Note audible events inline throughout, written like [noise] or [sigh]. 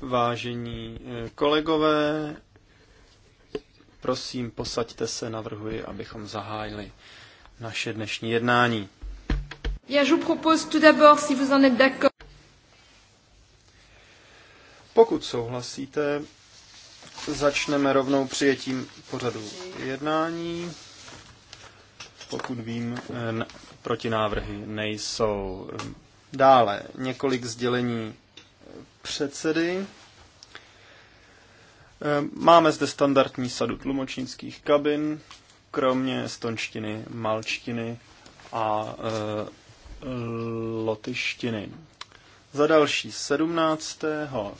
Vážení eh, kolegové, prosím, posaďte se, navrhuji, abychom zahájili naše dnešní jednání. Já je propose tout d'abord, si vous en êtes d'accord. Pokud souhlasíte, začneme rovnou přijetím pořadu jednání. Pokud vím, eh, protinávrhy nejsou. Dále několik sdělení předsedy. Ehm, máme zde standardní sadu tlumočnických kabin, kromě stončtiny, malčtiny a e, lotyštiny. Za další 17.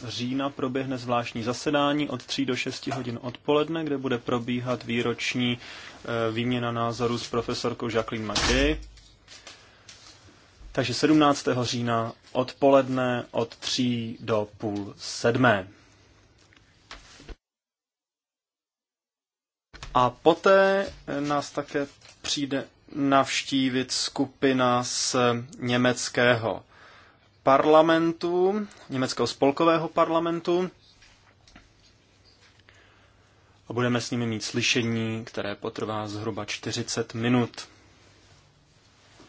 října proběhne zvláštní zasedání od 3 do 6 hodin odpoledne, kde bude probíhat výroční e, výměna názorů s profesorkou Jacqueline Matěj takže 17. října odpoledne od 3 do půl sedmé. A poté nás také přijde navštívit skupina z německého parlamentu, německého spolkového parlamentu. A budeme s nimi mít slyšení, které potrvá zhruba 40 minut.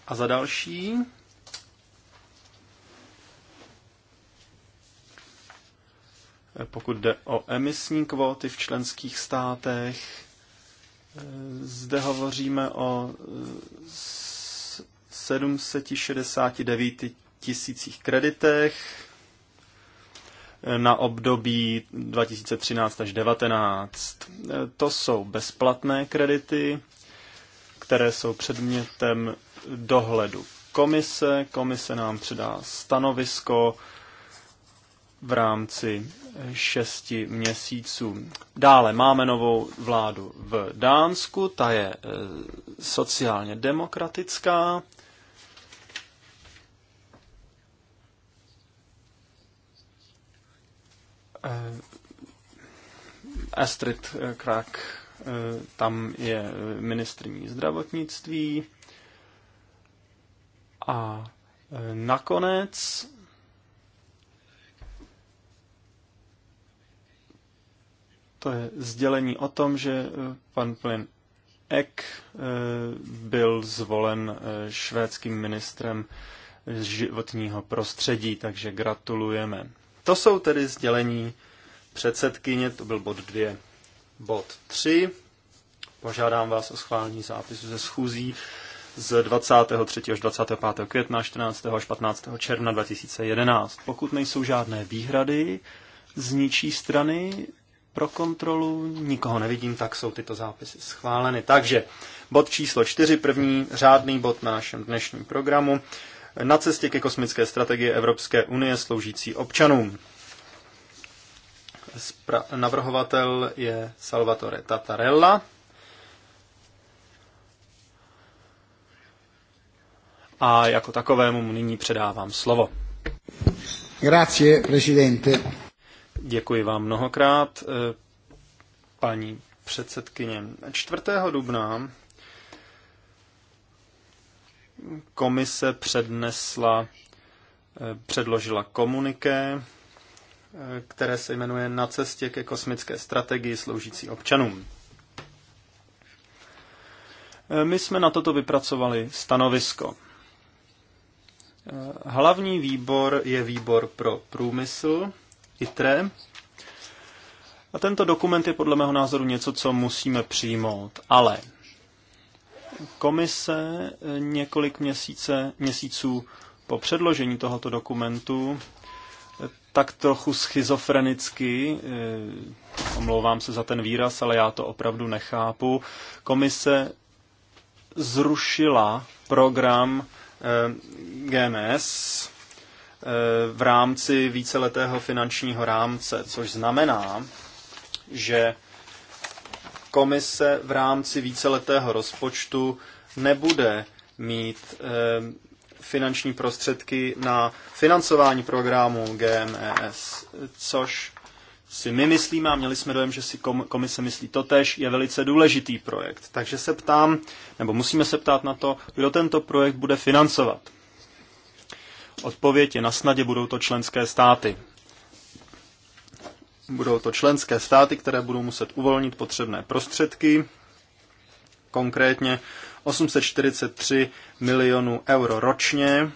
A za další Pokud jde o emisní kvóty v členských státech, zde hovoříme o 769 tisících kreditech na období 2013 až 2019. To jsou bezplatné kredity, které jsou předmětem dohledu komise. Komise nám předá stanovisko v rámci eh, šesti měsíců. Dále máme novou vládu v Dánsku, ta je eh, sociálně demokratická. Eh, Astrid Krak tam je ministrní zdravotnictví. A nakonec To je sdělení o tom, že eh, pan Plyn Ek eh, byl zvolen eh, švédským ministrem životního prostředí, takže gratulujeme. To jsou tedy sdělení předsedkyně, to byl bod 2. Bod 3. Požádám vás o schválení zápisu ze schůzí z 23. až 25. května, 14. až 15. června 2011. Pokud nejsou žádné výhrady z ničí strany, pro kontrolu, nikoho nevidím, tak jsou tyto zápisy schváleny. Takže bod číslo čtyři první řádný bod na našem dnešním programu. Na cestě ke kosmické strategii Evropské unie sloužící občanům. Spra- navrhovatel je Salvatore Tatarella. A jako takovému mu nyní předávám slovo. Grazie, presidente. Děkuji vám mnohokrát, eh, paní předsedkyně. 4. dubna komise přednesla, eh, předložila komuniké, eh, které se jmenuje Na cestě ke kosmické strategii sloužící občanům. My jsme na toto vypracovali stanovisko. Hlavní výbor je výbor pro průmysl ITRE. A tento dokument je podle mého názoru něco, co musíme přijmout. Ale komise několik měsíce, měsíců po předložení tohoto dokumentu tak trochu schizofrenicky, eh, omlouvám se za ten výraz, ale já to opravdu nechápu, komise zrušila program eh, GMS Eh, v rámci víceletého finančního rámce, což znamená, že komise v rámci víceletého rozpočtu nebude mít eh, finanční prostředky na financování programu GMES, což si my myslíme a měli jsme dojem, že si komise myslí totež, je velice důležitý projekt. Takže se ptám, nebo musíme se ptát na to, kdo tento projekt bude financovat. Odpověď je na snadě, budou to členské státy. Budou to členské státy, které budou muset uvolnit potřebné prostředky, konkrétně 843 milionů euro ročně.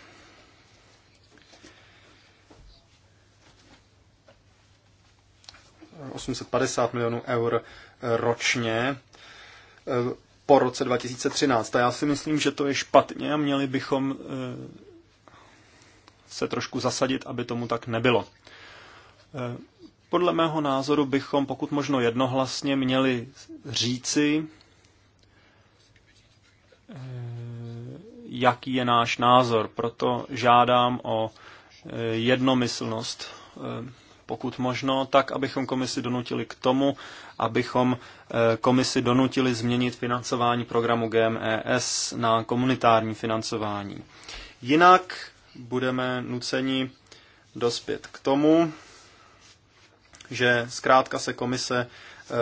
...850 milionů eur eh, ročně eh, po roce 2013. A já si myslím, že to je špatně a měli bychom eh, se trošku zasadit, aby tomu tak nebylo. E, podle mého názoru bychom pokud možno jednohlasně měli říci, e, jaký je náš názor. Proto žádám o e, jednomyslnost, pokud možno, tak, abychom komisi donutili k tomu, abychom komisi donutili změnit financování programu GMES na komunitární financování. Jinak budeme nuceni dospět k tomu, že zkrátka se komise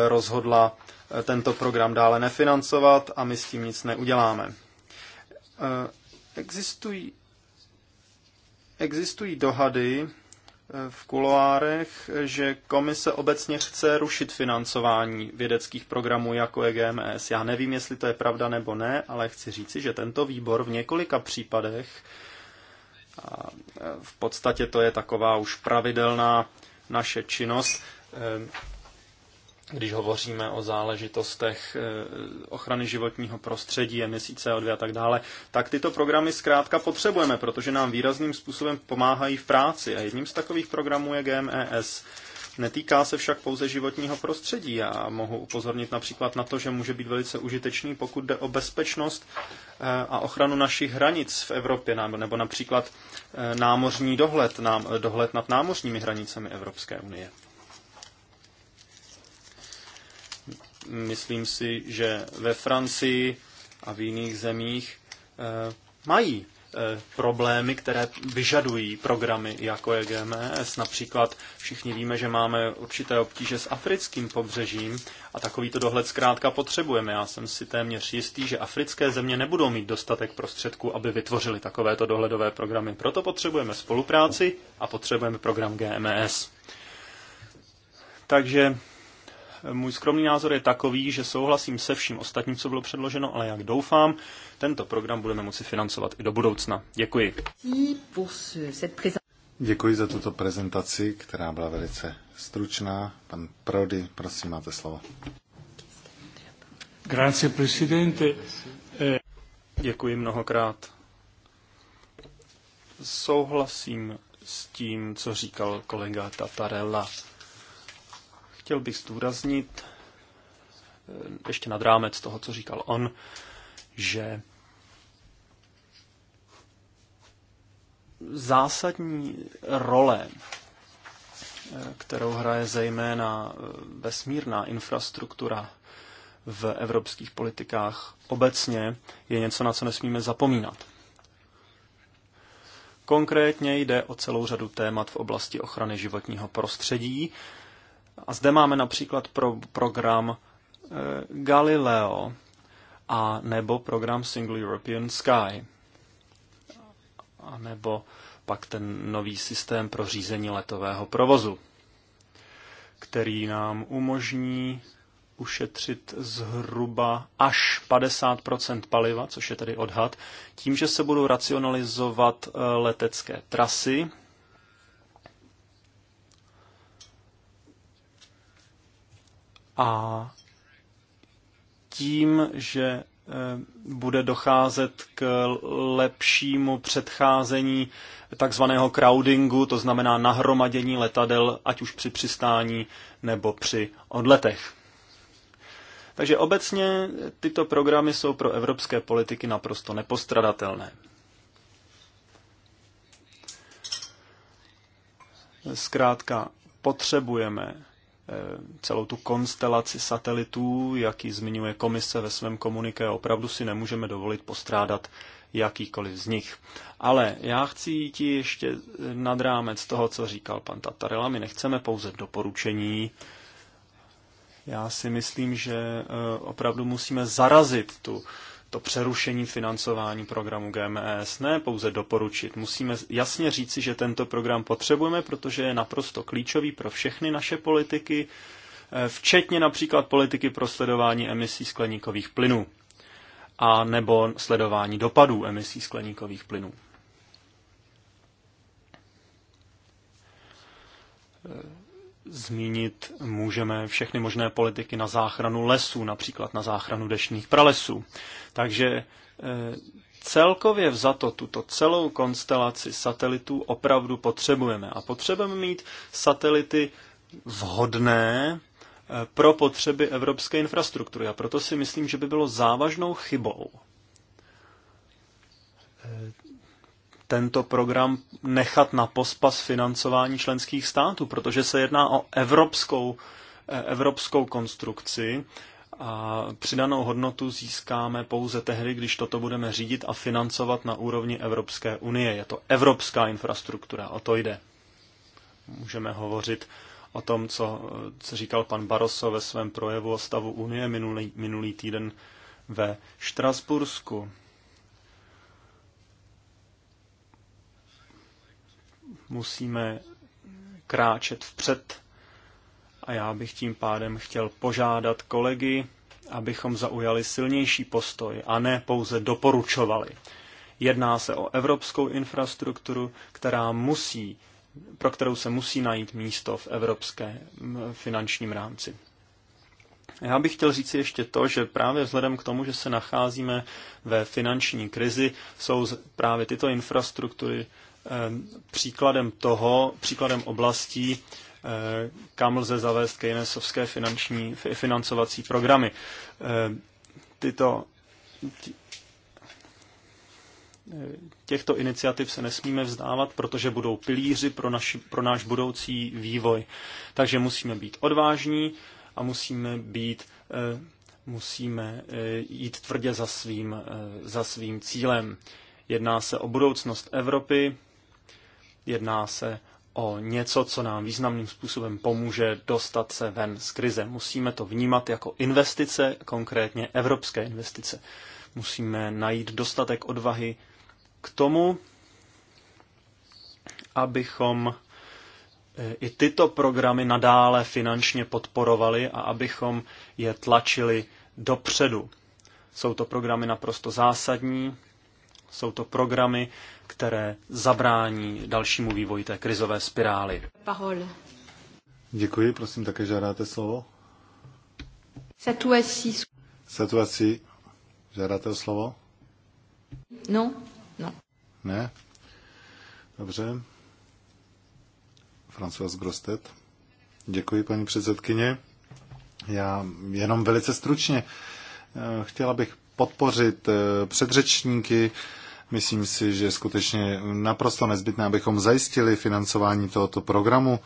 eh, rozhodla eh, tento program dále nefinancovat a my s tím nic neuděláme. Eh, existují, existují dohady v kuloárech, že komise obecně chce rušit financování vědeckých programů jako je GMS. Já nevím, jestli to je pravda nebo ne, ale chci říci, že tento výbor v několika případech v podstatě to je taková už pravidelná naše činnost. Když hovoříme o záležitostech eh, ochrany životního prostředí, emisí CO2 a tak dále, tak tyto programy zkrátka potřebujeme, protože nám výrazným způsobem pomáhají v práci. A jedním z takových programů je GMES. Netýká se však pouze životního prostředí. Já mohu upozornit například na to, že může být velice užitečný, pokud jde o bezpečnost eh, a ochranu našich hranic v Evropě, nebo například eh, námořní dohled, nám dohled nad námořními hranicemi Evropské unie. Myslím si, že ve Francii a v jiných zemích eh, mají Eh, problémy, které vyžadují programy jako je GMS. Například všichni víme, že máme určité obtíže s africkým pobřežím a takovýto dohled zkrátka potřebujeme. Já jsem si téměř jistý, že africké země nebudou mít dostatek prostředků, aby vytvořili takovéto dohledové programy. Proto potřebujeme spolupráci a potřebujeme program GMS. Takže můj skromný názor je takový, že souhlasím se vším ostatním, co bylo předloženo, ale jak doufám, tento program budeme moci financovat i do budoucna. Děkuji. Děkuji za tuto prezentaci, která byla velice stručná. Pan Prody, prosím, máte slovo. Grazie, presidente. Děkuji mnohokrát. Souhlasím s tím, co říkal kolega Tatarella chtěl bych zdůraznit, eh, ještě nad rámec toho, co říkal on, že zásadní role, eh, kterou hraje zejména eh, vesmírná infrastruktura v evropských politikách obecně, je něco, na co nesmíme zapomínat. Konkrétně jde o celou řadu témat v oblasti ochrany životního prostředí, a zde máme například pro program eh, Galileo a nebo program Single European Sky a nebo pak ten nový systém pro řízení letového provozu, který nám umožní ušetřit zhruba až 50 paliva, což je tedy odhad, tím, že se budou racionalizovat eh, letecké trasy A tím, že eh, bude docházet k lepšímu předcházení takzvaného crowdingu, to znamená nahromadění letadel, ať už při přistání nebo při odletech. Takže obecně tyto programy jsou pro evropské politiky naprosto nepostradatelné. Zkrátka, potřebujeme celou tu konstelaci satelitů, jaký zmiňuje komise ve svém komuniké, opravdu si nemůžeme dovolit postrádat jakýkoliv z nich. Ale já chci ti ještě nad rámec toho, co říkal pan Tatarela. My nechceme pouze doporučení. Já si myslím, že eh, opravdu musíme zarazit tu to přerušení financování programu GMS, ne pouze doporučit. Musíme jasně říci, že tento program potřebujeme, protože je naprosto klíčový pro všechny naše politiky, eh, včetně například politiky pro sledování emisí skleníkových plynů a nebo sledování dopadů emisí skleníkových plynů. Eh, zmínit můžeme všechny možné politiky na záchranu lesů, například na záchranu dešných pralesů. Takže eh, celkově vzato tuto celou konstelaci satelitů opravdu potřebujeme. A potřebujeme mít satelity vhodné eh, pro potřeby evropské infrastruktury. A proto si myslím, že by bylo závažnou chybou eh, tento program nechat na pospas financování členských států, protože se jedná o evropskou, eh, evropskou konstrukci a přidanou hodnotu získáme pouze tehdy, když toto budeme řídit a financovat na úrovni Evropské unie. Je to evropská infrastruktura, o to jde. Můžeme hovořit o tom, co, co říkal pan Baroso ve svém projevu o stavu Unie minulý, minulý týden ve Štrasbursku. musíme kráčet vpřed a já bych tím pádem chtěl požádat kolegy, abychom zaujali silnější postoj a ne pouze doporučovali. Jedná se o evropskou infrastrukturu, která musí, pro kterou se musí najít místo v evropské finančním rámci. Já bych chtěl říct ještě to, že právě vzhledem k tomu, že se nacházíme ve finanční krizi, jsou právě tyto infrastruktury Ehm, příkladem toho, příkladem oblastí, eh, kam lze zavést Keynesovské finanční, financovací programy. Ehm, tyto, eh, těchto iniciativ se nesmíme vzdávat, protože budou pilíři pro, naši, pro náš budoucí vývoj. Takže musíme být odvážní a musíme být eh, musíme jít tvrdě za svým, za svým cílem. Jedná se o budoucnost Evropy, Jedná se o něco, co nám významným způsobem pomůže dostat se ven z krize. Musíme to vnímat jako investice, konkrétně evropské investice. Musíme najít dostatek odvahy k tomu, abychom eh, i tyto programy nadále finančně podporovali a abychom je tlačili dopředu. Jsou to programy naprosto zásadní, jsou to programy, které zabrání dalšímu vývoji té krizové spirály. Pahol. Děkuji, prosím, také žádáte slovo. Satuasi. Satuasi, žádáte o slovo? No, no. Ne? Dobře. François Grostet. Děkuji, paní předsedkyně. Já jenom velice stručně eh, chtěla bych podpořit eh, předřečníky Myslím si, že je skutečně naprosto nezbytné, abychom zajistili financování tohoto programu.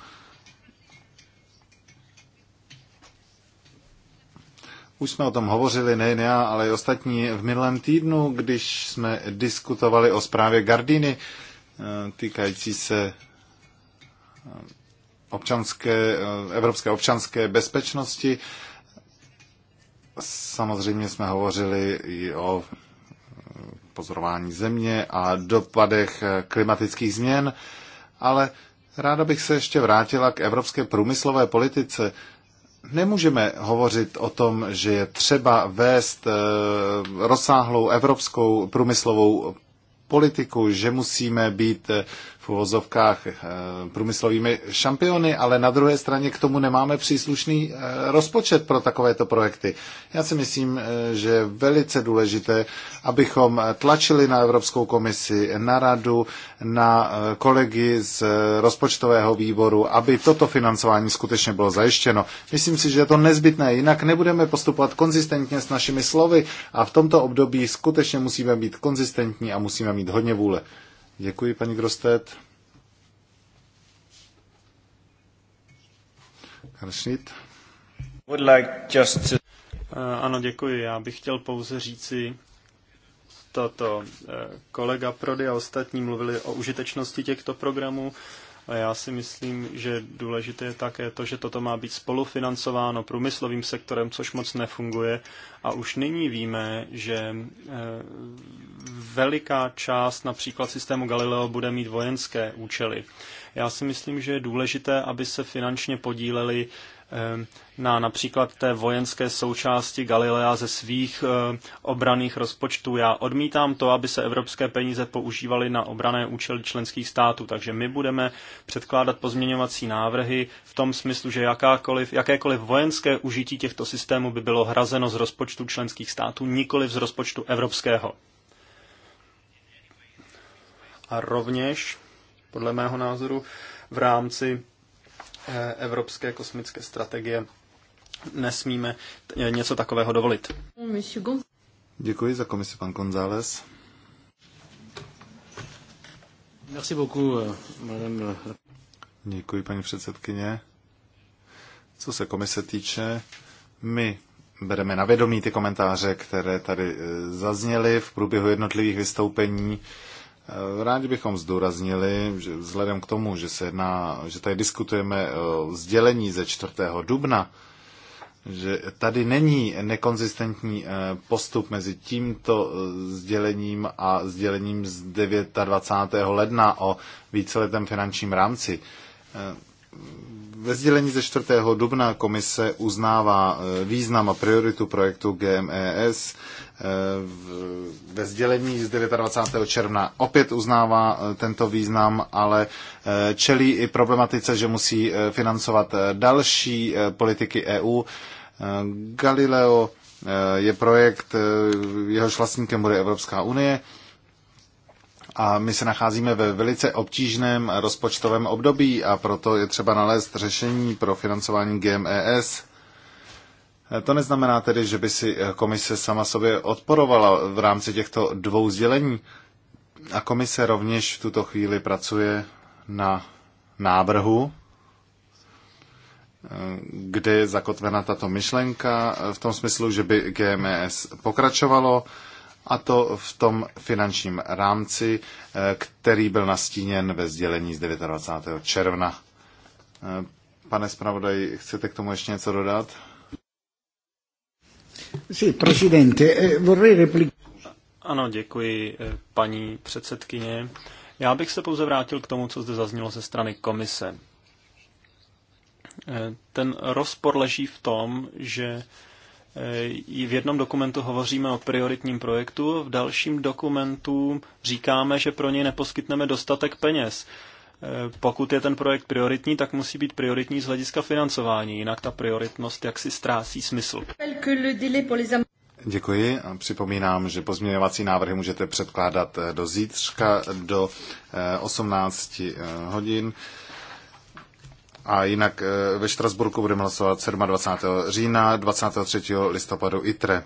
Už jsme o tom hovořili nejen já, ale i ostatní v minulém týdnu, když jsme diskutovali o zprávě Gardiny eh, týkající se eh, občanské, eh, evropské občanské bezpečnosti. Samozřejmě jsme hovořili i o pozorování země a dopadech klimatických změn, ale ráda bych se ještě vrátila k evropské průmyslové politice. Nemůžeme hovořit o tom, že je třeba vést eh, rozsáhlou evropskou průmyslovou politiku, že musíme být eh, v uvozovkách eh, průmyslovými šampiony, ale na druhé straně k tomu nemáme příslušný eh, rozpočet pro takovéto projekty. Já si myslím, eh, že je velice důležité, abychom tlačili na Evropskou komisi, na radu, na kolegy z rozpočtového výboru, aby toto financování skutečně bylo zajištěno. Myslím si, že je to nezbytné, jinak nebudeme postupovat konzistentně s našimi slovy a v tomto období skutečně musíme být konzistentní a musíme mít hodně vůle. Děkuji, paní Grostet. Karšnit. Would like just to... Eh, ano, děkuji. Já bych chtěl pouze říci toto. Eh, kolega Prody a ostatní mluvili o užitečnosti těchto programů. Ale já si myslím, že důležité je také to, že toto má být spolufinancováno průmyslovým sektorem, což moc nefunguje. A už nyní víme, že eh, veliká část například systému Galileo bude mít vojenské účely. Já si myslím, že je důležité, aby se finančně podíleli na například té vojenské součásti Galilea ze svých eh, obraných rozpočtů. Já odmítám to, aby se evropské peníze používaly na obrané účely členských států, takže my budeme předkládat pozměňovací návrhy v tom smyslu, že jakákoliv, jakékoliv vojenské užití těchto systémů by bylo hrazeno z rozpočtu členských států, nikoliv z rozpočtu evropského. A rovněž, podle mého názoru, v rámci Eh, evropské kosmické strategie nesmíme něco takového dovolit. Děkuji za komisi, pan González. Merci beaucoup, euh, madame. Děkuji, paní předsedkyně. Co se komise týče, my bereme na vědomí ty komentáře, které tady eh, zazněly v průběhu jednotlivých vystoupení. Rádi bychom zdůraznili, že vzhledem k tomu, že, se jedná, že tady diskutujeme o sdělení ze 4. dubna, že tady není nekonzistentní eh, postup mezi tímto eh, sdělením a sdělením z 29. ledna o víceletém finančním rámci. Eh, ve sdělení ze 4. dubna komise uznává eh, význam a prioritu projektu GMES. Eh, ve sdělení z 29. června opět uznává eh, tento význam, ale čelí i problematice, že musí financovat další politiky EU. Galileo je projekt, jehož vlastníkem bude Evropská unie a my se nacházíme ve velice obtížném rozpočtovém období a proto je třeba nalézt řešení pro financování GMES. To neznamená tedy, že by si komise sama sobě odporovala v rámci těchto dvou sdělení. A komise rovněž v tuto chvíli pracuje na návrhu, kde je zakotvena tato myšlenka v tom smyslu, že by GMS e pokračovalo a to v tom finančním rámci, eh, který byl nastíněn ve sdělení z 29. června. Eh, pane zpravodaj, chcete k tomu ještě něco dodat? Sí, prezidente, eh, vorrei replik- ano, děkuji, paní předsedkyně. Já bych se pouze vrátil k tomu, co zde zaznělo ze strany komise. Ten rozpor leží v tom, že Eh, v jednom dokumentu hovoříme o prioritním projektu, v dalším dokumentu říkáme, že pro něj neposkytneme dostatek peněz. Eh, pokud je ten projekt prioritní, tak musí být prioritní z hlediska financování, jinak ta prioritnost jaksi ztrácí smysl. Děkuji a připomínám, že pozměňovací návrhy můžete předkládat eh, do zítřka do 18 hodin. A jinak eh, ve Štrasburku budeme hlasovat 27. října, 23. listopadu ITRE.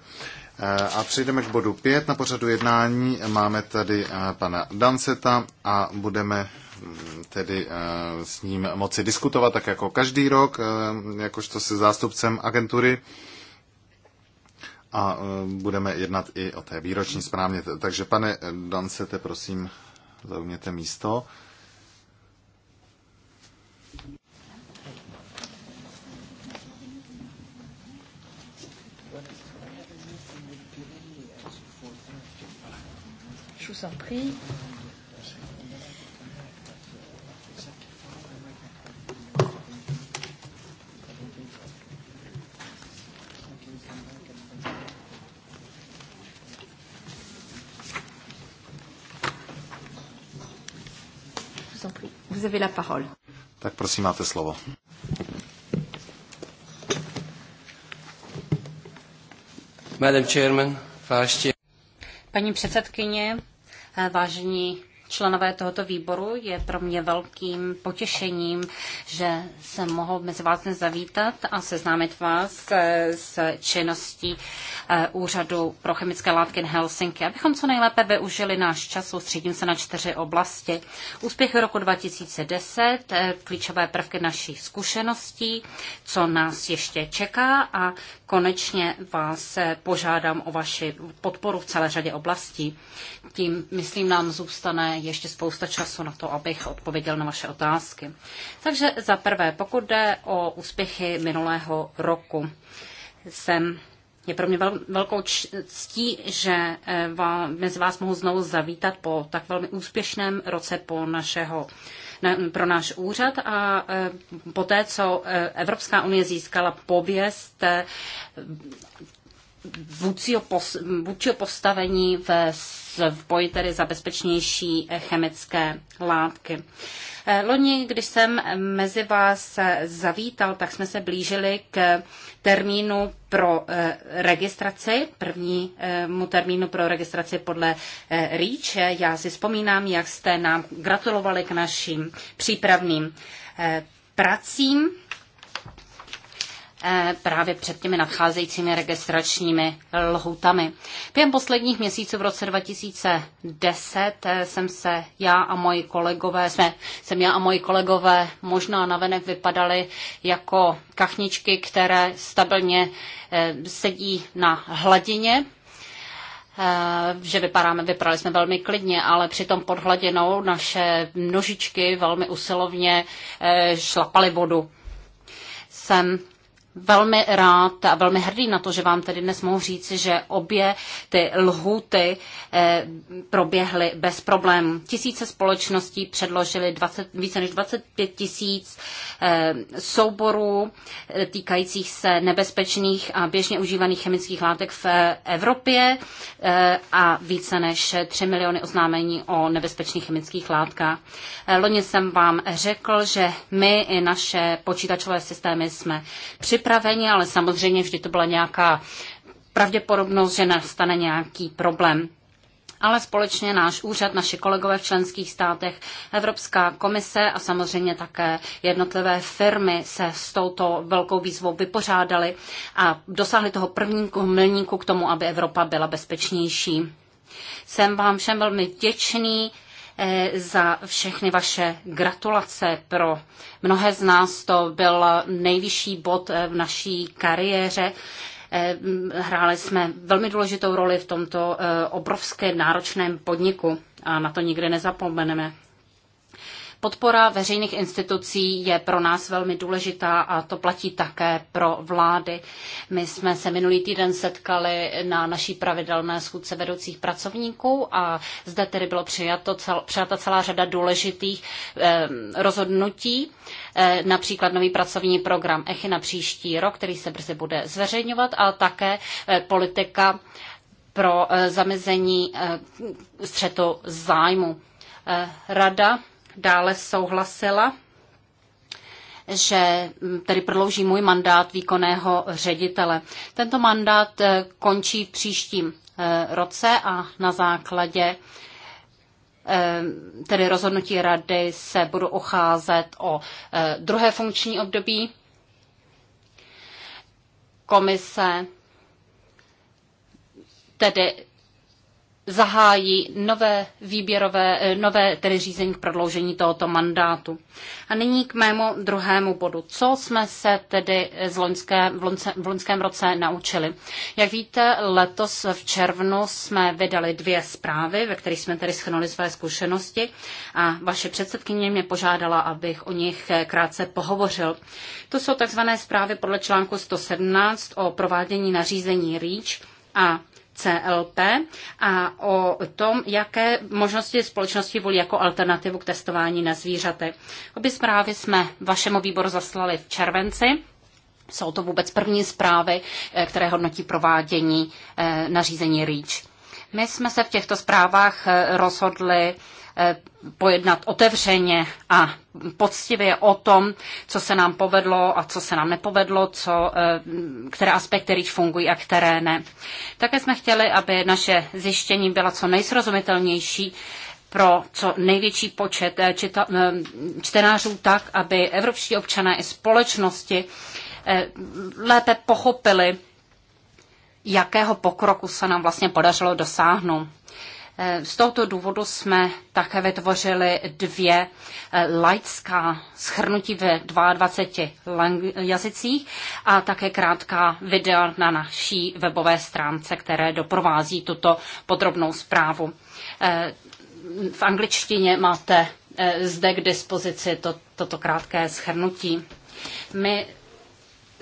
Eh, a přejdeme k bodu 5 na pořadu jednání. Máme tady eh, pana Danceta a budeme mm, tedy s ním moci diskutovat, tak jako každý rok, jakožto se zástupcem agentury. A budeme jednat i o té výroční správně. Takže pane Dancete, prosím, zaujměte místo. vous en prie. Vous avez la parole. Tak prosím, máte slovo. Madame Chairman, Paní předsedkyně, Vážení členové tohoto výboru. Je pro mě velkým potěšením, že jsem mohl mezi vás dnes zavítat a seznámit vás s činností eh, Úřadu pro chemické látky v Helsinki. Abychom co nejlépe využili náš čas, soustředím se na čtyři oblasti. Úspěchy roku 2010, eh, klíčové prvky našich zkušeností, co nás ještě čeká a konečně vás eh, požádám o vaši podporu v celé řadě oblastí. Tím, myslím, nám zůstane ještě spousta času na to, abych odpověděl na vaše otázky. Takže za prvé, pokud jde o úspěchy minulého roku, jsem je pro mě vel, velkou ctí, že eh, vám, mezi vás mohu znovu zavítat po tak velmi úspěšném roce po našeho, ne, pro náš úřad a eh, po té, co eh, Evropská unie získala pověst vůdčího, pos, vůdčího postavení v, v boji tedy za bezpečnější eh, chemické látky. Eh, loni, když jsem mezi vás eh, zavítal, tak jsme se blížili k termínu pro registraci, prvnímu termínu pro registraci podle REACH. Já si vzpomínám, jak jste nám gratulovali k našim přípravným pracím. Eh, právě před těmi nadcházejícími registračními lhutami. Během posledních měsíců v roce 2010 eh, jsem se já a moji kolegové, jsme, jsem já a moji kolegové možná navenek vypadali jako kachničky, které stabilně eh, sedí na hladině, že vypadáme, vypadali jsme velmi klidně, ale přitom pod hladinou naše nožičky velmi usilovně šlapaly vodu. Jsem velmi rád a velmi hrdý na to, že vám tedy dnes mohu říci, že obě ty lhuty eh, proběhly bez problémů. Tisíce společností předložili 20, více než 25 tisíc eh, souborů eh, týkajících se nebezpečných a běžně užívaných chemických látek v Evropě a více než 3 miliony oznámení o nebezpečných chemických látkách. Loni jsem vám řekl, že my i naše počítačové systémy jsme připraveni připraveni, ale samozřejmě vždy to byla nějaká pravděpodobnost, že nastane nějaký problém ale společně náš úřad, naši kolegové v členských státech, Evropská komise a samozřejmě také jednotlivé firmy se s touto velkou výzvou vypořádali a dosáhli toho prvního milníku k tomu, aby Evropa byla bezpečnější. Jsem vám všem velmi vděčný E, za všechny vaše gratulace. Pro mnohé z nás to byl nejvyšší bod e, v naší kariéře. E, hráli jsme velmi důležitou roli v tomto obrovské náročném podniku a na to nikdy nezapomeneme. Podpora veřejných institucí je pro nás velmi důležitá a to platí také pro vlády. My jsme se minulý týden setkali na naší pravidelné schůdce vedoucích pracovníků a zde tedy bylo přijato cel, přijata celá řada důležitých eh, rozhodnutí, eh, například nový pracovní program ECHI na příští rok, který se brzy bude zveřejňovat a také eh, politika pro eh, zamezení eh, střetu zájmu. Eh, rada dále souhlasila, že tedy prodlouží můj mandát výkonného ředitele. Tento mandát eh, končí v příštím eh, roce a na základě eh, tedy rozhodnutí rady se budu ocházet o druhé funkční období. Komise tedy zahájí nové výběrové, eh, nové tedy řízení k prodloužení tohoto mandátu. A nyní k mému druhému bodu. Co jsme se tedy eh, z loňské, v, loňce, v loňském roce naučili? Jak víte, letos v červnu jsme vydali dvě zprávy, ve kterých jsme tedy schrnuli své zkušenosti a vaše předsedkyně mě požádala, abych o nich eh, krátce pohovořil. To jsou takzvané zprávy podle článku 117 o provádění nařízení REACH a CLP a o tom, jaké možnosti společnosti volí jako alternativu k testování na zvířaty. Obě zprávy jsme vašemu výboru zaslali v červenci. Jsou to vůbec první zprávy, eh, které hodnotí provádění eh, nařízení REACH. My jsme se v těchto zprávách eh, rozhodli Eh, pojednat otevřeně a poctivě o tom, co se nám povedlo a co se nám nepovedlo, co, eh, které aspekty rýč fungují a které ne. Také jsme chtěli, aby naše zjištění byla co nejsrozumitelnější pro co největší počet eh, čita, čtenářů tak, aby evropští občané i společnosti lépe pochopili, jakého pokroku se nám vlastně podařilo dosáhnout. Z tohoto důvodu jsme také vytvořili dvě eh, laická schrnutí ve 22 jazycích a také krátká videa na naší webové stránce, které doprovází tuto podrobnou zprávu. Eh, v angličtině máte eh, zde k dispozici to, toto krátké schrnutí. My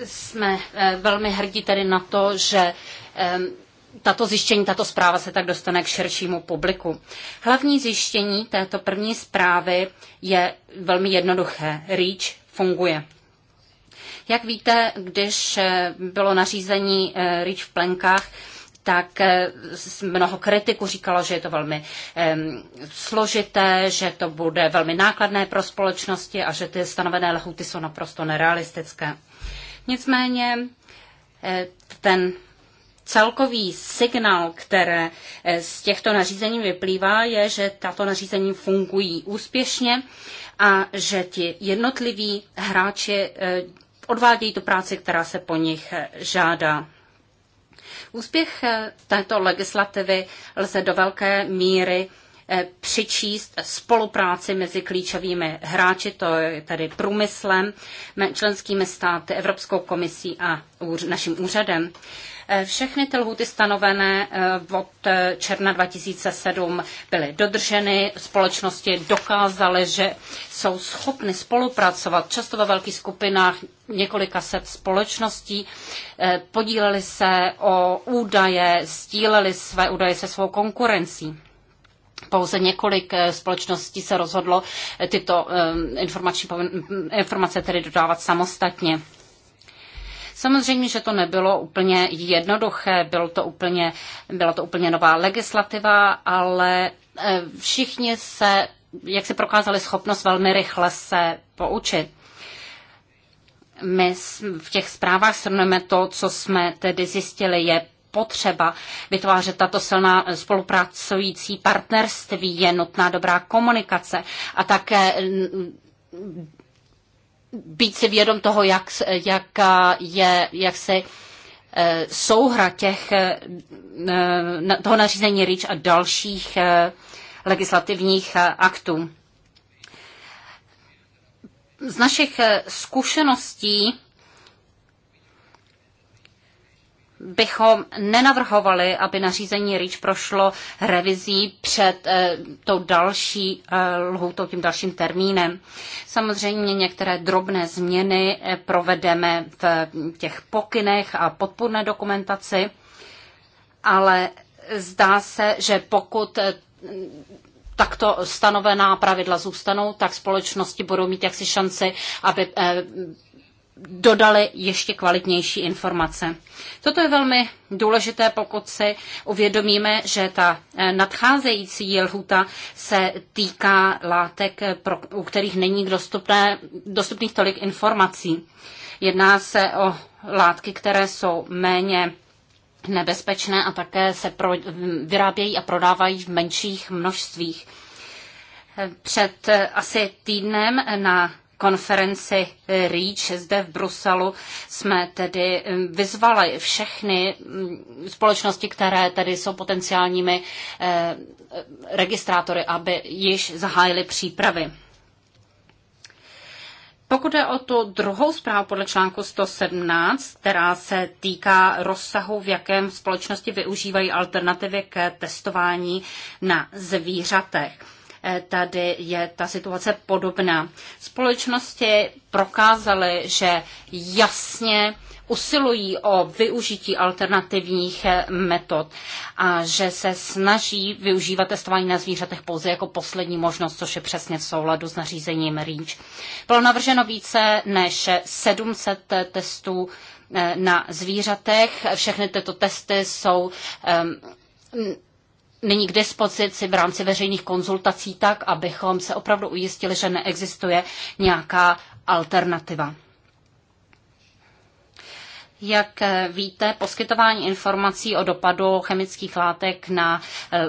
jsme velmi hrdí tedy na to, že tato zjištění, tato zpráva se tak dostane k širšímu publiku. Hlavní zjištění této první zprávy je velmi jednoduché. REACH funguje. Jak víte, když eh, bylo nařízení eh, REACH v plenkách, tak eh, mnoho kritiku říkalo, že je to velmi um, složité, že to bude velmi nákladné pro společnosti a že ty stanovené lehuty jsou naprosto nerealistické. Nicméně ten celkový signál, které eh, z těchto nařízení vyplývá, je, že tato nařízení fungují úspěšně a že ti jednotliví hráči eh, odvádějí tu práci, která se po nich eh, žádá. Úspěch této legislativy lze do velké míry přičíst spolupráci mezi klíčovými hráči, to je tedy průmyslem, členskými státy, Evropskou komisí a naším úřadem. Eh, všechny ty lhuty stanovené eh, od eh, června 2007 byly dodrženy, společnosti dokázaly, že jsou schopny spolupracovat často ve velkých skupinách několika set společností, podíleli se o údaje, stíleli své údaje se svou konkurencí. Pouze několik společností se rozhodlo tyto informační, informace tedy dodávat samostatně. Samozřejmě, že to nebylo úplně jednoduché, bylo to úplně, byla to úplně nová legislativa, ale eh, všichni se, jak si prokázali schopnost velmi rychle se poučit. My v těch zprávách shrneme to, co jsme tedy zjistili, je potřeba vytvářet tato silná spolupracující partnerství, je nutná dobrá komunikace a také být si vědom toho, jak, jak, je, jak se eh, souhra těch, eh, toho nařízení REACH a dalších eh, legislativních aktů. Z našich zkušeností bychom nenavrhovali, aby nařízení REACH prošlo revizí před eh, tou další eh, lhoutou, tím dalším termínem. Samozřejmě některé drobné změny eh, provedeme v těch pokynech a podpůrné dokumentaci, ale zdá se, že pokud eh, takto stanovená pravidla zůstanou, tak společnosti budou mít jaksi šanci, aby eh, dodali ještě kvalitnější informace. Toto je velmi důležité, pokud si uvědomíme, že ta eh, nadcházející lhuta se týká látek, pro, u kterých není dostupné, dostupných tolik informací. Jedná se o látky, které jsou méně nebezpečné a také se pro, vyrábějí a prodávají v menších množstvích. Před eh, asi týdnem na konferenci REACH zde v Bruselu jsme tedy um, vyzvali všechny um, společnosti, které tedy jsou potenciálními eh, registrátory, aby již zahájili přípravy. Pokud je o tu druhou zprávu podle článku 117, která se týká rozsahu, v jakém společnosti využívají alternativy k testování na zvířatech. Eh, tady je ta situace podobná. Společnosti prokázaly, že jasně usilují o využití alternativních eh, metod a že se snaží využívat testování na zvířatech pouze jako poslední možnost, což je přesně v souladu s nařízením REACH. Bylo navrženo více než 700 testů eh, na zvířatech. Všechny tyto testy jsou um, není k dispozici v rámci veřejných konzultací tak, abychom se opravdu ujistili, že neexistuje nějaká alternativa. Jak eh, víte, poskytování informací o dopadu chemických látek na eh,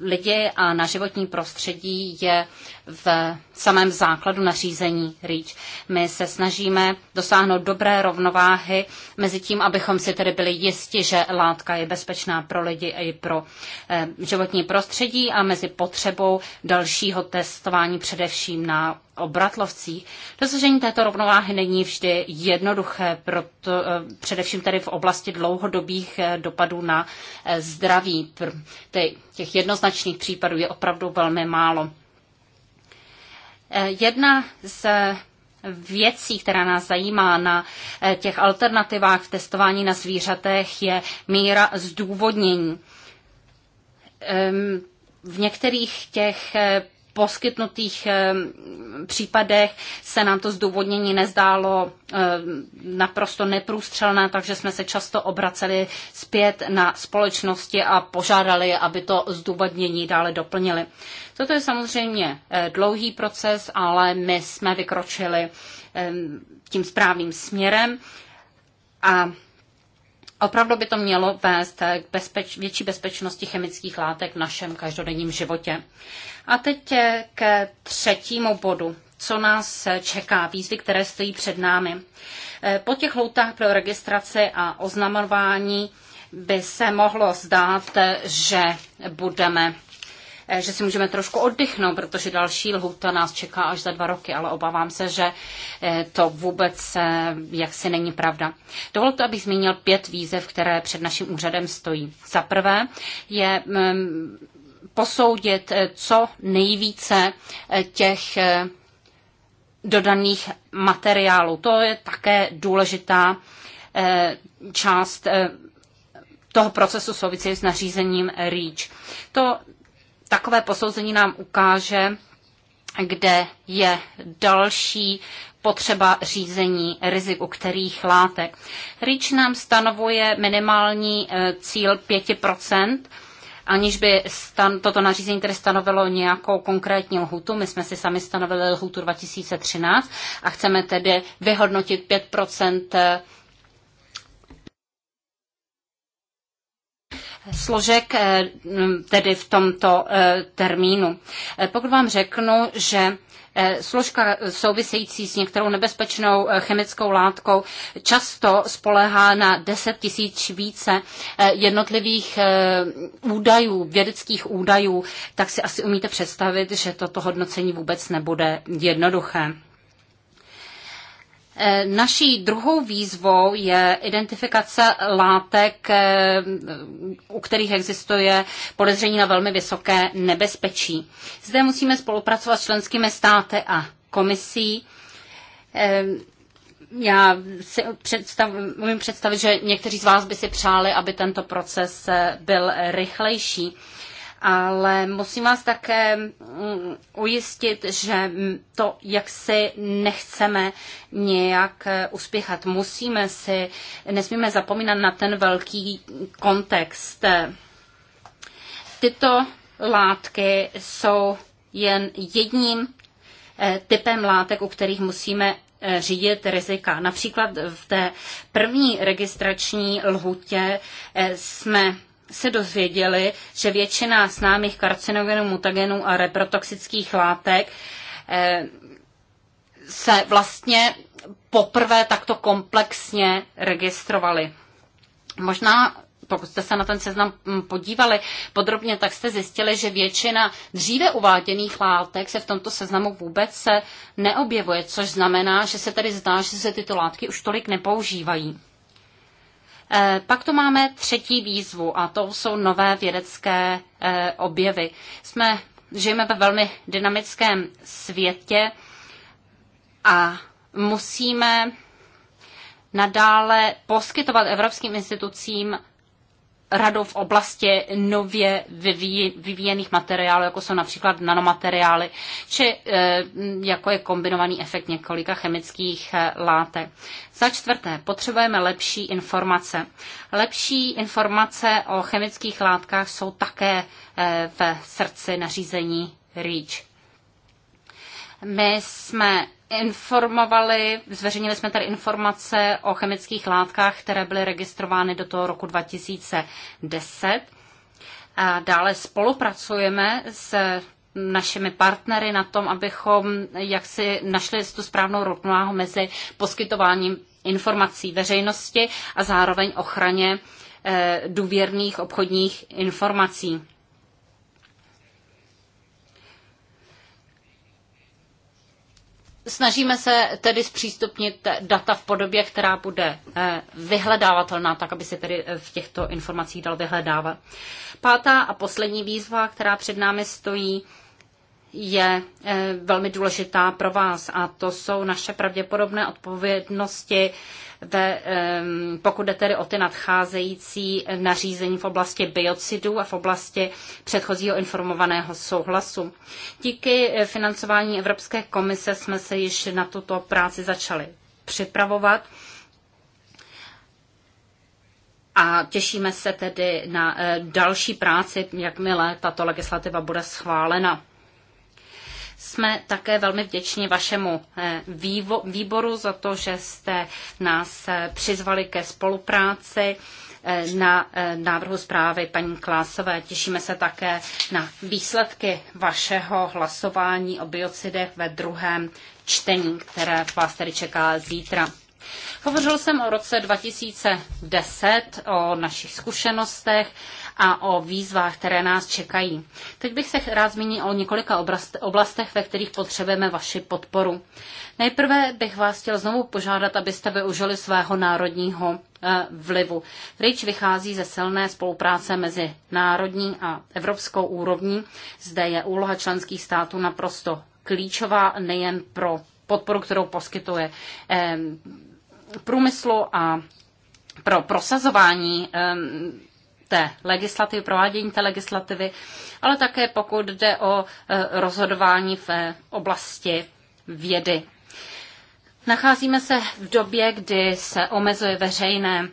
lidi a na životní prostředí je v samém základu nařízení REACH. My se snažíme dosáhnout dobré rovnováhy mezi tím, abychom si tedy byli jisti, že látka je bezpečná pro lidi a i pro eh, životní prostředí a mezi potřebou dalšího testování především na obratlovcích. Dosažení této rovnováhy není vždy jednoduché, proto, eh, především tady v oblasti dlouhodobých eh, dopadů na zdraví. Těch jednoznačných případů je opravdu velmi málo. Jedna z věcí, která nás zajímá na eh, těch alternativách v testování na zvířatech, je míra zdůvodnění. V některých těch eh, poskytnutých eh, případech se nám to zdůvodnění nezdálo eh, naprosto neprůstřelné, takže jsme se často obraceli zpět na společnosti a požádali, aby to zdůvodnění dále doplnili. Toto je samozřejmě eh, dlouhý proces, ale my jsme vykročili tím správným směrem a Opravdu by to mělo vést k bezpeč, větší bezpečnosti chemických látek v našem každodenním životě. A teď ke třetímu bodu co nás čeká, výzvy, které stojí před námi. Po těch loutách pro registraci a oznamování by se mohlo zdát, že budeme Eh, že si můžeme trošku oddychnout, protože další lhuta nás čeká až za dva roky, ale obávám se, že eh, to vůbec eh, jaksi není pravda. Dovolte, abych zmínil pět výzev, které před naším úřadem stojí. Za prvé je mm, posoudit co nejvíce těch dodaných materiálů. To je také důležitá část toho procesu souvisí s nařízením REACH. To takové posouzení nám ukáže, kde je další potřeba řízení rizik u kterých látek. REACH nám stanovuje minimální eh, cíl 5%, aniž by stan, toto nařízení tedy stanovilo nějakou konkrétní lhutu. My jsme si sami stanovili lhutu 2013 a chceme tedy vyhodnotit 5% složek eh, tedy v tomto eh, termínu. Eh, pokud vám řeknu, že složka související s některou nebezpečnou chemickou látkou často spolehá na 10 tisíc více jednotlivých údajů, vědeckých údajů, tak si asi umíte představit, že toto hodnocení vůbec nebude jednoduché. Eh, naší druhou výzvou je identifikace látek, eh, u kterých existuje podezření na velmi vysoké nebezpečí. Zde musíme spolupracovat s členskými státy a komisí. Eh, já si představ, můžu představit, že někteří z vás by si přáli, aby tento proces byl rychlejší ale musím vás také mm, ujistit, že to jak si nechceme nějak eh, uspěchat. Musíme si, nesmíme zapomínat na ten velký kontext. Tyto látky jsou jen jedním eh, typem látek, u kterých musíme eh, řídit rizika. Například v té první registrační lhutě jsme se dozvěděli, že většina známých karcinogenů, mutagenů a reprotoxických látek eh, se vlastně poprvé takto komplexně registrovaly. Možná pokud jste se na ten seznam mm, podívali podrobně, tak jste zjistili, že většina dříve uváděných látek se v tomto seznamu vůbec se neobjevuje, což znamená, že se tedy zdá, že se tyto látky už tolik nepoužívají. Eh, pak tu máme třetí výzvu a to jsou nové vědecké eh, objevy. Jsme, žijeme ve velmi dynamickém světě a musíme nadále poskytovat evropským institucím radou v oblasti nově vyvíjených materiálů, jako jsou například nanomateriály, či eh, jako je kombinovaný efekt několika chemických eh, látek. Za čtvrté, potřebujeme lepší informace. Lepší informace o chemických látkách jsou také eh, v srdci nařízení REACH. My jsme informovali, zveřejnili jsme tady informace o chemických látkách, které byly registrovány do toho roku 2010. A dále spolupracujeme s našimi partnery na tom, abychom jaksi našli tu správnou rovnováhu mezi poskytováním informací veřejnosti a zároveň ochraně eh, důvěrných obchodních informací. Snažíme se tedy zpřístupnit data v podobě, která bude eh, vyhledávatelná, tak aby se tedy eh, v těchto informacích dal vyhledávat. Pátá a poslední výzva, která před námi stojí, je eh, velmi důležitá pro vás a to jsou naše pravděpodobné odpovědnosti ve, pokud jde tedy o ty nadcházející nařízení v oblasti biocidů a v oblasti předchozího informovaného souhlasu. Díky eh, financování Evropské komise jsme se již na tuto práci začali připravovat. A těšíme se tedy na eh, další práci, jakmile tato legislativa bude schválena. Jsme také velmi vděční vašemu eh, výboru za to, že jste nás eh, přizvali ke spolupráci eh, na návrhu zprávy paní Klásové. Těšíme se také na výsledky vašeho hlasování o biocidech ve druhém čtení, které vás tedy čeká zítra. Hovořil jsem o roce 2010, o našich zkušenostech a o výzvách, které nás čekají. Teď bych se rád zmínil o několika oblastech, ve kterých potřebujeme vaši podporu. Nejprve bych vás chtěl znovu požádat, abyste využili svého národního eh, vlivu. RIČ vychází ze silné spolupráce mezi národní a evropskou úrovní. Zde je úloha členských států naprosto klíčová nejen pro podporu, kterou poskytuje eh, průmyslu a pro prosazování té legislativy, provádění té legislativy, ale také pokud jde o e, rozhodování v e, oblasti vědy. Nacházíme se v době, kdy se omezuje veřejné,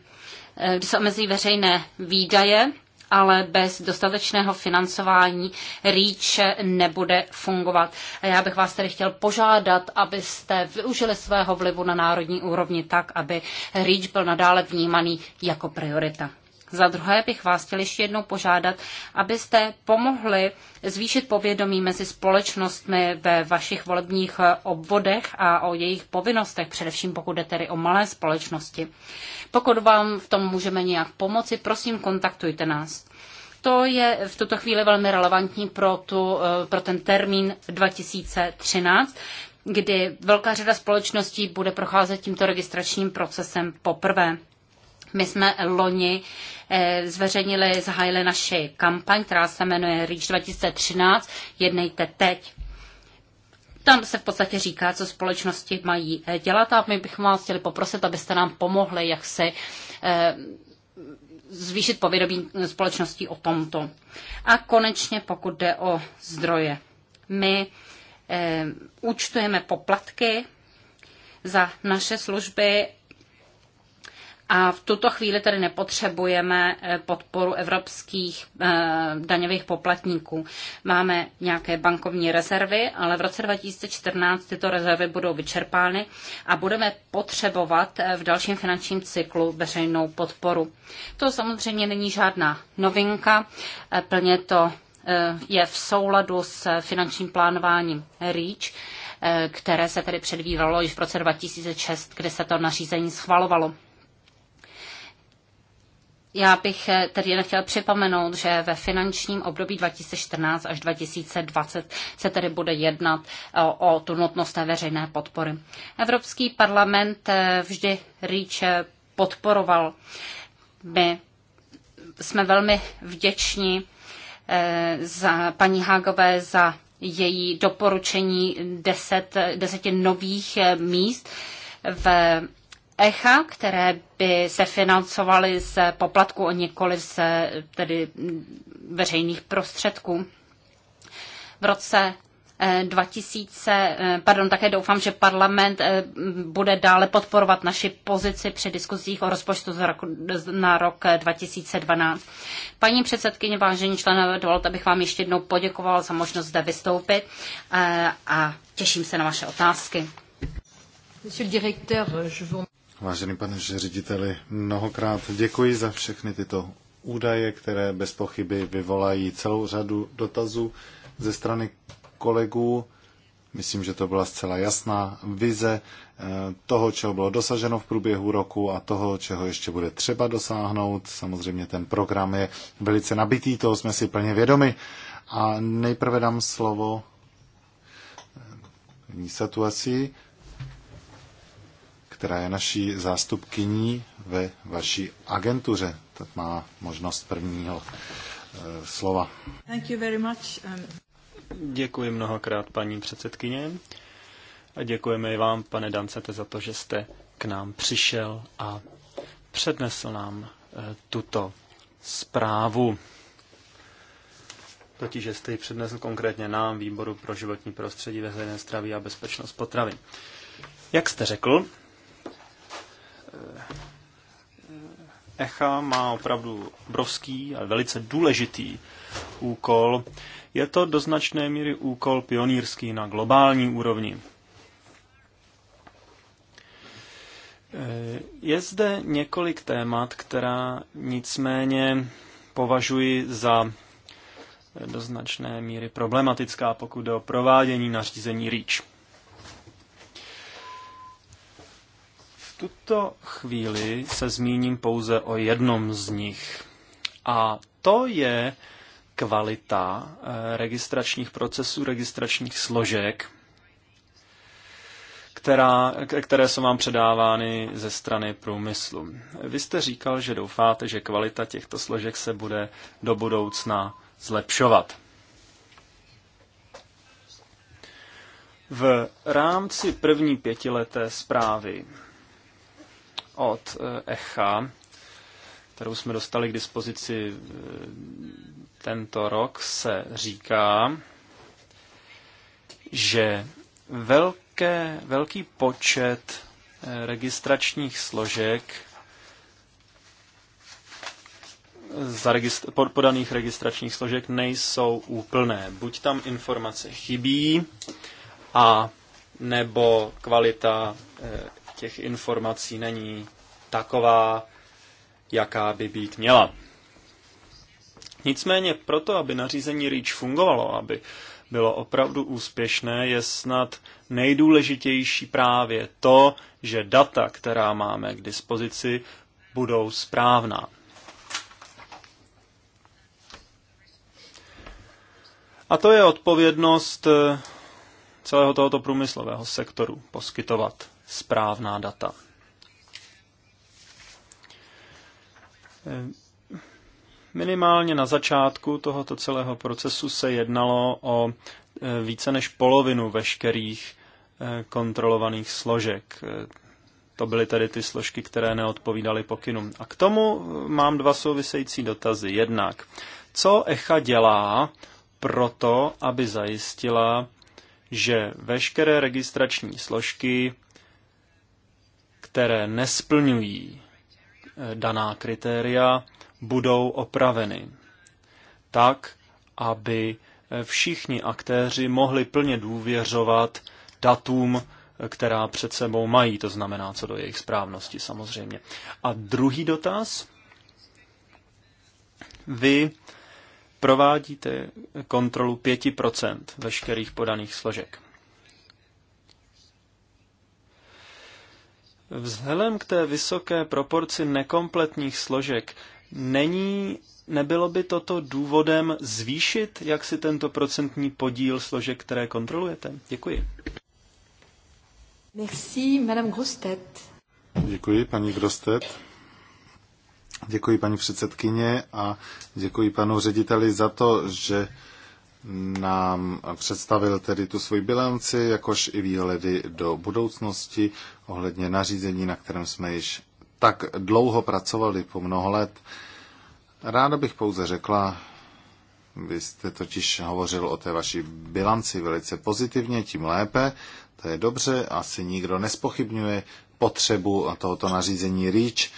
e, kdy se omezují veřejné výdaje ale bez dostatečného financování REACH nebude fungovat. A já bych vás tedy chtěl požádat, abyste využili svého vlivu na národní úrovni tak, aby REACH byl nadále vnímaný jako priorita. Za druhé bych vás chtěl ještě jednou požádat, abyste pomohli zvýšit povědomí mezi společnostmi ve vašich volebních eh, obvodech a o jejich povinnostech, především pokud jde tedy o malé společnosti. Pokud vám v tom můžeme nějak pomoci, prosím kontaktujte nás. To je v tuto chvíli velmi relevantní pro, tu, eh, pro ten termín 2013, kdy velká řada společností bude procházet tímto registračním procesem poprvé. My jsme loni eh, zveřejnili, zahájili naši kampaň, která se jmenuje Reach 2013, jednejte teď. Tam se v podstatě říká, co společnosti mají eh, dělat a my bychom vás chtěli poprosit, abyste nám pomohli, jak se eh, zvýšit povědomí společností o tomto. A konečně, pokud jde o zdroje. My účtujeme poplatky za naše služby a v tuto chvíli tedy nepotřebujeme eh, podporu evropských eh, daňových poplatníků. Máme nějaké bankovní rezervy, ale v roce 2014 tyto rezervy budou vyčerpány a budeme potřebovat eh, v dalším finančním cyklu veřejnou podporu. To samozřejmě není žádná novinka, plně to je v souladu s finančním plánováním REACH, které se tedy předvívalo již v roce 2006, kdy se to nařízení schvalovalo. Já bych eh, tedy jen chtěla připomenout, že ve finančním období 2014 až 2020 se tedy bude jednat eh, o, tu nutnost té veřejné podpory. Evropský parlament eh, vždy REACH podporoval. My jsme velmi vděční za paní Hágové za její doporučení deset, deseti nových míst v ECHA, které by se financovaly z poplatku o nikoli z tedy veřejných prostředků. V roce 2000, eh, eh, pardon, také doufám, že parlament eh, bude dále podporovat naši pozici při diskuzích o rozpočtu roku, na rok 2012. Paní předsedkyně, vážení členové, dovolte, abych vám ještě jednou poděkoval za možnost zde vystoupit a těším se na vaše otázky. Vážený pane řediteli, mnohokrát děkuji za všechny tyto údaje, které bez pochyby vyvolají celou řadu dotazů ze strany kolegů. Myslím, že to byla zcela jasná vize eh, toho, čeho bylo dosaženo v průběhu roku a toho, čeho ještě bude třeba dosáhnout. Samozřejmě ten program je velice nabitý, toho jsme si plně vědomi. A nejprve dám slovo eh, ní situaci která je naší zástupkyní ve vaší agentuře. Tak má možnost prvního eh, slova. Thank you very much. Um, Děkuji mnohokrát, paní předsedkyně. A děkujeme i vám, pane Dancete, za to, že jste k nám přišel a přednesl nám eh, tuto zprávu. Totiž, jste ji přednesl konkrétně nám, Výboru pro životní prostředí, veřejné zdraví a bezpečnost potravy. Jak jste řekl, ECHA má opravdu obrovský a velice důležitý úkol. Je to do značné míry úkol pionýrský na globální úrovni. Je zde několik témat, která nicméně považuji za do značné míry problematická, pokud jde o provádění nařízení REACH. tuto chvíli se zmíním pouze o jednom z nich. A to je kvalita eh, registračních procesů, registračních složek, která, které jsou vám předávány ze strany průmyslu. Vy jste říkal, že doufáte, že kvalita těchto složek se bude do budoucna zlepšovat. V rámci první pětileté zprávy od eh, ECHA, kterou jsme dostali k dispozici eh, tento rok, se říká, že velké, velký počet eh, registračních složek podaných registračních složek nejsou úplné. Buď tam informace chybí, a nebo kvalita těch informací není taková, jaká by být měla. Nicméně proto, aby nařízení REACH fungovalo, aby bylo opravdu úspěšné, je snad nejdůležitější právě to, že data, která máme k dispozici, budou správná. A to je odpovědnost eh, celého tohoto průmyslového sektoru poskytovat správná data. Minimálně na začátku tohoto celého procesu se jednalo o e, více než polovinu veškerých e, kontrolovaných složek. E, to byly tedy ty složky, které neodpovídaly pokynům. A k tomu mám dva související dotazy. Jednak, co ECHA dělá pro to, aby zajistila, že veškeré registrační složky které nesplňují eh, daná kritéria, budou opraveny tak, aby eh, všichni aktéři mohli plně důvěřovat datům, eh, která před sebou mají, to znamená co do jejich správnosti samozřejmě. A druhý dotaz. Vy provádíte kontrolu 5% veškerých podaných složek. Vzhledem k té vysoké proporci nekompletních složek, není, nebylo by toto důvodem zvýšit, jak si tento procentní podíl složek, které kontrolujete? Děkuji. Merci, Madame Grostet. Děkuji, paní Grostet. Děkuji, paní předsedkyně, a děkuji panu řediteli za to, že nám představil tedy tu svoji bilanci, jakož i výhledy do budoucnosti ohledně nařízení, na kterém jsme již tak dlouho pracovali po mnoho let. Ráda bych pouze řekla, vy jste totiž hovořil o té vaší bilanci velice pozitivně, tím lépe, to je dobře, asi nikdo nespochybňuje potřebu tohoto nařízení REACH.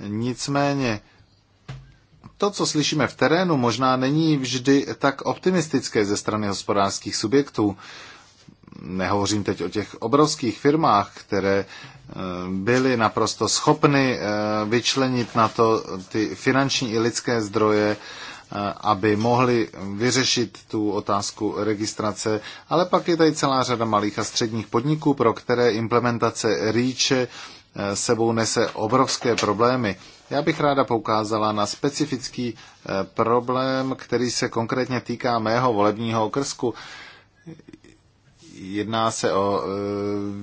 Nicméně, to, co slyšíme v terénu, možná není vždy tak optimistické ze strany hospodářských subjektů. Nehovořím teď o těch obrovských firmách, které eh, byly naprosto schopny eh, vyčlenit na to ty finanční i lidské zdroje, eh, aby mohli vyřešit tu otázku registrace, ale pak je tady celá řada malých a středních podniků, pro které implementace REACH sebou nese obrovské problémy. Já bych ráda poukázala na specifický eh, problém, který se konkrétně týká mého volebního okrsku. Jedná se o eh,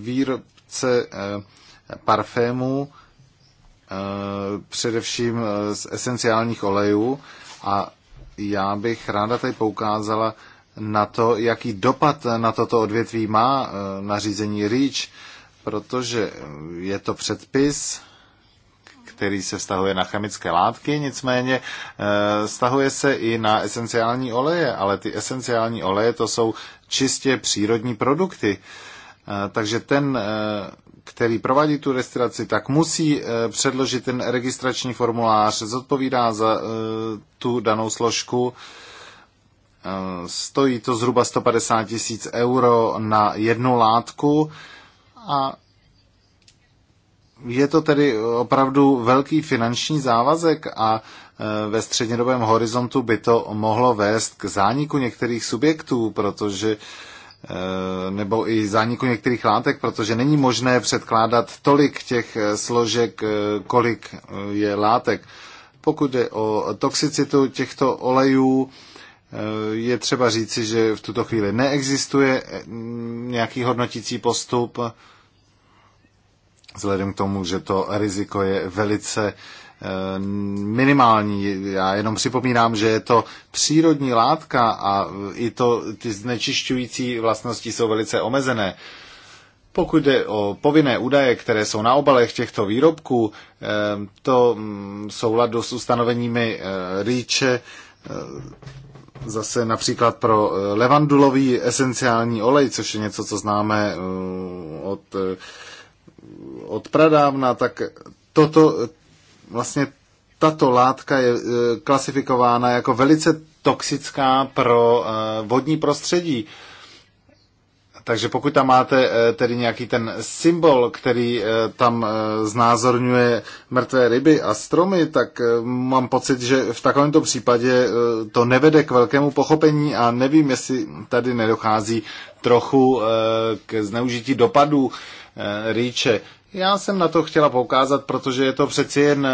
výrobce eh, parfémů, především z esenciálních olejů a já bych ráda tady poukázala na to, jaký dopad na toto odvětví má nařízení REACH, protože je to předpis, který se stahuje na chemické látky, nicméně stahuje eh, se i na esenciální oleje, ale ty esenciální oleje to jsou čistě přírodní produkty. Eh, takže ten, eh, který provádí tu restauraci, tak musí předložit ten registrační formulář, zodpovídá za tu danou složku. Stojí to zhruba 150 tisíc euro na jednu látku a je to tedy opravdu velký finanční závazek a e, ve střednědobém horizontu by to mohlo vést k zániku některých subjektů, protože e, nebo i zániku některých látek, protože není možné předkládat tolik těch e, složek, kolik je látek. Pokud je o toxicitu těchto olejů, je třeba říci, že v tuto chvíli neexistuje nějaký hodnotící postup, vzhledem k tomu, že to riziko je velice eh, minimální. Já jenom připomínám, že je to přírodní látka a i to, ty znečišťující vlastnosti jsou velice omezené. Pokud jde o povinné údaje, které jsou na obalech těchto výrobků, eh, to mm, souladu s ustanoveními eh, rýče, zase například pro levandulový esenciální olej, což je něco, co známe od od pradávna, tak toto, vlastně tato látka je e, klasifikována jako velice toxická pro e, vodní prostředí. Takže pokud tam máte e, tedy nějaký ten symbol, který tam znázorňuje mrtvé ryby a stromy, tak mám pocit, že v takovémto případě to nevede k velkému pochopení a nevím, jestli tady nedochází trochu k zneužití dopadů rýče. Já jsem na to chtěla poukázat, protože je to přeci jen eh,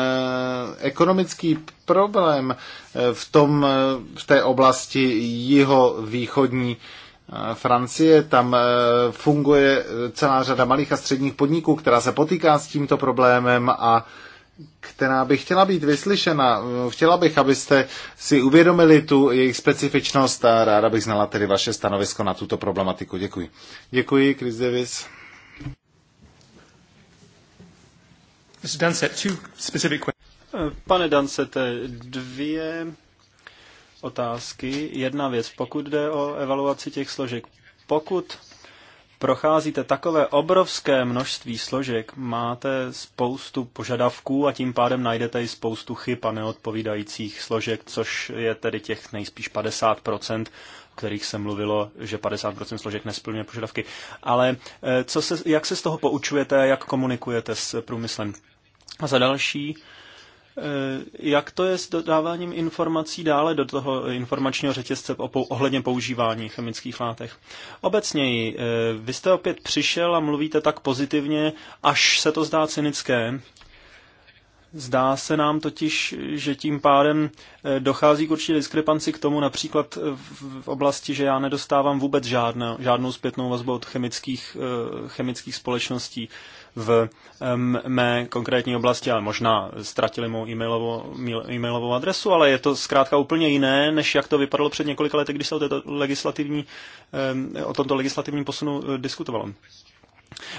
ekonomický problém eh, v, tom, eh, v té oblasti jihovýchodní Francie. Tam funguje celá řada malých a středních podniků, která se potýká s tímto problémem a která by chtěla být vyslyšena. Chtěla bych, abyste si uvědomili tu jejich specifičnost a ráda bych znala tedy vaše stanovisko na tuto problematiku. Děkuji. Děkuji, Chris Davis. Pane Dansete, dvě otázky. Jedna věc, pokud jde o evaluaci těch složek. Pokud procházíte takové obrovské množství složek, máte spoustu požadavků a tím pádem najdete i spoustu chyb a neodpovídajících složek, což je tedy těch nejspíš 50%, o kterých se mluvilo, že 50% složek nesplňuje požadavky. Ale eh, co se, jak se z toho poučujete a jak komunikujete s průmyslem? A za další, eh, jak to je s dodáváním informací dále do toho informačního řetězce ohledně používání chemických látek? Obecněji, eh, vy jste opět přišel a mluvíte tak pozitivně, až se to zdá cynické. Zdá se nám totiž, že tím pádem eh, dochází k určitě diskrepanci k tomu například v oblasti, že já nedostávám vůbec žádné, žádnou zpětnou vazbu od chemických, chemických společností v mé konkrétní oblasti, ale možná ztratili mou e-mailovou, e-mailovou adresu, ale je to zkrátka úplně jiné, než jak to vypadalo před několika lety, když se o, této legislativní, o tomto legislativním posunu eh, diskutovalo.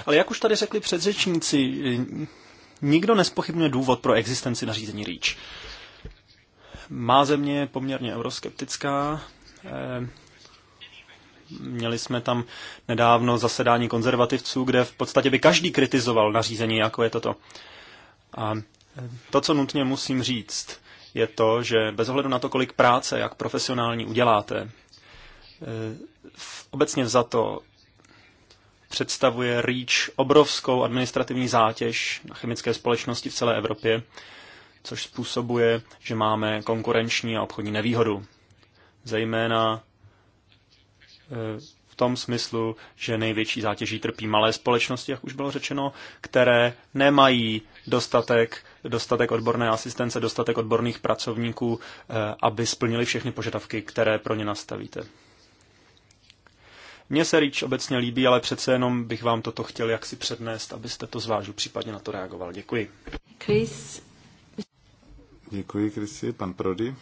Ale jak už tady řekli předřečníci, eh, nikdo nespochybňuje důvod pro existenci nařízení REACH. Má země je poměrně euroskeptická, eh, Měli jsme tam nedávno zasedání konzervativců, kde v podstatě by každý kritizoval nařízení, jako je toto. A e, to, co nutně musím říct, je to, že bez ohledu na to, kolik práce, jak profesionální uděláte, e, obecně za to představuje REACH obrovskou administrativní zátěž na chemické společnosti v celé Evropě, což způsobuje, že máme konkurenční a obchodní nevýhodu. Zejména v tom smyslu, že největší zátěží trpí malé společnosti, jak už bylo řečeno, které nemají dostatek, dostatek odborné asistence, dostatek odborných pracovníků, eh, aby splnili všechny požadavky, které pro ně nastavíte. Mně se REACH obecně líbí, ale přece jenom bych vám toto chtěl jaksi přednést, abyste to zvážili. případně na to reagoval. Děkuji. Chris. Děkuji, Krisi. Pan Prody.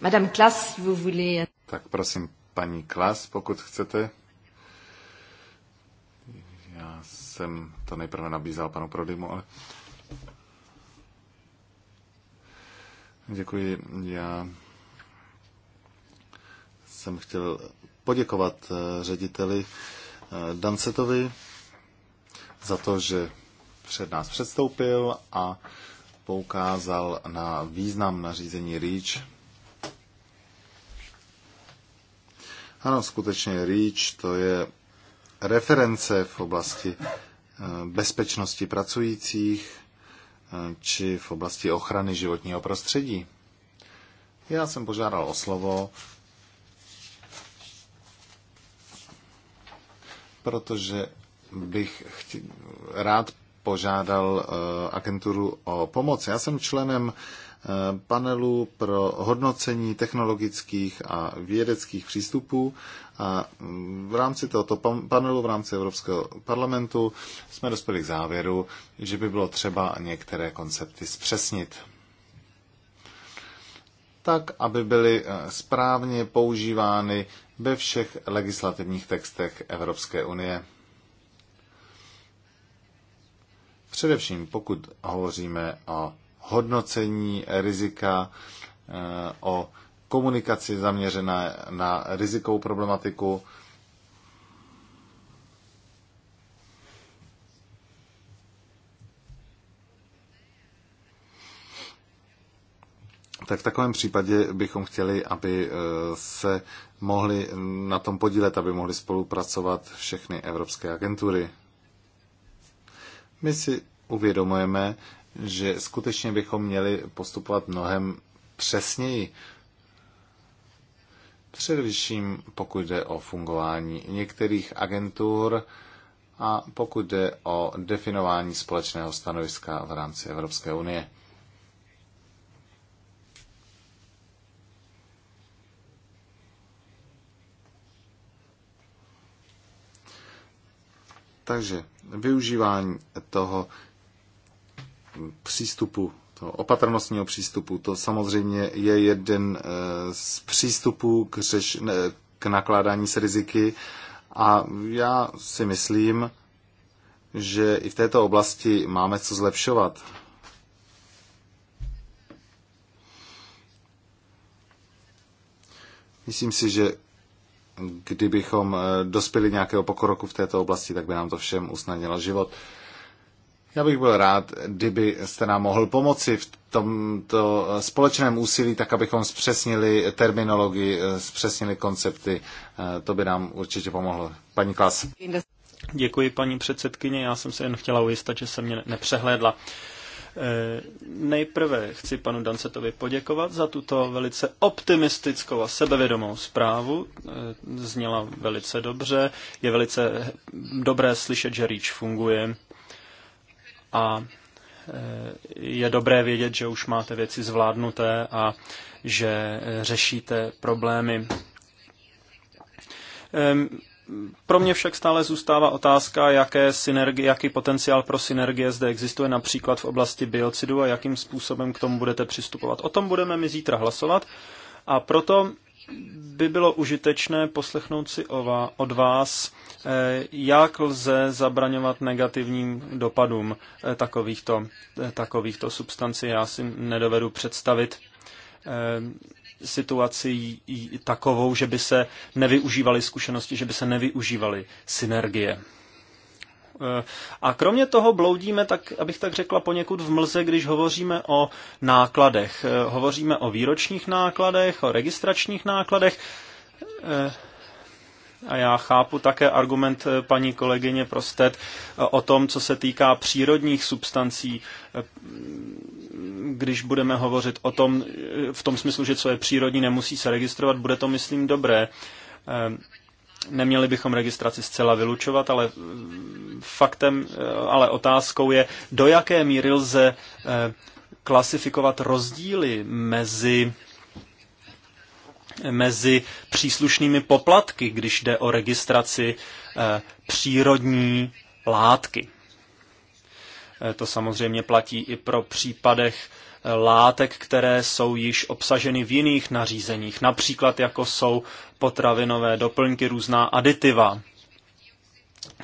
Madame Klas, si vous voulez. Euh, tak prosím, paní Klas, pokud chcete. Já jsem to nejprve nabízal panu Prodymu, ale... Děkuji. Já jsem chtěl poděkovat eh, řediteli eh, Dancetovi za to, že před nás předstoupil a poukázal na význam nařízení REACH. Ano, skutečně REACH to je reference v oblasti eh, bezpečnosti pracujících eh, či v oblasti ochrany životního prostředí. Já jsem požádal o slovo, protože bych chtěl, rád požádal eh, agenturu o pomoc. Já jsem členem eh, panelu pro hodnocení technologických a vědeckých přístupů a mm, v rámci tohoto panelu, v rámci Evropského parlamentu jsme dospěli k závěru, že by bylo třeba některé koncepty zpřesnit tak, aby byly eh, správně používány ve všech legislativních textech Evropské unie. Především pokud hovoříme o hodnocení rizika, eh, o komunikaci zaměřené na rizikovou problematiku, tak v takovém případě bychom chtěli, aby eh, se mohli na tom podílet, aby mohli spolupracovat všechny evropské agentury. My si uvědomujeme, že skutečně bychom měli postupovat mnohem přesněji. Především pokud jde o fungování některých agentur a pokud jde o definování společného stanoviska v rámci Evropské unie. Takže využívání toho přístupu, toho opatrnostního přístupu, to samozřejmě je jeden eh, z přístupů k, řeš, k nakládání s riziky a já si myslím, že i v této oblasti máme co zlepšovat. Myslím si, že kdybychom eh, dospěli nějakého pokroku v této oblasti, tak by nám to všem usnadnilo život. Já bych byl rád, kdybyste nám mohl pomoci v tomto eh, společném úsilí, tak abychom zpřesnili terminologii, eh, zpřesnili koncepty. To by nám určitě pomohlo. Paní Klas. Děkuji, paní předsedkyně. Já jsem se jen chtěla ujistit, že se mě nepřehlédla. Nejprve chci panu Dancetovi poděkovat za tuto velice optimistickou a sebevědomou zprávu. Eh, zněla velice dobře. Je velice dobré slyšet, že REACH funguje. A eh, je dobré vědět, že už máte věci zvládnuté a že eh, řešíte problémy. Ehm, pro mě však stále zůstává otázka, jaké synergie, jaký potenciál pro synergie zde existuje například v oblasti biocidu a jakým způsobem k tomu budete přistupovat. O tom budeme my zítra hlasovat a proto by bylo užitečné poslechnout si od vás, eh, jak lze zabraňovat negativním dopadům eh, takovýchto, eh, takovýchto substancí. Já si nedovedu představit, situaci takovou, že by se nevyužívaly zkušenosti, že by se nevyužívaly synergie. E, a kromě toho bloudíme, tak, abych tak řekla, poněkud v mlze, když hovoříme o nákladech. E, hovoříme o výročních nákladech, o registračních nákladech. E, a já chápu také argument paní kolegyně Prostet o tom, co se týká přírodních substancí když budeme hovořit o tom, v tom smyslu, že co je přírodní, nemusí se registrovat, bude to, myslím, dobré. Eh, neměli bychom registraci zcela vylučovat, ale mm, faktem, eh, ale otázkou je, do jaké míry lze eh, klasifikovat rozdíly mezi mezi příslušnými poplatky, když jde o registraci přírodní látky. Eh, to samozřejmě platí i pro případech eh, látek, které jsou již obsaženy v jiných nařízeních, například jako jsou potravinové doplňky, různá aditiva.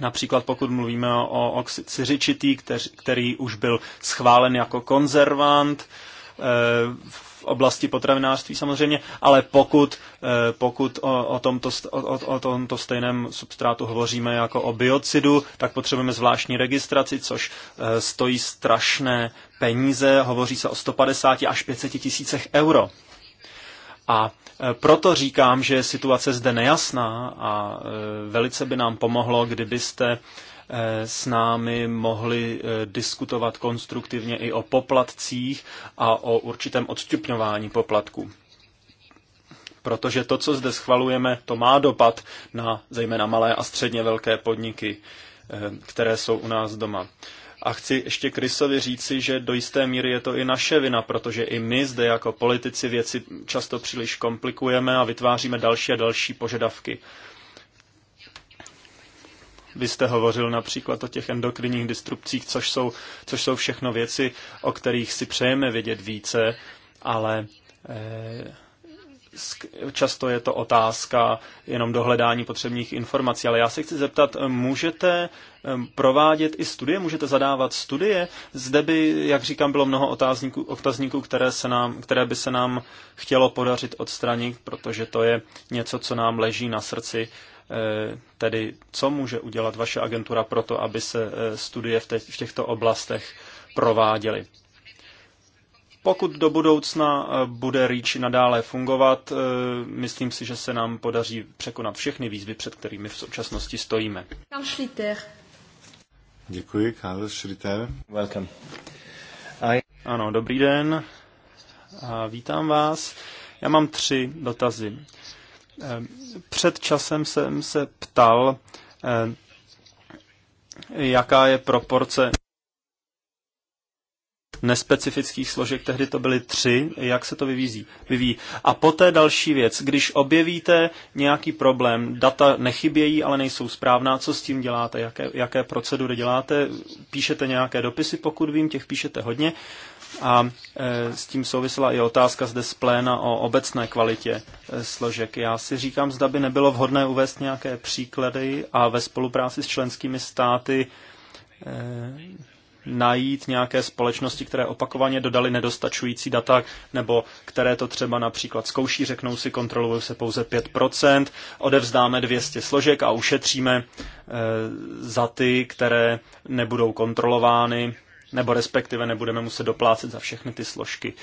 Například pokud mluvíme o oxid siřičitý, který, který už byl schválen jako konzervant, v oblasti potravinářství samozřejmě, ale pokud, eh, pokud o, o, tomto, o, o tomto stejném substrátu hovoříme jako o biocidu, tak potřebujeme zvláštní registraci, což eh, stojí strašné peníze, hovoří se o 150 až 500 tisícech euro. A eh, proto říkám, že situace zde nejasná a velice by nám pomohlo, kdybyste Eh, s námi mohli eh, diskutovat konstruktivně i o poplatcích a o určitém odstupňování poplatků. Protože to, co zde schvalujeme, to má dopad na zejména malé a středně velké podniky, eh, které jsou u nás doma. A chci ještě Krysovi říci, že do jisté míry je to i naše vina, protože i my zde jako politici věci často příliš komplikujeme a vytváříme další a další požadavky. Vy jste hovořil například o těch endokrinních disrupcích, což jsou, což jsou všechno věci, o kterých si přejeme vědět více, ale eh, často je to otázka jenom dohledání potřebných informací, ale já se chci zeptat, můžete eh, provádět i studie, můžete zadávat studie? Zde by, jak říkám, bylo mnoho otázníků, otázníků, které, se nám, které by se nám chtělo podařit odstranit, protože to je něco, co nám leží na srdci Eh, tedy co může udělat vaše agentura pro to, aby se eh, studie v těchto oblastech prováděly. Pokud do budoucna eh, bude REACH nadále fungovat, myslím si, že se nám podaří překonat všechny výzvy, před kterými v současnosti stojíme. Karl Schlitter. Děkuji, Karl Schlitter. Welcome. I... Ano, dobrý den. A vítám vás. Já mám tři dotazy. Před časem jsem se ptal, eh, jaká je proporce nespecifických složek, tehdy to byly tři, jak se to vyvízí, vyvíjí. A poté další věc, když objevíte nějaký problém, data nechybějí, ale nejsou správná, co s tím děláte, jaké, jaké procedury děláte, píšete nějaké dopisy, pokud vím, těch píšete hodně, a e, s tím souvisela i otázka zde z pléna o obecné kvalitě e, složek. Já si říkám, zda by nebylo vhodné uvést nějaké příklady a ve spolupráci s členskými státy e, najít nějaké společnosti, které opakovaně dodali nedostačující data, nebo které to třeba například zkouší, řeknou si, kontrolují se pouze 5%, odevzdáme 200 složek a ušetříme za ty, které nebudou kontrolovány nebo respektive nebudeme muset doplácet za všechny ty složky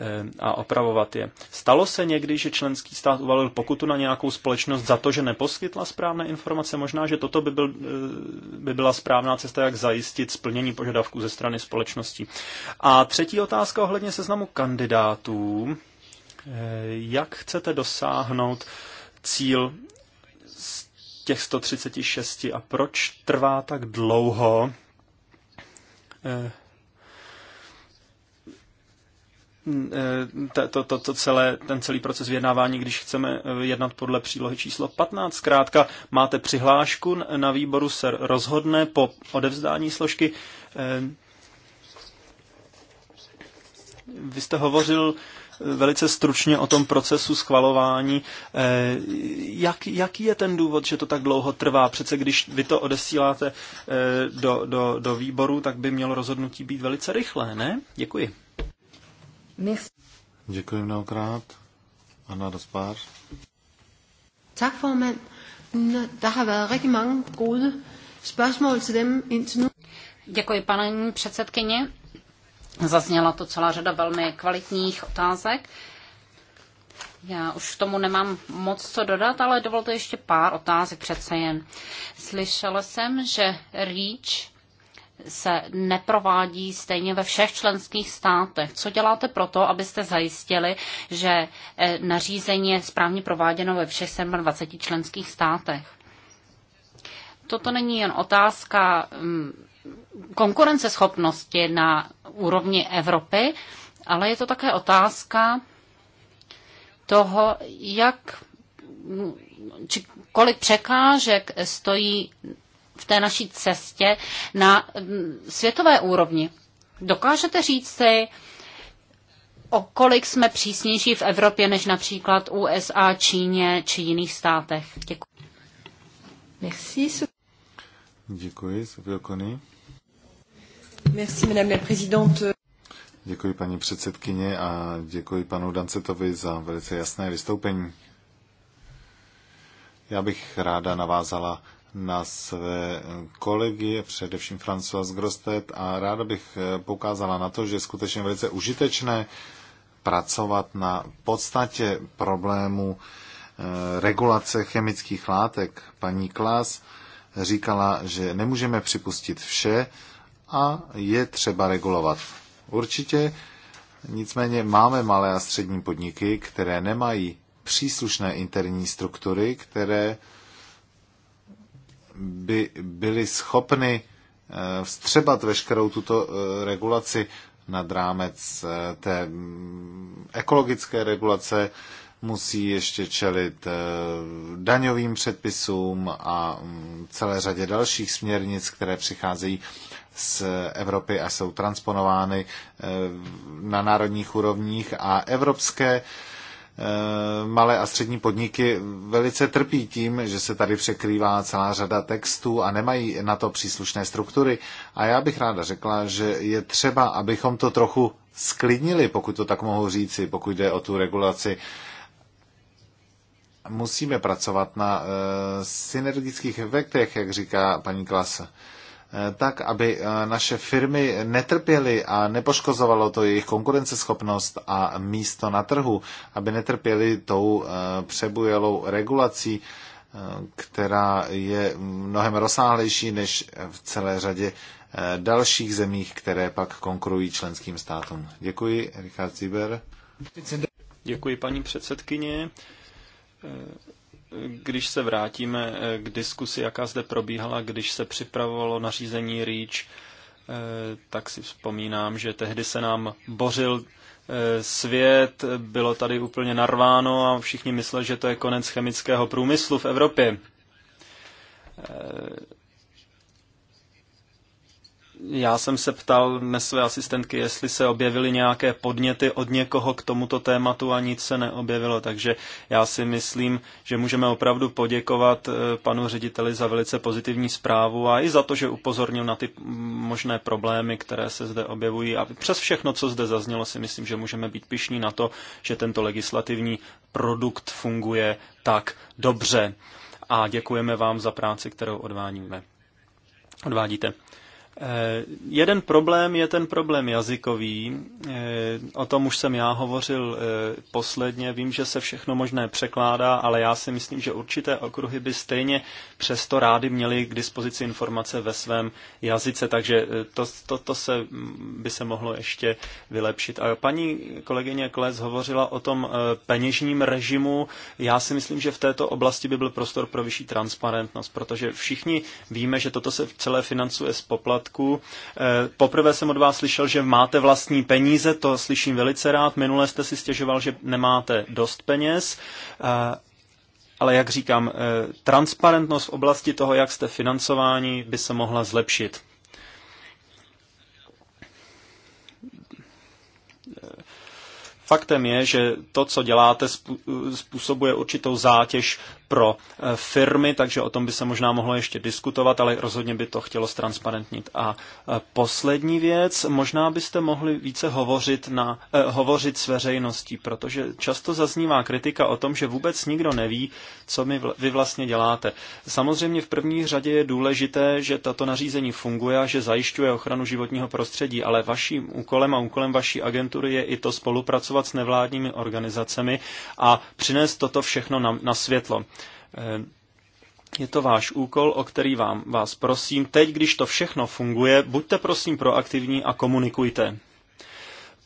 eh, a opravovat je. Stalo se někdy, že členský stát uvalil pokutu na nějakou společnost za to, že neposkytla správné informace? Možná, že toto by, byl, eh, by byla správná cesta, jak zajistit splnění požadavků ze strany společností. A třetí otázka ohledně seznamu kandidátů. Eh, jak chcete dosáhnout cíl z těch 136 a proč trvá tak dlouho Eh, eh, to, to, to celé, ten celý proces vyjednávání, když chceme eh, jednat podle přílohy číslo 15. Zkrátka máte přihlášku na výboru, se rozhodne po odevzdání složky. Vy jste hovořil velice stručně o tom procesu schvalování. Eh, jak, jaký je ten důvod, že to tak dlouho trvá? Přece když vy to odesíláte eh, do, do, do výboru, tak by mělo rozhodnutí být velice rychlé, ne? Děkuji. Děkuji mnohokrát. Anna Rozbár. Tak, formand. Der har været rigtig mange gode spørgsmål til dem indtil nu. Děkuji, paní předsedkyně. Zazněla to celá řada velmi kvalitních otázek. Já už k tomu nemám moc co dodat, ale dovolte ještě pár otázek přece jen. Slyšela jsem, že REACH se neprovádí stejně ve všech členských státech. Co děláte proto, abyste zajistili, že eh, nařízení je správně prováděno ve všech 27 členských státech? Toto není jen otázka mm, konkurenceschopnosti na úrovni Evropy, ale je to také otázka toho, jak či kolik překážek stojí v té naší cestě na světové úrovni. Dokážete říct si, o kolik jsme přísnější v Evropě než například USA, Číně či jiných státech? Děkuji. Merci. Děkuji, Sofia Kony. Merci, madame la présidente. Děkuji paní předsedkyně a děkuji panu Dancetovi za velice jasné vystoupení. Já bych ráda navázala na své kolegy, především François Grostet, a ráda bych poukázala na to, že je skutečně velice užitečné pracovat na podstatě problému eh, regulace chemických látek. Paní Klas říkala, že nemůžeme připustit vše, a je třeba regulovat. Určitě, nicméně máme malé a střední podniky, které nemají příslušné interní struktury, které by byly schopny eh, vstřebat veškerou tuto eh, regulaci nad rámec eh, té mm, ekologické regulace, musí ještě čelit daňovým předpisům a mm, celé řadě dalších směrnic, které přicházejí z Evropy a jsou transponovány eh, na národních úrovních a evropské eh, malé a střední podniky velice trpí tím, že se tady překrývá celá řada textů a nemají na to příslušné struktury. A já bych ráda řekla, že je třeba, abychom to trochu sklidnili, pokud to tak mohu říci, pokud jde o tu regulaci. Musíme pracovat na eh, synergických efektech, jak říká paní Klasa Eh, tak, aby eh, naše firmy netrpěly a nepoškozovalo to jejich konkurenceschopnost a místo na trhu, aby netrpěly tou eh, přebujelou regulací, která je mnohem rozsáhlejší než v celé řadě dalších zemích, které pak konkurují členským státům. Děkuji, Richard Ziber. Děkuji, paní předsedkyně když se vrátíme eh, k diskusi, jaká zde probíhala, když se připravovalo nařízení REACH, eh, tak si vzpomínám, že tehdy se nám bořil eh, svět, bylo tady úplně narváno a všichni mysleli, že to je konec chemického průmyslu v Evropě. Já jsem se ptal dnes své asistentky, jestli se objevily nějaké podněty od někoho k tomuto tématu a nic se neobjevilo, takže já si myslím, že můžeme opravdu poděkovat eh, panu řediteli za velice pozitivní zprávu a i za to, že upozornil na ty možné problémy, které se zde objevují. A přes všechno, co zde zaznělo, si myslím, že můžeme být pišní na to, že tento legislativní produkt funguje tak dobře. A děkujeme vám za práci, kterou odváníme. Odvádíte. Eh, jeden problém je ten problém jazykový. Eh, o tom už jsem já hovořil eh, posledně. Vím, že se všechno možné překládá, ale já si myslím, že určité okruhy by stejně přesto rády měly k dispozici informace ve svém jazyce, takže to, to, to se, mm, by se mohlo ještě vylepšit. A paní kolegyně Kles hovořila o tom peněžním režimu. Já si myslím, že v této oblasti by byl prostor pro vyšší transparentnost, protože všichni víme, že toto se celé financuje z poplat poplatků. Eh, poprvé jsem od vás slyšel, že máte vlastní peníze, to slyším velice rád. Minule jste si stěžoval, že nemáte dost peněz eh, ale jak říkám, eh, transparentnost v oblasti toho, jak jste financováni, by se mohla zlepšit. Faktem je, že to, co děláte, způsobuje určitou zátěž pro eh, firmy, takže o tom by se možná mohlo ještě diskutovat, ale rozhodně by to chtělo ztransparentnit. A eh, poslední věc, možná byste mohli více hovořit, na, eh, hovořit s veřejností, protože často zaznívá kritika o tom, že vůbec nikdo neví, co my, vy vlastně děláte. Samozřejmě v první řadě je důležité, že tato nařízení funguje a že zajišťuje ochranu životního prostředí, ale vaším úkolem a úkolem vaší agentury je i to spolupracovat s nevládními organizacemi a přinést toto všechno na, na světlo. Eh, je to váš úkol, o který vám, vás prosím. Teď, když to všechno funguje, buďte prosím proaktivní a komunikujte.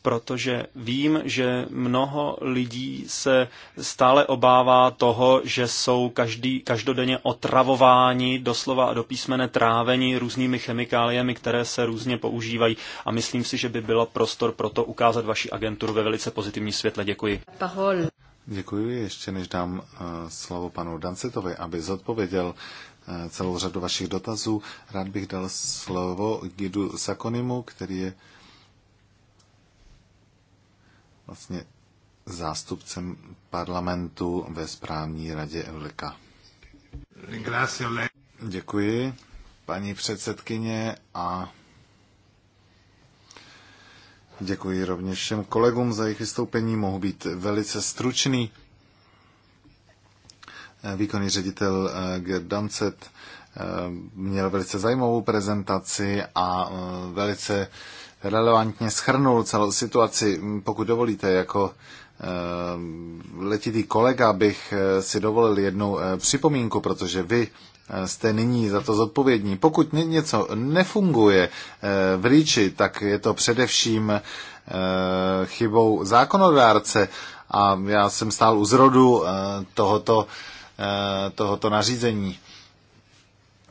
Protože vím, že mnoho lidí se stále obává toho, že jsou každý, každodenně otravováni, doslova a do písmene tráveni různými chemikáliemi, které se různě používají. A myslím si, že by byl prostor pro to ukázat vaši agenturu ve velice pozitivní světle. Děkuji. Pahol. Děkuji. Ještě než dám eh, slovo panu Dancetovi, aby zodpověděl eh, celou řadu vašich dotazů, rád bych dal slovo Gidu Sakonimu, který je vlastně zástupcem parlamentu ve správní radě Eureka. Děkuji, paní předsedkyně, a Děkuji rovněž všem kolegům za jejich vystoupení. Mohu být velice stručný. Eh, výkonný ředitel eh, Gerd Damcet eh, měl velice zajímavou prezentaci a velice relevantně schrnul celou situaci. Pokud dovolíte, jako letitý kolega bych si dovolil jednu připomínku, protože vy jste nyní za to zodpovědní. Pokud něco nefunguje eh, v REACHi, tak je to především eh, chybou zákonodárce a já jsem stál u zrodu eh, tohoto, tohoto nařízení.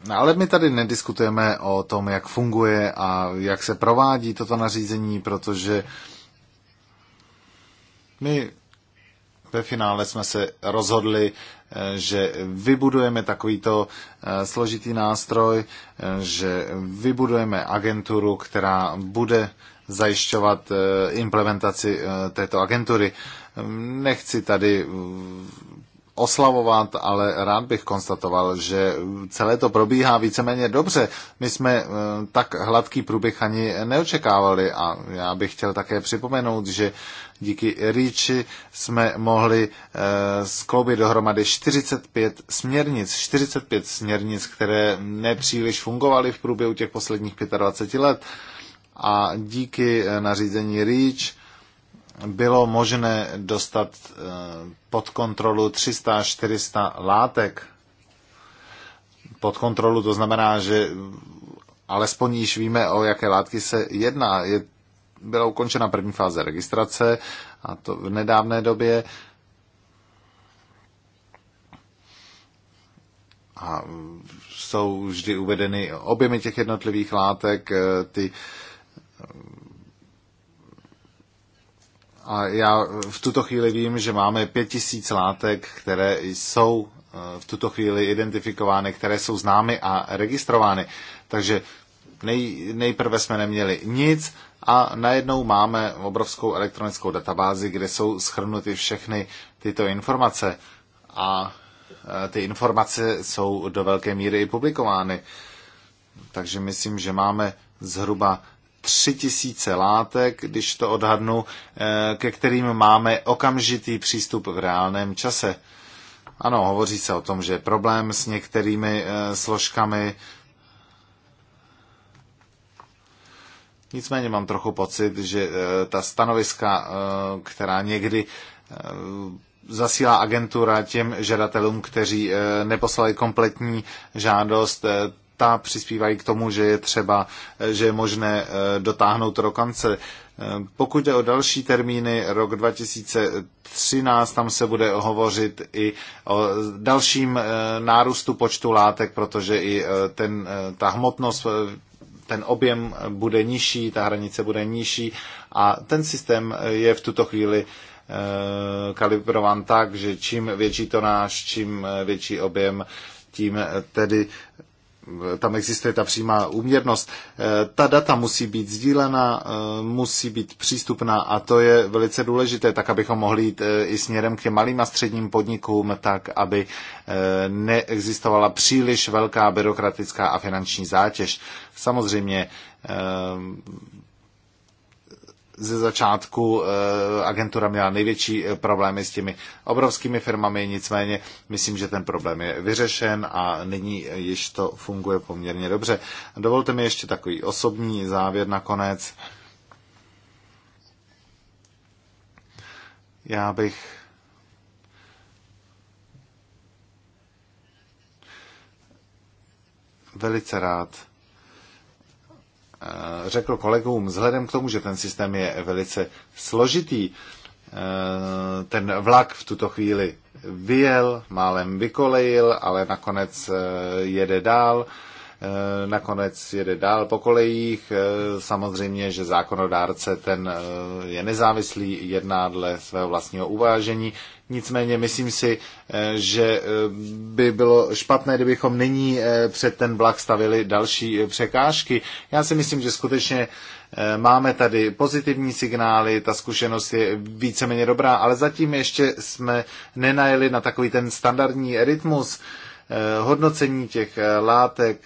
No, ale my tady nediskutujeme o tom, jak funguje a jak se provádí toto nařízení, protože my ve finále jsme se rozhodli že vybudujeme takovýto eh, složitý nástroj, eh, že vybudujeme agenturu, která bude zajišťovat eh, implementaci této agentury. Nechci tady oslavovat, ale rád bych konstatoval, že celé to probíhá víceméně dobře. My jsme eh, tak hladký průběh ani neočekávali a já bych chtěl také připomenout, že díky Ríči jsme mohli eh, skloubit dohromady 45 směrnic, 45 směrnic, které nepříliš fungovaly v průběhu těch posledních 25 let a díky eh, nařízení REACH bylo možné dostat eh, pod kontrolu 300 až 400 látek. Pod kontrolu to znamená, že alespoň již víme, o jaké látky se jedná. Je, byla ukončena první fáze registrace a to v nedávné době. A jsou vždy uvedeny objemy těch jednotlivých látek, eh, ty uh, A já v tuto chvíli vím, že máme 5000 látek, které jsou eh, v tuto chvíli identifikovány, které jsou známy a registrovány. Takže nej, nejprve jsme neměli nic a najednou máme obrovskou elektronickou databázi, kde jsou schrnuty všechny tyto informace a eh, ty informace jsou do velké míry i publikovány. Takže myslím, že máme zhruba tři tisíce látek, když to odhadnu, eh, ke kterým máme okamžitý přístup v reálném čase. Ano, hovoří se o tom, že problém s některými eh, složkami. Nicméně mám trochu pocit, že eh, ta stanoviska, která někdy zasílá agentura těm žadatelům, kteří neposlali kompletní žádost, ta přispívají k tomu, že je třeba, že je možné eh, dotáhnout do konce. Eh, pokud jde o další termíny, rok 2013, tam se bude hovořit i o dalším eh, nárůstu počtu látek, protože i ten, ta hmotnost, ten objem bude nižší, ta hranice bude nižší a ten systém je v tuto chvíli kalibrován tak, že čím větší to náš, čím větší objem, tím tedy tam existuje ta přímá úměrnost. Eh, ta data musí být sdílena, eh, musí být přístupná a to je velice důležité, tak abychom mohli jít eh, i směrem k malým a středním podnikům, tak aby neexistovala příliš velká byrokratická a finanční zátěž. Samozřejmě ze začátku eh, agentura měla největší eh, problémy s těmi obrovskými firmami, nicméně myslím, že ten problém je vyřešen a nyní již to funguje poměrně dobře. Dovolte mi ještě takový osobní závěr nakonec. Já bych velice rád Eh, řekl kolegům, vzhledem k tomu, že ten systém je velice složitý, eh, ten vlak v tuto chvíli vyjel, málem vykolejil, ale nakonec eh, jede dál. Nakonec jede dál po kolejích. Samozřejmě, že zákonodárce ten je nezávislý, jedná dle svého vlastního uvážení. Nicméně myslím si, eh, že eh, by bylo špatné, kdybychom nyní eh, před ten vlak stavili další překážky. Já si myslím, že skutečně máme tady pozitivní signály, ta zkušenost je víceméně dobrá, ale zatím ještě jsme nenajeli na takový ten standardní rytmus hodnocení těch látek,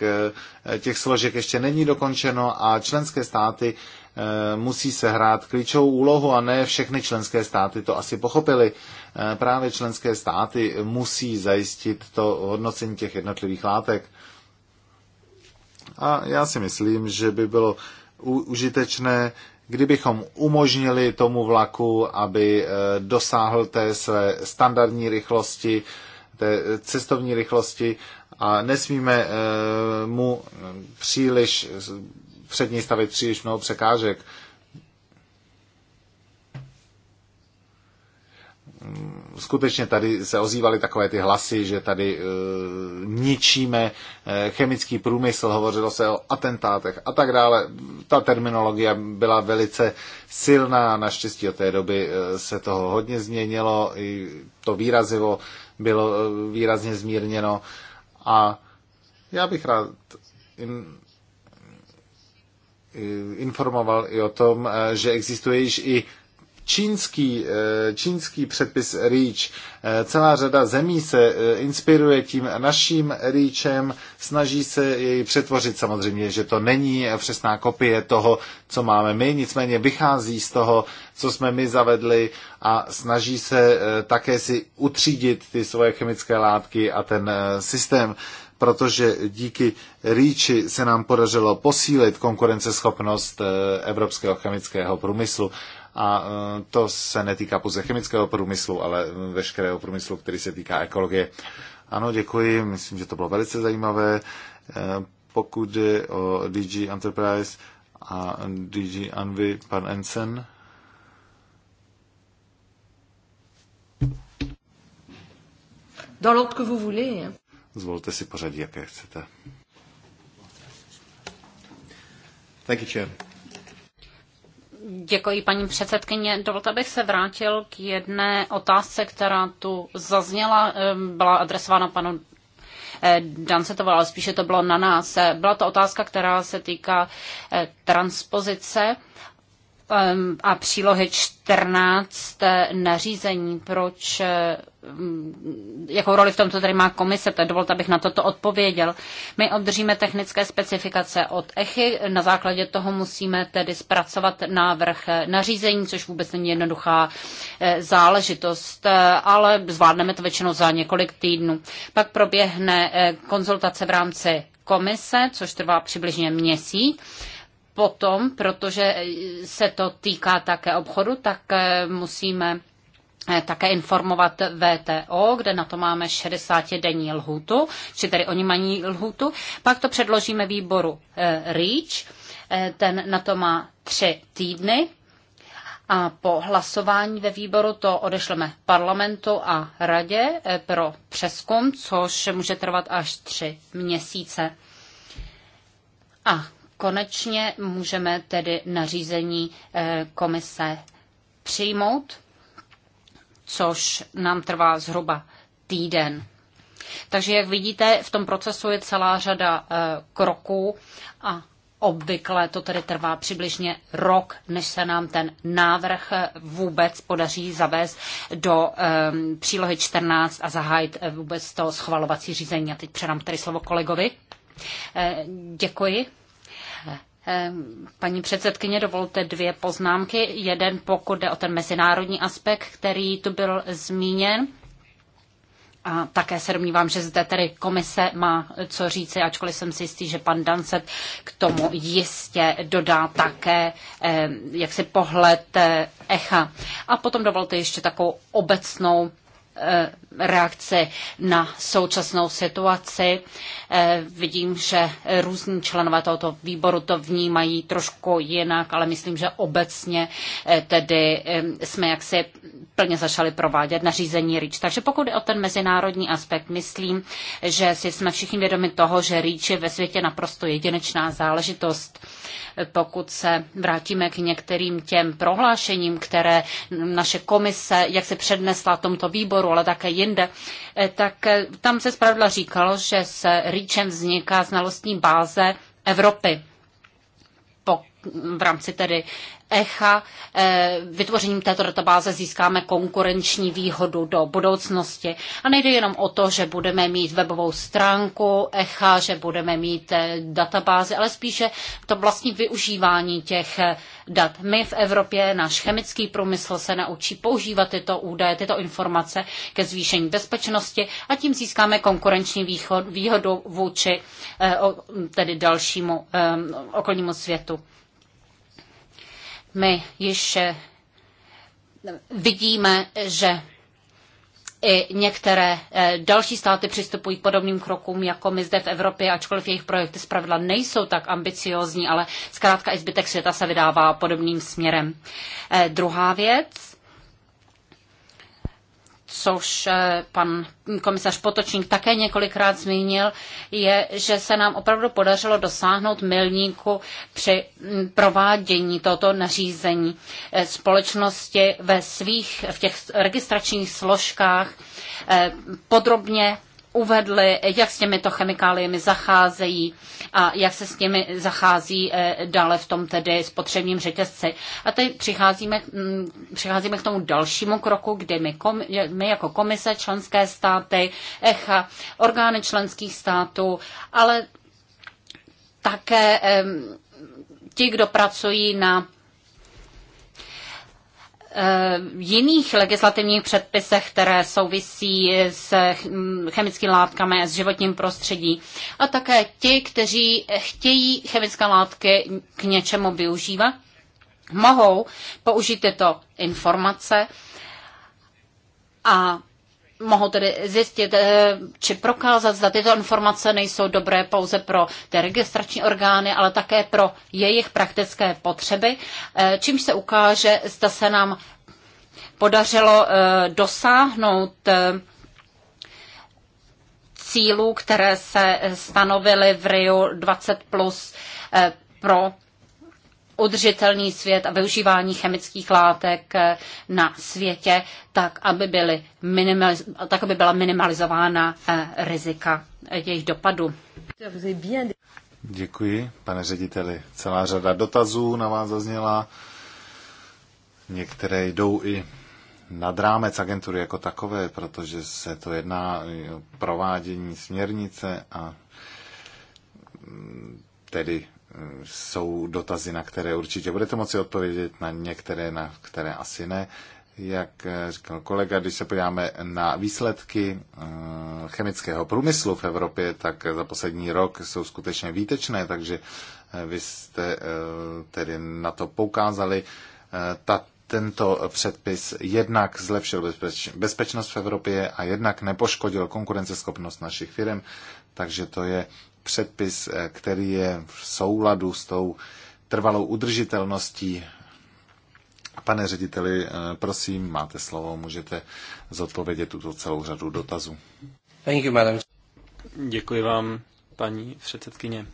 těch složek ještě není dokončeno a členské státy musí se hrát klíčovou úlohu a ne všechny členské státy to asi pochopili. Eh, právě členské státy musí zajistit to hodnocení těch jednotlivých látek. A já si myslím, že by bylo užitečné, kdybychom umožnili tomu vlaku, aby eh, dosáhl té své standardní rychlosti, té cestovní rychlosti a nesmíme eh, mu příliš před ní stavit příliš mnoho překážek. skutečně tady se ozývaly takové ty hlasy, že tady e, ničíme e, chemický průmysl, hovořilo se o atentátech a tak dále. Ta terminologie byla velice silná, naštěstí od té doby e, se toho hodně změnilo, i to výrazivo bylo e, výrazně zmírněno a já bych rád in, informoval i o tom, e, že existuje již i čínský, eh, čínský předpis REACH. Eh, celá řada zemí se eh, inspiruje tím naším REACHem, snaží se jej přetvořit samozřejmě, že to není přesná kopie toho, co máme my, nicméně vychází z toho, co jsme my zavedli a snaží se také si utřídit ty svoje chemické látky a ten systém protože díky REACHi se nám podařilo posílit konkurenceschopnost evropského chemického průmyslu. A e, to se netýká pouze chemického průmyslu, ale veškerého průmyslu, který se týká ekologie. Ano, děkuji, myslím, že to bylo velice zajímavé. E, pokud jde o DG Enterprise a DG Anvi, pan Ensen. Dans l'ordre que vous voulez. Zvolte si pořadí, jaké chcete. Thank you, Chair. Děkuji, paní předsedkyně. Dovolte, abych se vrátil k jedné otázce, která tu zazněla, ehm, byla adresována panu eh, Dancetovala, ale spíše to bylo na nás. Eh, byla to otázka, která se týká eh, transpozice ehm, a přílohy 14 nařízení, proč Mm, jakou roli v tomto tady má komise, tak dovolte, abych na toto odpověděl. My obdržíme technické specifikace od ECHY, na základě toho musíme tedy zpracovat návrh nařízení, což vůbec není jednoduchá eh, záležitost, eh, ale zvládneme to většinou za několik týdnů. Pak proběhne eh, konzultace v rámci komise, což trvá přibližně měsíc potom, protože se to týká také obchodu, tak musíme Eh, také informovat VTO, kde na to máme 60-denní lhůtu, či tedy oni mají lhůtu. Pak to předložíme výboru eh, REACH, eh, ten na to má tři týdny a po hlasování ve výboru to odešleme parlamentu a radě pro přeskum, což může trvat až tři měsíce. A konečně můžeme tedy nařízení komise přijmout což nám trvá zhruba týden. Takže jak vidíte, v tom procesu je celá řada eh, kroků a obvykle to tedy trvá přibližně rok, než se nám ten návrh eh, vůbec podaří zavést do e, přílohy 14 a zahájit vůbec to schvalovací řízení. A teď předám tady slovo kolegovi. Děkuji. Paní předsedkyně, dovolte dvě poznámky. Jeden, pokud jde o ten mezinárodní aspekt, který tu byl zmíněn. A také se domnívám, že zde tedy komise má co říci, ačkoliv jsem si jistý, že pan Dancet k tomu jistě dodá také jaksi pohled eh, echa. A potom dovolte ještě takovou obecnou Eh, reakci na současnou situaci. Eh, vidím, že různí členové tohoto výboru to vnímají trošku jinak, ale myslím, že obecně eh, tedy jsme jaksi plně začali provádět nařízení REACH. Takže pokud je o ten mezinárodní aspekt, myslím, že si jsme všichni vědomi toho, že REACH je ve světě naprosto jedinečná záležitost pokud se vrátíme k některým těm prohlášením, které naše komise, jak se přednesla tomto výboru, ale také jinde, eh, tak eh, tam se zpravidla říkalo, že s REACHem vzniká znalostní báze Evropy v rámci tedy ECHA eh, vytvořením této databáze získáme konkurenční výhodu do budoucnosti. A nejde jenom o to, že budeme mít webovou stránku ECHA, že budeme mít eh, databázy, ale spíše to vlastní využívání těch eh, dat. My v Evropě, náš chemický průmysl se naučí používat tyto údaje, tyto informace ke zvýšení bezpečnosti a tím získáme konkurenční výhodu vůči tedy dalšímu okolnímu světu. My již eh, vidíme, že i některé eh, další státy přistupují k podobným krokům jako my zde v Evropě, ačkoliv jejich projekty zpravidla nejsou tak ambiciozní, ale zkrátka i zbytek světa se vydává podobným směrem. Eh, druhá věc, což eh, pan komisař Potočník také několikrát zmínil, je, že se nám opravdu podařilo dosáhnout milníku při mm, provádění tohoto nařízení eh, společnosti ve svých, v těch registračních složkách eh, podrobně uvedli, jak s těmito chemikáliemi zacházejí a jak se s nimi zachází eh, dále v tom tedy spotřebním řetězci. A teď přicházíme, mm, přicházíme k tomu dalšímu kroku, kdy my, my jako komise, členské státy, ECHA, orgány členských států, ale také ti, kdo pracují na Eh, jiných legislativních předpisech, které souvisí s chemickými látkami a s životním prostředí. A také ti, kteří chtějí chemické látky k něčemu využívat, mohou použít tyto informace a mohou tedy zjistit eh, či prokázat, zda tyto informace nejsou dobré pouze pro ty registrační orgány, ale také pro jejich praktické potřeby, eh, čímž se ukáže, zda se nám podařilo eh, dosáhnout cílů, které se stanovily v Rio 20 plus pro udržitelný svět a využívání chemických látek eh, na světě, tak aby, byly tak aby byla minimalizována eh, rizika eh, jejich dopadu. Děkuji, pane řediteli. Celá řada dotazů na vás zazněla. Některé jdou i nad rámec agentury jako takové, protože se to jedná o provádění směrnice a mm, tedy jsou dotazy, na které určitě budete moci odpovědět, na některé, na které asi ne. Jak eh, říkal kolega, když se podíváme na výsledky eh, chemického průmyslu v Evropě, tak za poslední rok jsou skutečně výtečné, takže eh, vy jste tedy na to poukázali. Ta, tento předpis jednak zlepšil bezpeč, bezpečnost v Evropě a jednak nepoškodil konkurenceschopnost našich firm, takže to je předpis, eh, který je v souladu s tou trvalou udržitelností. Pane řediteli, eh, prosím, máte slovo, můžete zodpovědět tuto celou řadu dotazů. Thank you, madam. Děkuji vám, paní předsedkyně.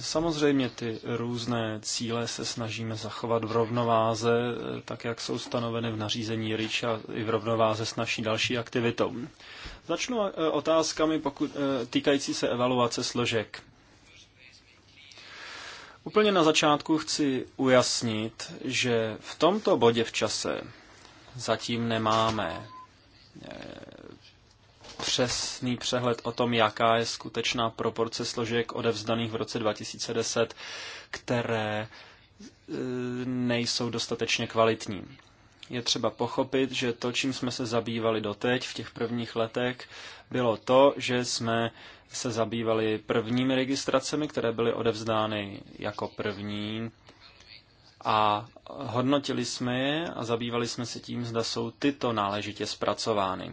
Samozřejmě ty různé cíle se snažíme zachovat v rovnováze, eh, tak jak jsou stanoveny v nařízení RIČ a i v rovnováze s naší další aktivitou. Začnu eh, otázkami pokud, eh, týkající se evaluace složek. Úplně na začátku chci ujasnit, že v tomto bodě v čase zatím nemáme eh, přesný přehled o tom, jaká je skutečná proporce složek odevzdaných v roce 2010, které nejsou dostatečně kvalitní je třeba pochopit, že to, čím jsme se zabývali doteď v těch prvních letech, bylo to, že jsme se zabývali prvními registracemi, které byly odevzdány jako první a hodnotili jsme je a zabývali jsme se tím, zda jsou tyto náležitě zpracovány.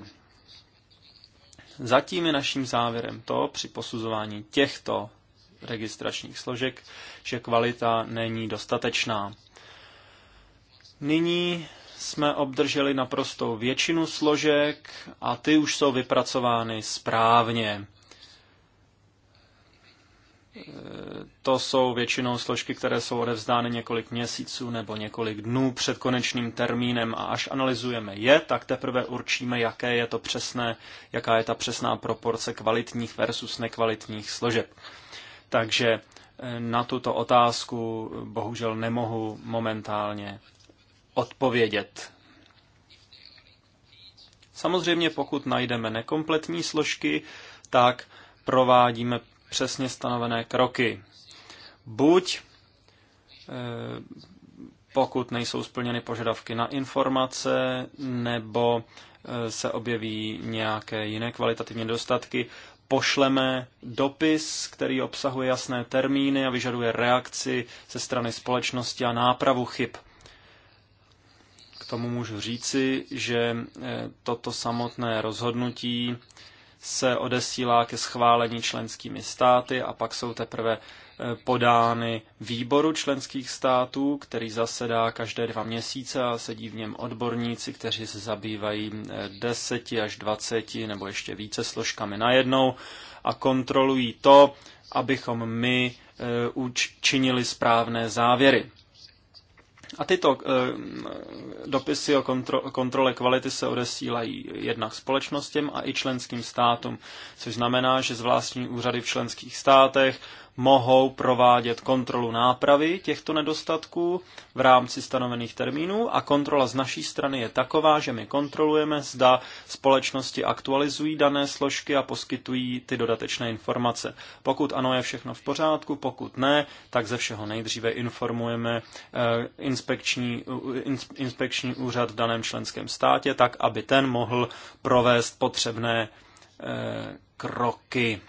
Zatím je naším závěrem to při posuzování těchto registračních složek, že kvalita není dostatečná. Nyní jsme obdrželi naprostou většinu složek a ty už jsou vypracovány správně. E, to jsou většinou složky, které jsou odevzdány několik měsíců nebo několik dnů před konečným termínem a až analyzujeme je, tak teprve určíme, jaké je to přesné, jaká je ta přesná proporce kvalitních versus nekvalitních složek. Takže e, na tuto otázku bohužel nemohu momentálně odpovědět. Samozřejmě, pokud najdeme nekompletní složky, tak provádíme přesně stanovené kroky. Buď eh, pokud nejsou splněny požadavky na informace nebo eh, se objeví nějaké jiné kvalitativní dostatky, pošleme dopis, který obsahuje jasné termíny a vyžaduje reakci ze strany společnosti a nápravu chyb tomu můžu říci, že eh, toto samotné rozhodnutí se odesílá ke schválení členskými státy a pak jsou teprve eh, podány výboru členských států, který zasedá každé dva měsíce a sedí v něm odborníci, kteří se zabývají eh, deseti až dvaceti nebo ještě více složkami najednou a kontrolují to, abychom my činili správné závěry. A tyto eh, dopisy o kontro, kontrole kvality se odesílají jednak společnostem a i členským státům, což znamená, že zvláštní úřady v členských státech mohou provádět kontrolu nápravy těchto nedostatků v rámci stanovených termínů a kontrola z naší strany je taková, že my kontrolujeme, zda společnosti aktualizují dané složky a poskytují ty dodatečné informace. Pokud ano, je všechno v pořádku, pokud ne, tak ze všeho nejdříve informujeme eh, inspekční, eh, inspekční úřad v daném členském státě, tak aby ten mohl provést potřebné eh, kroky.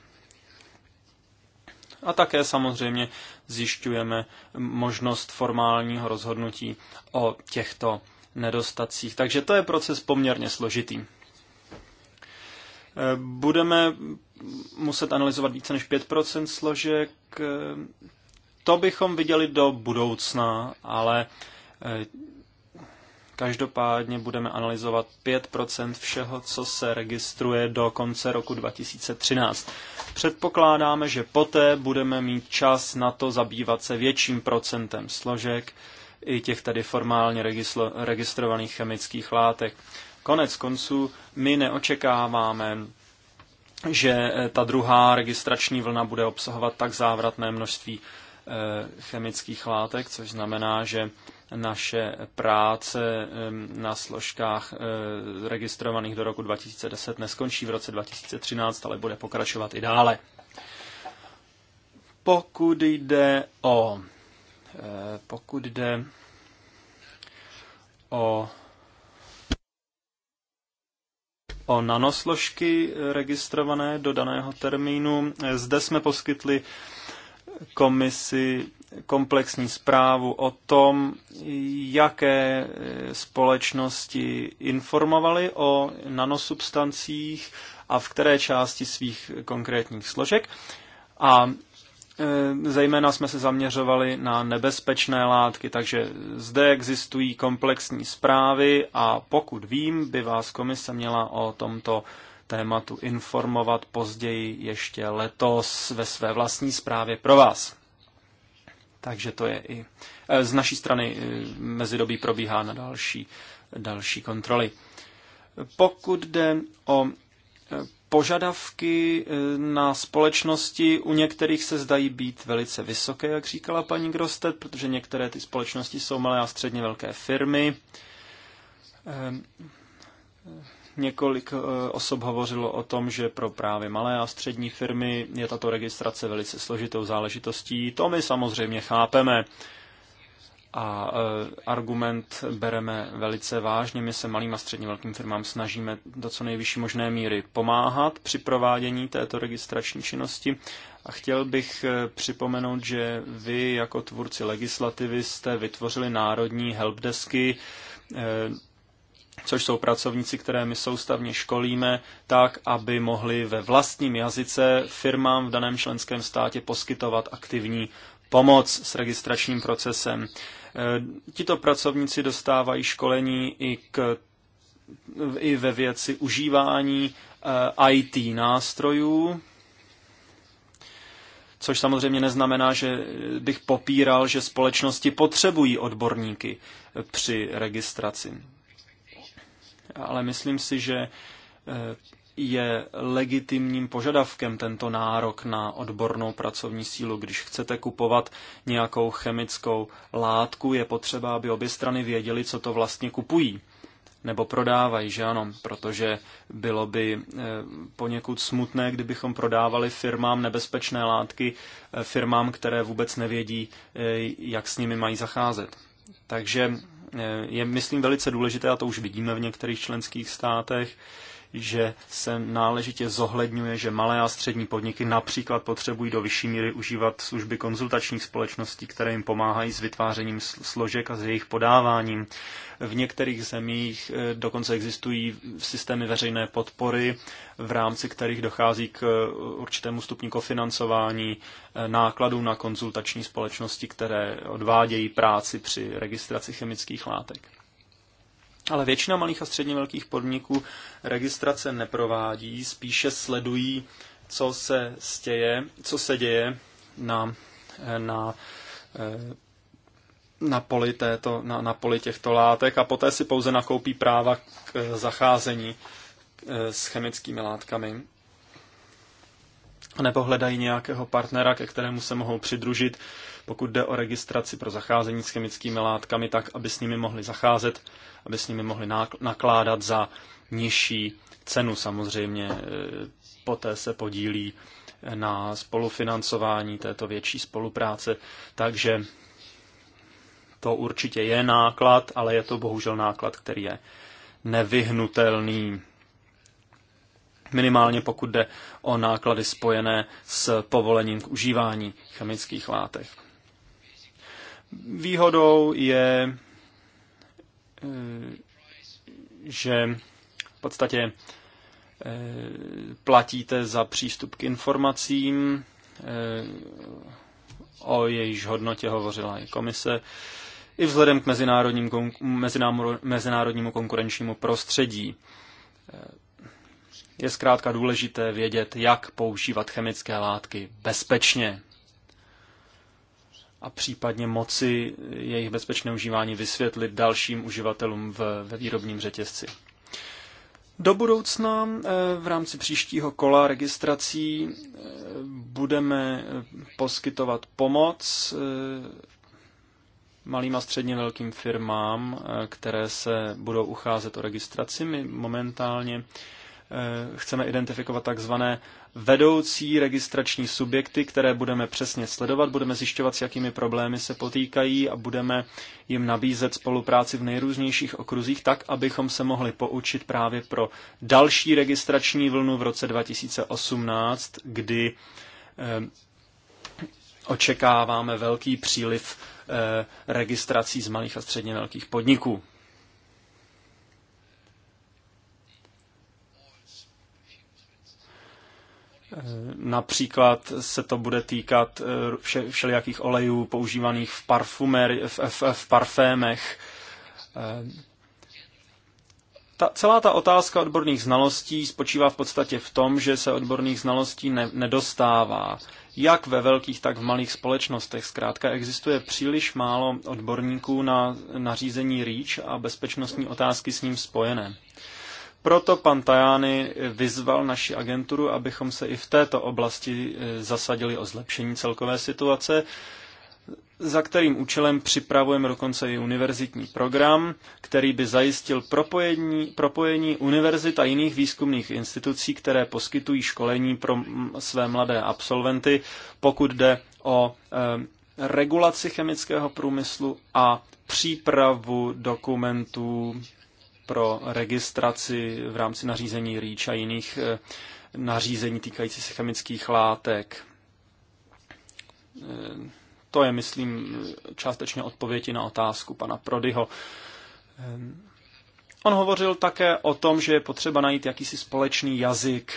A také samozřejmě zjišťujeme možnost formálního rozhodnutí o těchto nedostacích. Takže to je proces poměrně složitý. E, budeme muset analyzovat více než 5% složek. E, to bychom viděli do budoucna, ale e, Každopádně budeme analyzovat 5 všeho, co se registruje do konce roku 2013. Předpokládáme, že poté budeme mít čas na to zabývat se větším procentem složek i těch tedy formálně registrovaných chemických látek. Konec konců my neočekáváme, že eh, ta druhá registrační vlna bude obsahovat tak závratné množství eh, chemických látek, což znamená, že naše práce na složkách eh, registrovaných do roku 2010 neskončí v roce 2013, ale bude pokračovat i dále. Pokud jde o eh, pokud jde o o nanosložky registrované do daného termínu. Eh, zde jsme poskytli komisi komplexní zprávu o tom, jaké e, společnosti informovaly o nanosubstancích a v které části svých konkrétních složek. A e, zejména jsme se zaměřovali na nebezpečné látky, takže zde existují komplexní zprávy a pokud vím, by vás komise měla o tomto tématu informovat později ještě letos ve své vlastní zprávě pro vás. Takže to je i e, z naší strany e, mezidobí probíhá na další, další kontroly. Pokud jde o e, požadavky na společnosti u některých se zdají být velice vysoké, jak říkala paní Grostet, protože některé ty společnosti jsou malé a středně velké firmy. Ehm, Několik eh, osob hovořilo o tom, že pro právě malé a střední firmy je tato registrace velice složitou záležitostí. To my samozřejmě chápeme a eh, argument bereme velice vážně. My se malým a středně velkým firmám snažíme do co nejvyšší možné míry pomáhat při provádění této registrační činnosti. A chtěl bych eh, připomenout, že vy jako tvůrci legislativy jste vytvořili národní helpdesky což jsou pracovníci, které my soustavně školíme, tak, aby mohli ve vlastním jazyce firmám v daném členském státě poskytovat aktivní pomoc s registračním procesem. E, tito pracovníci dostávají školení i, k, i ve věci užívání e, IT nástrojů, což samozřejmě neznamená, že bych popíral, že společnosti potřebují odborníky při registraci ale myslím si, že eh, je legitimním požadavkem tento nárok na odbornou pracovní sílu. Když chcete kupovat nějakou chemickou látku, je potřeba, aby obě strany věděly, co to vlastně kupují nebo prodávají, že ano, protože bylo by eh, poněkud smutné, kdybychom prodávali firmám nebezpečné látky, eh, firmám, které vůbec nevědí, jak s nimi mají zacházet. Takže Eh, je, myslím, velice důležité, a to už vidíme v některých členských státech, že se náležitě zohledňuje, že malé a střední podniky například potřebují do vyšší míry užívat služby konzultačních společností, které jim pomáhají s vytvářením složek a s jejich podáváním. V některých zemích eh, dokonce existují systémy veřejné podpory, v rámci kterých dochází k eh, určitému stupni kofinancování eh, nákladů na konzultační společnosti, které odvádějí práci při registraci chemických látek. Ale většina malých a středně velkých podniků registrace neprovádí, spíše sledují, co se, stěje, co se děje na, na, eh, na, poli této, na, na poli těchto látek a poté si pouze nakoupí práva k eh, zacházení eh, s chemickými látkami nebo hledají nějakého partnera, ke kterému se mohou přidružit, pokud jde o registraci pro zacházení s chemickými látkami, tak aby s nimi mohli zacházet, aby s nimi mohli nakládat za nižší cenu. Samozřejmě e, poté se podílí na spolufinancování této větší spolupráce, takže to určitě je náklad, ale je to bohužel náklad, který je nevyhnutelný. Minimálně pokud jde o náklady spojené s povolením k užívání chemických látek. Výhodou je, eh, že v podstatě eh, platíte za přístup k informacím, eh, o jejíž hodnotě hovořila i komise, i vzhledem k mezinárodním, mezinárodnímu konkurenčnímu prostředí. Je zkrátka důležité vědět, jak používat chemické látky bezpečně a případně moci jejich bezpečné užívání vysvětlit dalším uživatelům v, ve výrobním řetězci. Do budoucna eh, v rámci příštího kola registrací eh, budeme eh, poskytovat pomoc malým a středně velkým firmám, které se budou ucházet o registraci. My momentálně chceme identifikovat takzvané vedoucí registrační subjekty, které budeme přesně sledovat, budeme zjišťovat, s jakými problémy se potýkají a budeme jim nabízet spolupráci v nejrůznějších okruzích tak, abychom se mohli poučit právě pro další registrační vlnu v roce 2018, kdy eh, očekáváme velký příliv eh, registrací z malých a středně velkých podniků. Například se to bude týkat eh, všelijakých olejů používaných v, parfumer, v, v, v parfémech. Eh, ta, celá ta otázka odborných znalostí spočívá v podstatě v tom, že se odborných znalostí ne, nedostává. Jak ve velkých, tak v malých společnostech. Zkrátka existuje příliš málo odborníků na nařízení REACH a bezpečnostní otázky s ním spojené. Proto pan Tajány vyzval naši agenturu, abychom se i v této oblasti e, zasadili o zlepšení celkové situace, za kterým účelem připravujeme dokonce i univerzitní program, který by zajistil propojení, propojení univerzit a jiných výzkumných institucí, které poskytují školení pro své mladé absolventy, pokud jde o e, regulaci chemického průmyslu a přípravu dokumentů pro registraci v rámci nařízení REACH a jiných eh, nařízení týkající se chemických látek. Eh, to je, myslím, částečně odpověď na otázku pana Prodyho. Eh, on hovořil také o tom, že je potřeba najít jakýsi společný jazyk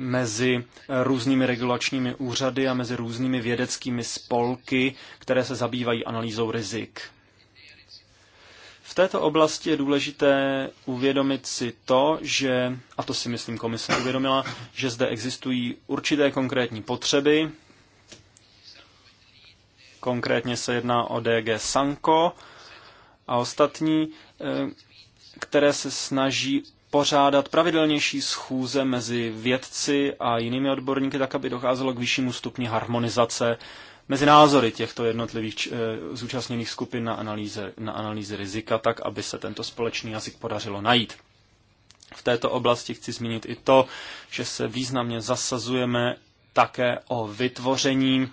mezi různými regulačními úřady a mezi různými vědeckými spolky, které se zabývají analýzou rizik této oblasti je důležité uvědomit si to, že, a to si myslím komise uvědomila, že zde existují určité konkrétní potřeby. Konkrétně se jedná o DG Sanko a ostatní, eh, které se snaží pořádat pravidelnější schůze mezi vědci a jinými odborníky, tak aby docházelo k vyššímu stupni harmonizace mezi názory těchto jednotlivých eh, zúčastněných skupin na analýze, na analýze rizika, tak aby se tento společný jazyk podařilo najít. V této oblasti chci zmínit i to, že se významně zasazujeme také o vytvoření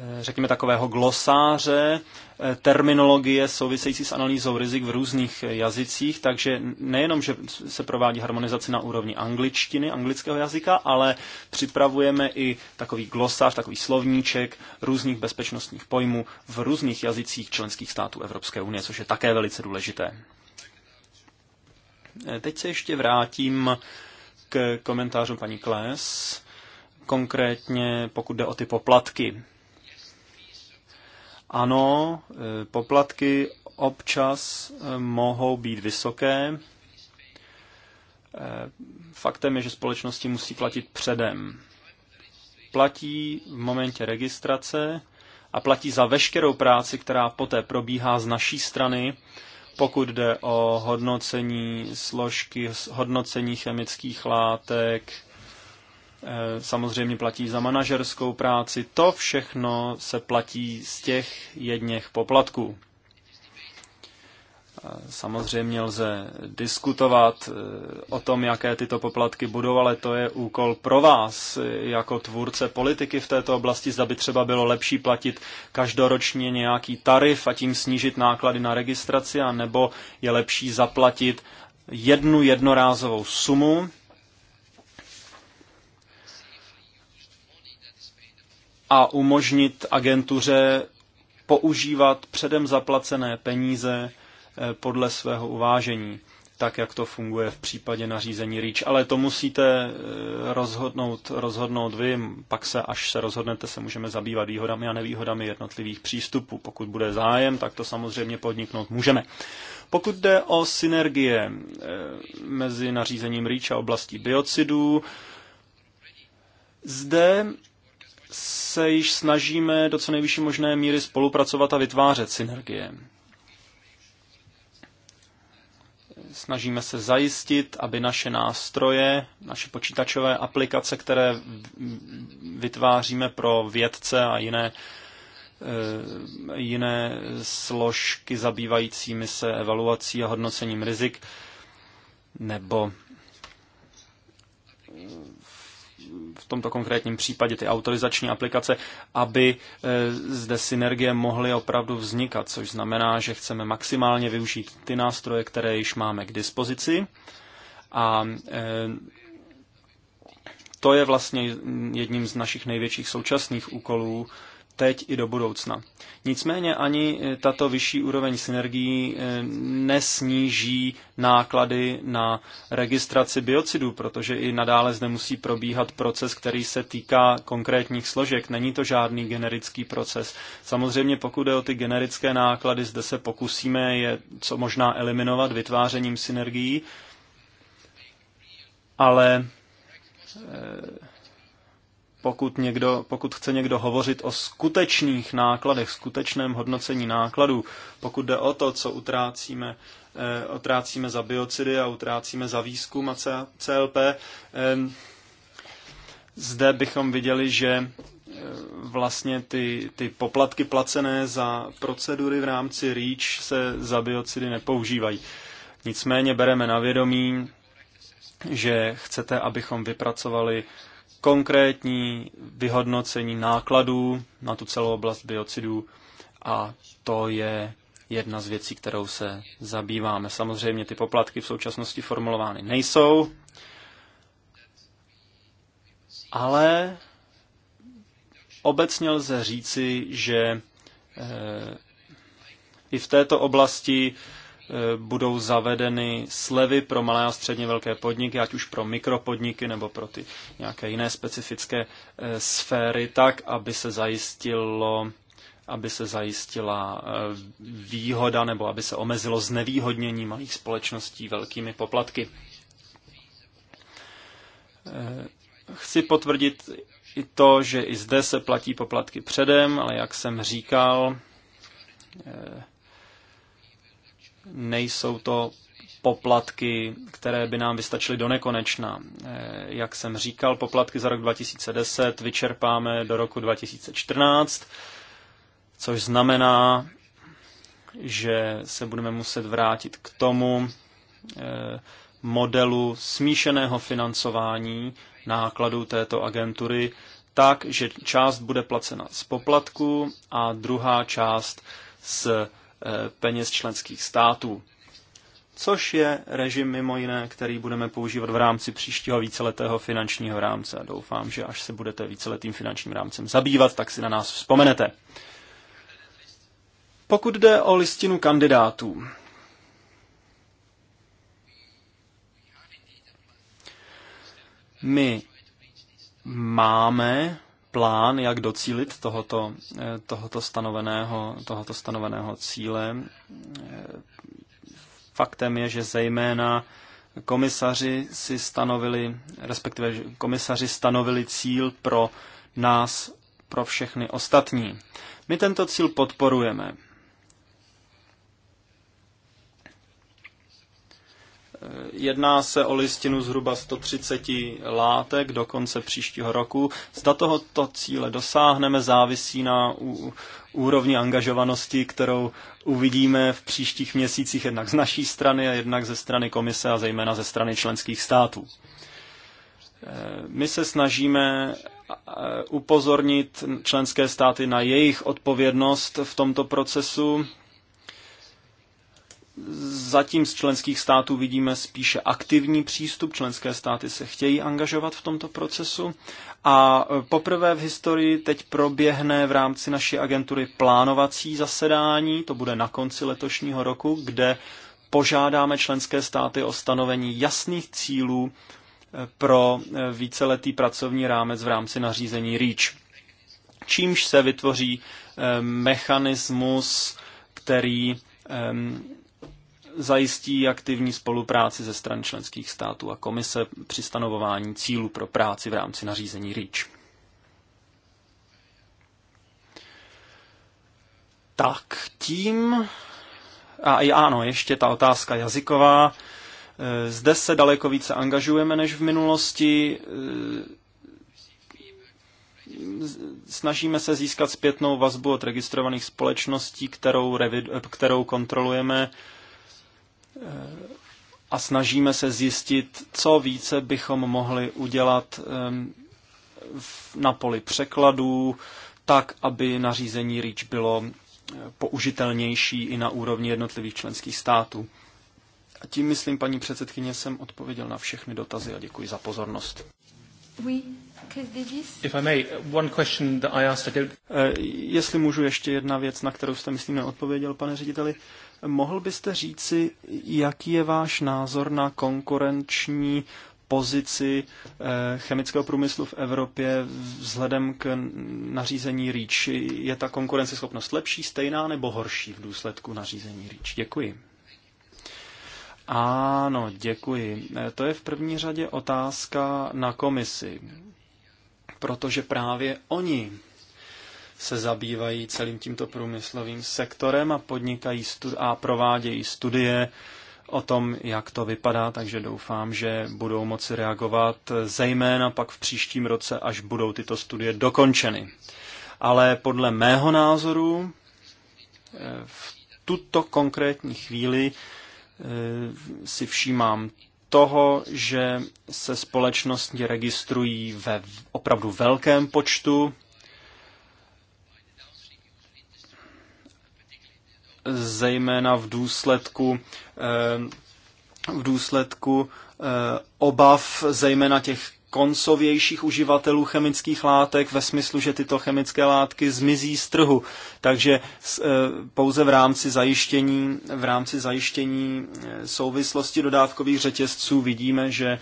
Eh, řekněme, takového glosáře eh, terminologie související s analýzou rizik v různých eh, jazycích, takže nejenom, že se provádí harmonizace na úrovni angličtiny, anglického jazyka, ale připravujeme i takový glosář, takový slovníček různých bezpečnostních pojmů v různých jazycích členských států Evropské unie, což je také velice důležité. Teď se ještě vrátím k komentářům paní Kles, konkrétně pokud jde o ty poplatky ano, eh, poplatky občas eh, mohou být vysoké. Eh, faktem je, že společnosti musí platit předem. Platí v momentě registrace a platí za veškerou práci, která poté probíhá z naší strany, pokud jde o hodnocení složky, hodnocení chemických látek, Eh, samozřejmě platí za manažerskou práci, to všechno se platí z těch jedněch poplatků. Eh, samozřejmě lze diskutovat eh, o tom, jaké tyto poplatky budou, ale to je úkol pro vás jako tvůrce politiky v této oblasti. Zda by třeba bylo lepší platit každoročně nějaký tarif a tím snížit náklady na registraci, a nebo je lepší zaplatit jednu jednorázovou sumu a umožnit agentuře používat předem zaplacené peníze eh, podle svého uvážení, tak jak to funguje v případě nařízení REACH. Ale to musíte eh, rozhodnout, rozhodnout vy, pak se, až se rozhodnete, se můžeme zabývat výhodami a nevýhodami jednotlivých přístupů. Pokud bude zájem, tak to samozřejmě podniknout můžeme. Pokud jde o synergie eh, mezi nařízením REACH a oblastí biocidů, zde se již snažíme do co nejvyšší možné míry spolupracovat a vytvářet synergie. Snažíme se zajistit, aby naše nástroje, naše počítačové aplikace, které vytváříme pro vědce a jiné, eh, jiné složky zabývajícími se evaluací a hodnocením rizik, nebo v tomto konkrétním případě ty autorizační aplikace, aby eh, zde synergie mohly opravdu vznikat, což znamená, že chceme maximálně využít ty nástroje, které již máme k dispozici. A eh, to je vlastně jedním z našich největších současných úkolů teď i do budoucna. Nicméně ani tato vyšší úroveň synergií eh, nesníží náklady na registraci biocidů, protože i nadále zde musí probíhat proces, který se týká konkrétních složek. Není to žádný generický proces. Samozřejmě pokud jde o ty generické náklady, zde se pokusíme je co možná eliminovat vytvářením synergií, ale eh, pokud, někdo, pokud chce někdo hovořit o skutečných nákladech, skutečném hodnocení nákladů, pokud jde o to, co utrácíme, eh, utrácíme za biocidy a utrácíme za výzkum a CLP, eh, zde bychom viděli, že eh, vlastně ty, ty poplatky placené za procedury v rámci REACH se za biocidy nepoužívají. Nicméně bereme na vědomí, že chcete, abychom vypracovali konkrétní vyhodnocení nákladů na tu celou oblast biocidů a to je jedna z věcí, kterou se zabýváme. Samozřejmě ty poplatky v současnosti formulovány nejsou, ale obecně lze říci, že eh, i v této oblasti Eh, budou zavedeny slevy pro malé a středně velké podniky, ať už pro mikropodniky nebo pro ty nějaké jiné specifické eh, sféry, tak, aby se zajistilo aby se zajistila eh, výhoda nebo aby se omezilo znevýhodnění malých společností velkými poplatky. Chci potvrdit i to, že i zde se platí poplatky předem, ale jak jsem říkal, Nejsou to poplatky, které by nám vystačily do nekonečna. Eh, jak jsem říkal, poplatky za rok 2010 vyčerpáme do roku 2014, což znamená, že se budeme muset vrátit k tomu eh, modelu smíšeného financování nákladů této agentury, tak, že část bude placena z poplatku a druhá část z Eh, peněz členských států. Což je režim mimo jiné, který budeme používat v rámci příštího víceletého finančního rámce. A doufám, že až se budete víceletým finančním rámcem zabývat, tak si na nás vzpomenete. Pokud jde o listinu kandidátů, my máme plán, jak docílit tohoto, eh, tohoto, stanoveného, tohoto stanoveného cíle. Eh, faktem je, že zejména komisaři si stanovili, respektive komisaři stanovili cíl pro nás, pro všechny ostatní. My tento cíl podporujeme. Jedná se o listinu zhruba 130 látek do konce příštího roku. Zda tohoto cíle dosáhneme, závisí na úrovni angažovanosti, kterou uvidíme v příštích měsících jednak z naší strany a jednak ze strany komise a zejména ze strany členských států. My se snažíme upozornit členské státy na jejich odpovědnost v tomto procesu, Zatím z členských států vidíme spíše aktivní přístup. Členské státy se chtějí angažovat v tomto procesu. A e, poprvé v historii teď proběhne v rámci naší agentury plánovací zasedání, to bude na konci letošního roku, kde požádáme členské státy o stanovení jasných cílů e, pro e, víceletý pracovní rámec v rámci nařízení REACH. Čímž se vytvoří mechanismus, který zajistí aktivní spolupráci ze stran členských států a komise při stanovování cílů pro práci v rámci nařízení REACH. Tak tím, a i ano, ještě ta otázka jazyková. Eh, zde se daleko více angažujeme než v minulosti. Eh, snažíme se získat zpětnou vazbu od registrovaných společností, kterou, eh, kterou kontrolujeme Eh, a snažíme se zjistit, co více bychom mohli udělat na poli překladů, tak, aby nařízení REACH bylo eh, použitelnější i na úrovni jednotlivých členských států. A tím, myslím, paní předsedkyně, jsem odpověděl na všechny dotazy a děkuji za pozornost. Oui. If I may, one question that I asked, I don't... Eh, jestli můžu ještě jedna věc, na kterou jste, myslím, neodpověděl, pane řediteli. Mohl byste říci, jaký je váš názor na konkurenční pozici eh, chemického průmyslu v Evropě vzhledem k nařízení REACH? Je ta konkurenceschopnost lepší, stejná nebo horší v důsledku nařízení REACH? Děkuji. Ano, děkuji. Eh, to je v první řadě otázka na komisi protože právě oni se zabývají celým tímto průmyslovým sektorem a podnikají a provádějí studie o tom, jak to vypadá, takže doufám, že budou moci reagovat, zejména pak v příštím roce, až budou tyto studie dokončeny. Ale podle mého názoru eh, v tuto konkrétní chvíli eh, si všímám toho, že se společnosti registrují ve opravdu velkém počtu. zejména v důsledku eh, v důsledku eh, obav zejména těch koncovějších uživatelů chemických látek ve smyslu, že tyto chemické látky zmizí z trhu. Takže e, pouze v rámci zajištění, v rámci zajištění e, souvislosti dodávkových řetězců vidíme, že e,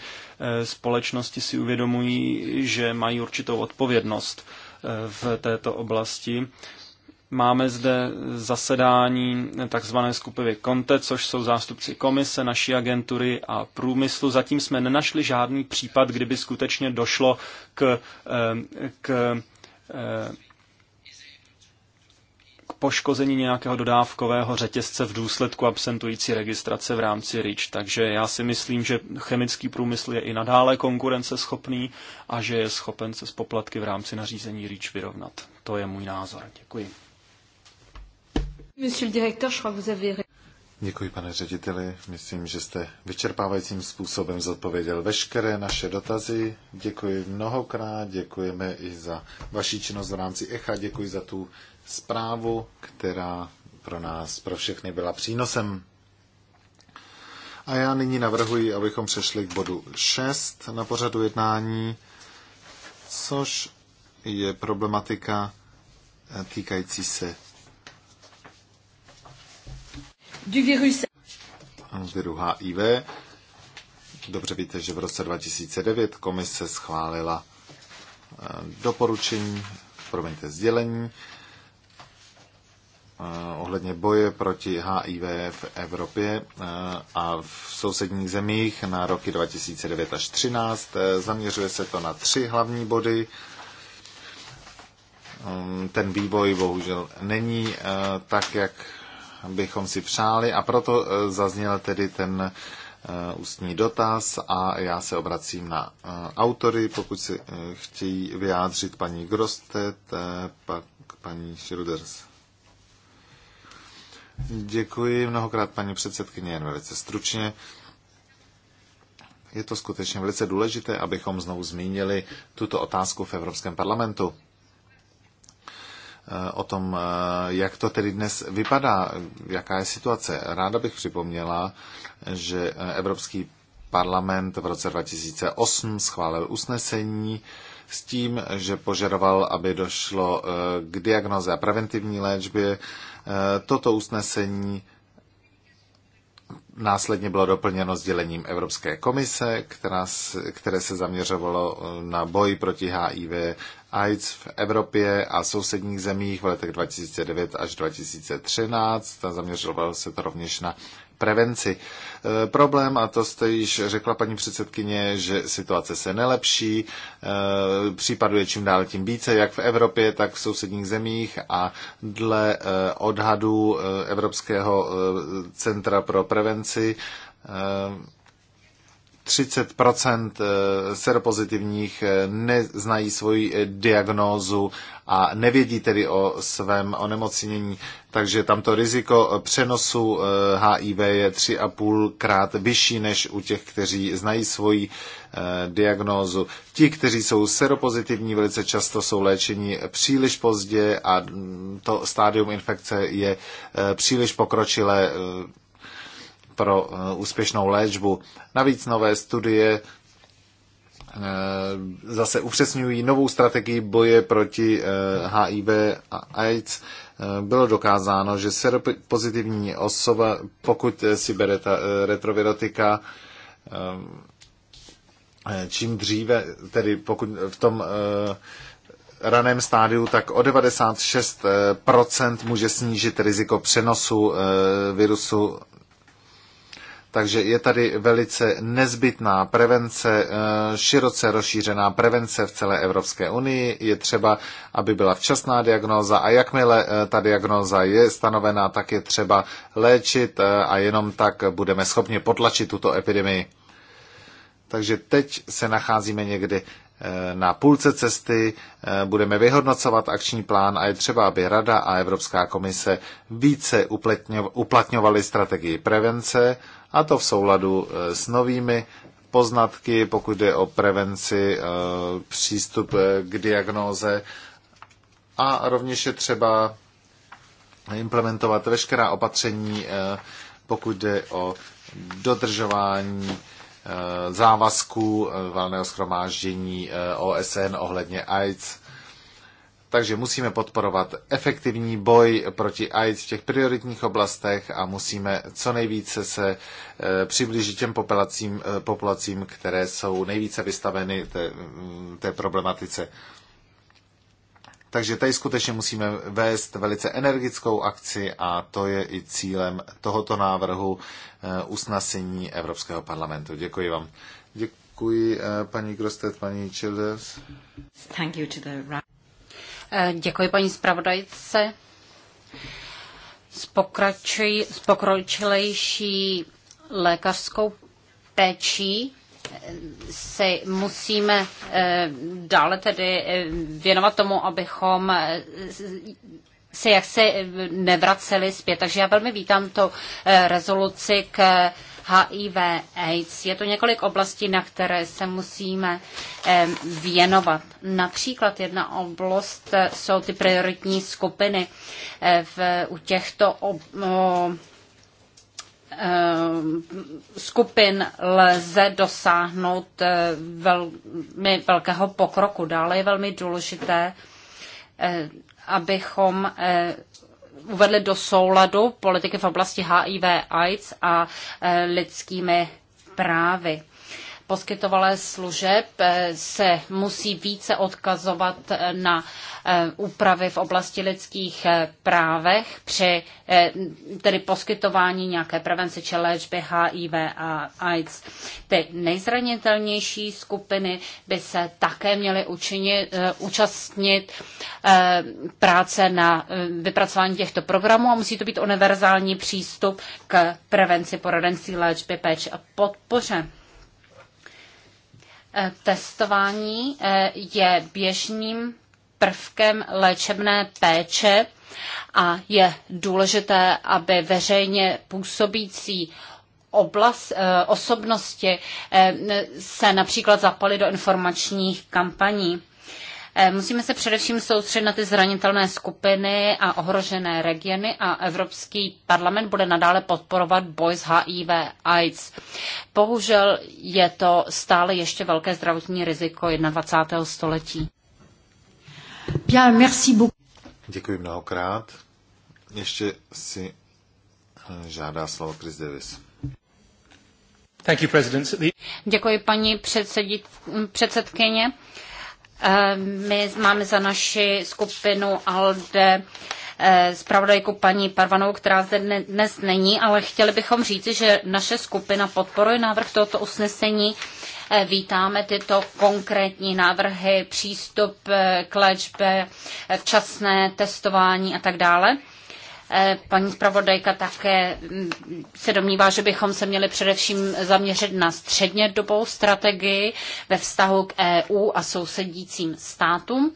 společnosti si uvědomují, že mají určitou odpovědnost v této oblasti Máme zde zasedání takzvané skupiny Conte, což jsou zástupci komise, naší agentury a průmyslu. Zatím jsme nenašli žádný případ, kdyby skutečně došlo k, eh, k, eh, k poškození nějakého dodávkového řetězce v důsledku absentující registrace v rámci REACH. Takže já si myslím, že chemický průmysl je i nadále konkurenceschopný a že je schopen se s poplatky v rámci nařízení REACH vyrovnat. To je můj názor. Děkuji. Monsieur le directeur, je crois que vous avez... Děkuji, pane řediteli. Myslím, že jste vyčerpávajícím způsobem zodpověděl veškeré naše dotazy. Děkuji mnohokrát, děkujeme i za vaši činnost v rámci ECHA, děkuji za tu zprávu, která pro nás, pro všechny byla přínosem. A já nyní navrhuji, abychom přešli k bodu 6 na pořadu jednání, což je problematika týkající se du virus. viru HIV. Dobře víte, že v roce 2009 komise schválila eh, doporučení, promiňte, sdělení eh, ohledně boje proti HIV v Evropě eh, a v sousedních zemích na roky 2009 až 2013. Zaměřuje se to na tři hlavní body. Ehm, ten vývoj bohužel není tak, jak bychom si přáli a proto e, zazněl tedy ten e, ústní dotaz a já se obracím na e, autory, pokud si chtějí vyjádřit paní Grostet, pak paní Schilders. Děkuji mnohokrát, paní předsedkyně, jen velice stručně. Je to skutečně velice důležité, abychom znovu zmínili tuto otázku v Evropském parlamentu. Eh, o tom, eh, jak to tedy dnes vypadá, jaká je situace. Ráda bych připomněla, že eh, Evropský parlament v roce 2008 schválil usnesení s tím, že požadoval, aby došlo k diagnoze a preventivní léčbě. Toto usnesení Následně bylo doplněno sdělením Evropské komise, která, které se zaměřovalo eh, na boj proti HIV AIDS v Evropě a sousedních zemích v letech 2009 až 2013. Zaměřovalo se to rovněž na prevenci. E, problém, a to jste již řekla paní předsedkyně, že situace se nelepší, e, Případuje, čím dál tím více, jak v Evropě, tak v sousedních zemích a dle e, odhadu Evropského centra pro prevenci 30% eh, seropozitivních eh, neznají svoji eh, diagnózu a nevědí tedy o svém onemocnění, takže tamto riziko přenosu HIV je 3,5 krát vyšší než u těch, kteří znají svoji diagnózu. Ti, kteří jsou seropozitivní, velice často jsou léčeni příliš pozdě a mm, to stádium infekce je příliš pokročilé pro eh, úspěšnou léčbu. Navíc nové studie eh, zase upřesňují novou strategii boje proti HIV eh, a AIDS. Bylo dokázáno, že seropozitivní osoba, pokud si bere ta retrovirotika, čím dříve, tedy pokud v tom raném stádiu, tak o 96% může snížit riziko přenosu virusu takže je tady velice nezbytná prevence, eh, široce rozšířená prevence v celé Evropské unii. Je třeba, aby byla včasná diagnóza a jakmile eh, ta diagnóza je stanovená, tak je třeba léčit eh, a jenom tak budeme schopni potlačit tuto epidemii. Takže teď se nacházíme někdy na půlce cesty, budeme vyhodnocovat akční plán a je třeba, aby Rada a Evropská komise více uplatňovaly strategii prevence, a to v souladu eh, s novými poznatky, pokud jde o prevenci, eh, přístup eh, k diagnóze a rovněž je třeba implementovat veškerá opatření, pokud jde o dodržování závazků valného schromáždění OSN ohledně AIDS. Takže musíme podporovat efektivní boj proti AIDS v těch prioritních oblastech a musíme co nejvíce se e, přiblížit těm populacím, e, populacím které jsou nejvíce vystaveny té, mm, té problematice. Takže tady skutečně musíme vést velice energickou akci a to je i cílem tohoto návrhu e, usnesení Evropského parlamentu. Děkuji vám. Děkuji paní Grostet, paní Childers. Thank you to the... Eh, děkuji paní zpravodajce. S pokročilejší lékařskou péčí eh, se musíme eh, dále tedy věnovat tomu, abychom se jaksi nevraceli zpět. Takže já velmi vítám to rezoluci k HIV AIDS. Je to několik oblastí, na které se musíme věnovat. Například jedna oblast eh, jsou ty prioritní skupiny eh, v, u těchto ob, o, skupin lze dosáhnout eh, velmi velkého pokroku. Dále je velmi důležité, abychom uvedli do souladu politiky v oblasti HIV, AIDS a eh, lidskými právy poskytovalé služeb eh, se musí více odkazovat eh, na eh, úpravy v oblasti lidských právech při tedy poskytování nějaké prevence či léčby HIV a AIDS. Ty nejzranitelnější skupiny by se také měly učinit, účastnit práce na vypracování těchto programů a musí to být univerzální přístup k prevenci poradenství, léčby, péči a podpoře. Eh, testování eh, je běžným prvkem léčebné péče a je důležité, aby veřejně působící oblast, eh, osobnosti se například zapaly do informačních kampaní. Eh, musíme se především soustředit na ty zranitelné skupiny a ohrožené regiony a Evropský parlament bude nadále podporovat boj s HIV AIDS. Bohužel je to stále ještě velké zdravotní riziko 21. století. Bien, merci beaucoup. Děkuji mnohokrát. Ještě si eh, žádá slovo Chris Davis. Thank you, Děkuji paní předsedkyně. Ehm, my máme za naši skupinu ALDE eh, zpravodajku paní Parvanou, která zde dnes není, ale chtěli bychom říci, že naše skupina podporuje návrh tohoto usnesení. Eh, vítáme tyto konkrétní návrhy, přístup eh, k léčbě, včasné testování a tak dále. Eh, paní zpravodajka také mm, se domnívá, že bychom se měli především zaměřit na střednědobou strategii ve vztahu k EU a sousedícím státům.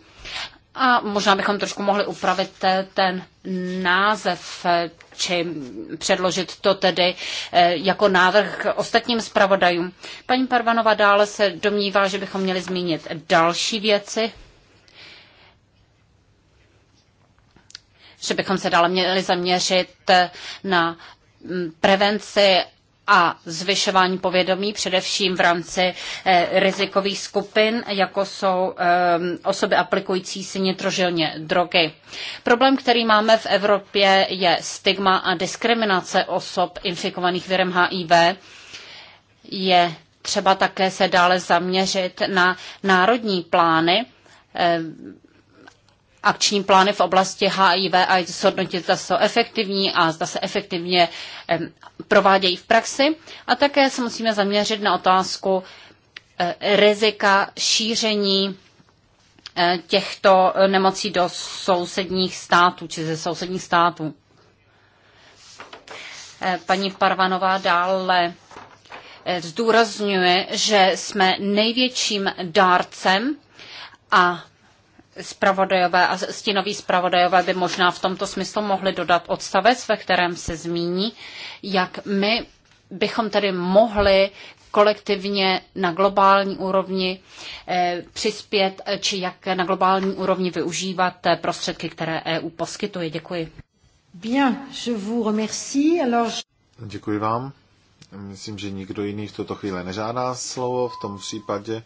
A možná bychom trošku mohli upravit ten název, eh, či předložit to tedy eh, jako návrh ostatním zpravodajům. Paní Parvanová dále se domnívá, že bychom měli zmínit další věci, že bychom se dále měli zaměřit eh, na mm, prevenci a zvyšování povědomí, především v rámci eh, rizikových skupin, jako jsou ehm, osoby aplikující si nitrožilně drogy. Problém, který máme v Evropě, je stigma a diskriminace osob infikovaných virem HIV. Je třeba také se dále zaměřit na národní plány ehm, akční plány v oblasti HIV a zhodnotit, zda jsou efektivní a zda se efektivně provádějí v praxi. A také se musíme zaměřit na otázku e, rizika šíření e, těchto nemocí do sousedních států, či ze sousedních států. E, paní Parvanová dále zdůrazňuje, že jsme největším dárcem a Spravodajové a stínoví spravodajové by možná v tomto smyslu mohli dodat odstavec, ve kterém se zmíní, jak my bychom tedy mohli kolektivně na globální úrovni eh, přispět, či jak na globální úrovni využívat eh, prostředky, které EU poskytuje. Děkuji. Bien, je vous remercie. Alors... Děkuji vám. Myslím, že nikdo jiný v tuto chvíli nežádá slovo. V tom případě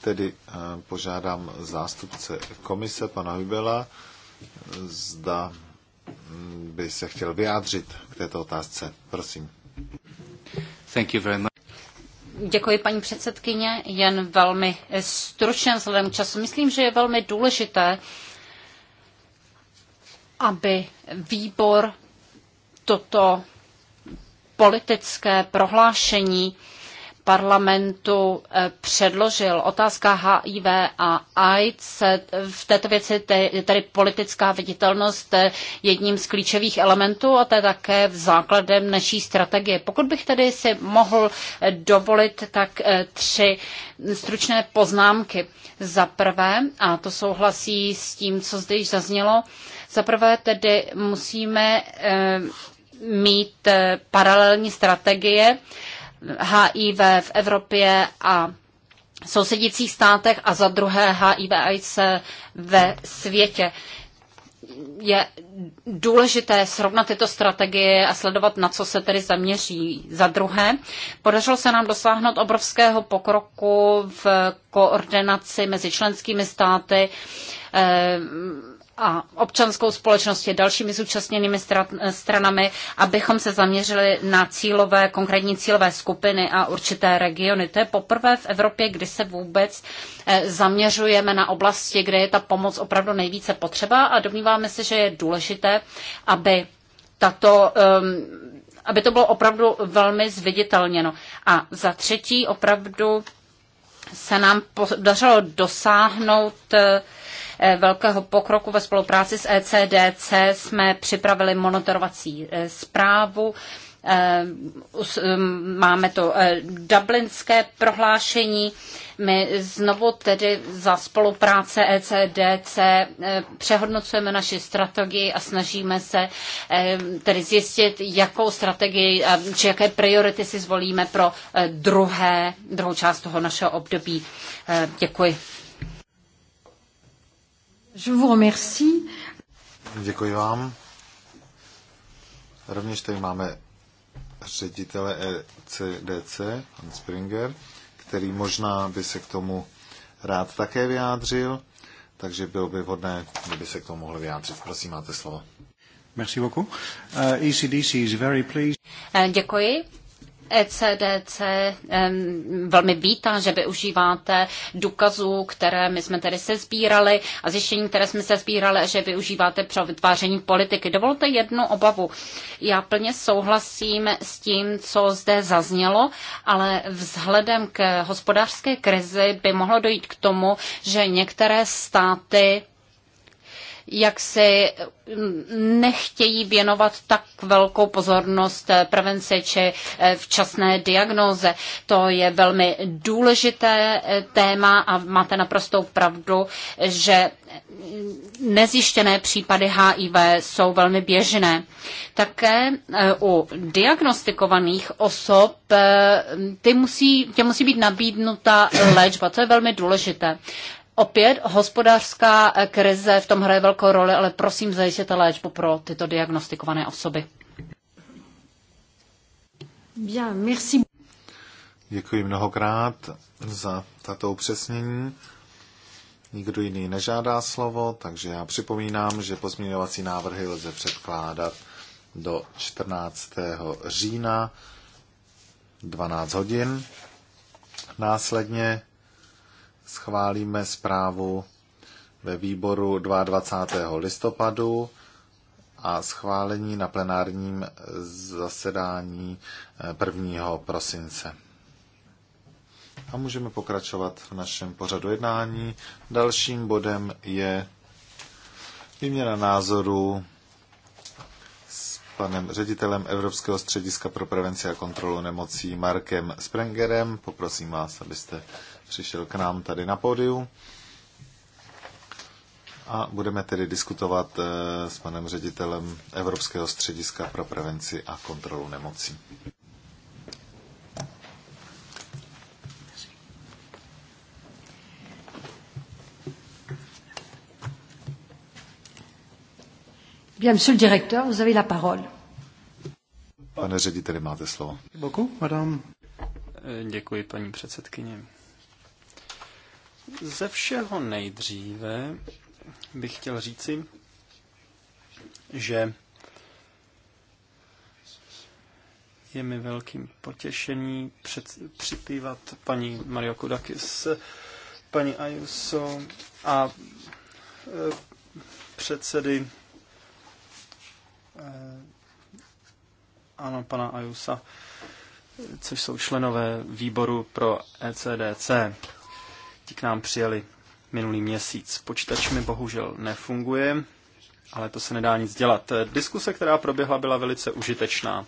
tedy eh, požádám zástupce komise, pana Hubela, zda mm, by se chtěl vyjádřit k této otázce. Prosím. Thank you very much. Děkuji, paní předsedkyně. Jen velmi stručně vzhledem k času. Myslím, že je velmi důležité, aby výbor toto politické prohlášení parlamentu eh, předložil. Otázka HIV a AIDS, eh, v této věci tedy politická viditelnost eh, jedním z klíčových elementů a to je také základem naší strategie. Pokud bych tedy si mohl dovolit, tak tři stručné poznámky. Za prvé, a to souhlasí s tím, co zde již zaznělo, za prvé tedy musíme mít paralelní strategie, HIV v Evropě a sousedících státech a za druhé HIV AIDS ve světě. Je důležité srovnat tyto strategie a sledovat, na co se tedy zaměří. Za druhé, podařilo se nám dosáhnout obrovského pokroku v koordinaci mezi členskými státy, eh, a občanskou společností, dalšími zúčastněnými stranami, abychom se zaměřili na cílové, konkrétní cílové skupiny a určité regiony. To je poprvé v Evropě, kdy se vůbec eh, zaměřujeme na oblasti, kde je ta pomoc opravdu nejvíce potřeba a domníváme se, že je důležité, aby tato ehm, aby to bylo opravdu velmi zviditelněno. A za třetí opravdu se nám podařilo dosáhnout uh, Eh, velkého pokroku ve spolupráci s ECDC jsme připravili monitorovací eh, zprávu. Eh, máme to dublinské prohlášení. My znovu tedy za spolupráce ECDC přehodnocujeme naši strategii a snažíme se tedy zjistit, jakou strategii či jaké priority si zvolíme pro druhé, druhou část toho našeho období. Děkuji. Je vous remercie. Děkuji vám. Rovněž tady máme ředitele ECDC, pan Springer, který možná by se k tomu rád také vyjádřil, takže bylo by vhodné, kdyby se k tomu mohli vyjádřit. Prosím, máte slovo. Merci beaucoup. Uh, ECDC is very pleased. Eh, děkuji. ECDC velmi vítá, že využíváte důkazů, které my jsme tedy se sbírali a zjištění, které jsme se sbírali, že využíváte pro vytváření politiky. Dovolte jednu obavu. Já plně souhlasím s tím, co zde zaznělo, ale vzhledem k hospodářské krizi by mohlo dojít k tomu, že některé státy jak si mm, nechtějí věnovat tak velkou pozornost eh, prevence či eh, včasné diagnóze. To je velmi důležité eh, téma a máte naprostou pravdu, že mm, nezjištěné případy HIV jsou velmi běžné. Také u diagnostikovaných osob ty musí, tě musí být nabídnuta léčba. To je velmi důležité. Opět hospodářská eh, krize v tom hraje velkou roli, ale prosím zajistěte léčbu pro tyto diagnostikované osoby. Bien, merci. Děkuji mnohokrát za tato upřesnění. Nikdo jiný nežádá slovo, takže já připomínám, že pozměňovací návrhy lze předkládat do 14. října 12 hodin. Následně schválíme zprávu ve výboru 22. listopadu a schválení na plenárním zasedání 1. Eh, prosince. A můžeme pokračovat v našem pořadu jednání. Dalším bodem je výměna názoru s panem ředitelem Evropského střediska pro prevenci a kontrolu nemocí Markem Sprengerem. Poprosím vás, abyste přišel k nám tady na pódiu. A budeme tedy diskutovat eh, s panem ředitelem Evropského střediska pro prevenci a kontrolu nemocí. Bien, monsieur le directeur, vous avez la parole. Pane řediteli, máte slovo. Eh, děkuji, paní předsedkyně. Ze všeho nejdříve bych chtěl říci, že je mi velkým potěšení před, připívat paní Mario Kudakis, paní Ayuso a e, předsedy e, ano, pana Ayusa, což jsou členové výboru pro ECDC ti k nám přijeli minulý měsíc. Počítač mi bohužel nefunguje, ale to se nedá nic dělat. Diskuse, která proběhla, byla velice užitečná.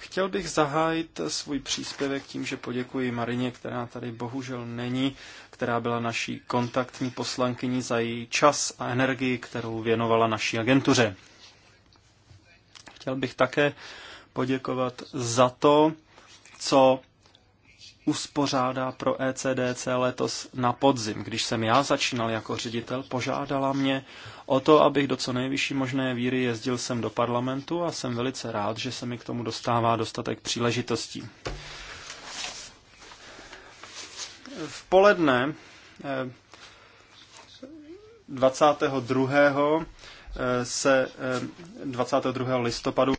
Chtěl bych zahájit svůj příspěvek tím, že poděkuji Marině, která tady bohužel není, která byla naší kontaktní poslankyní za její čas a energii, kterou věnovala naší agentuře. Chtěl bych také poděkovat za to, co uspořádá pro ECDC letos na podzim. Když jsem já začínal jako ředitel, požádala mě o to, abych do co nejvyšší možné víry jezdil sem do parlamentu a jsem velice rád, že se mi k tomu dostává dostatek příležitostí. V poledne 22. Eh, eh, se 22. Eh, listopadu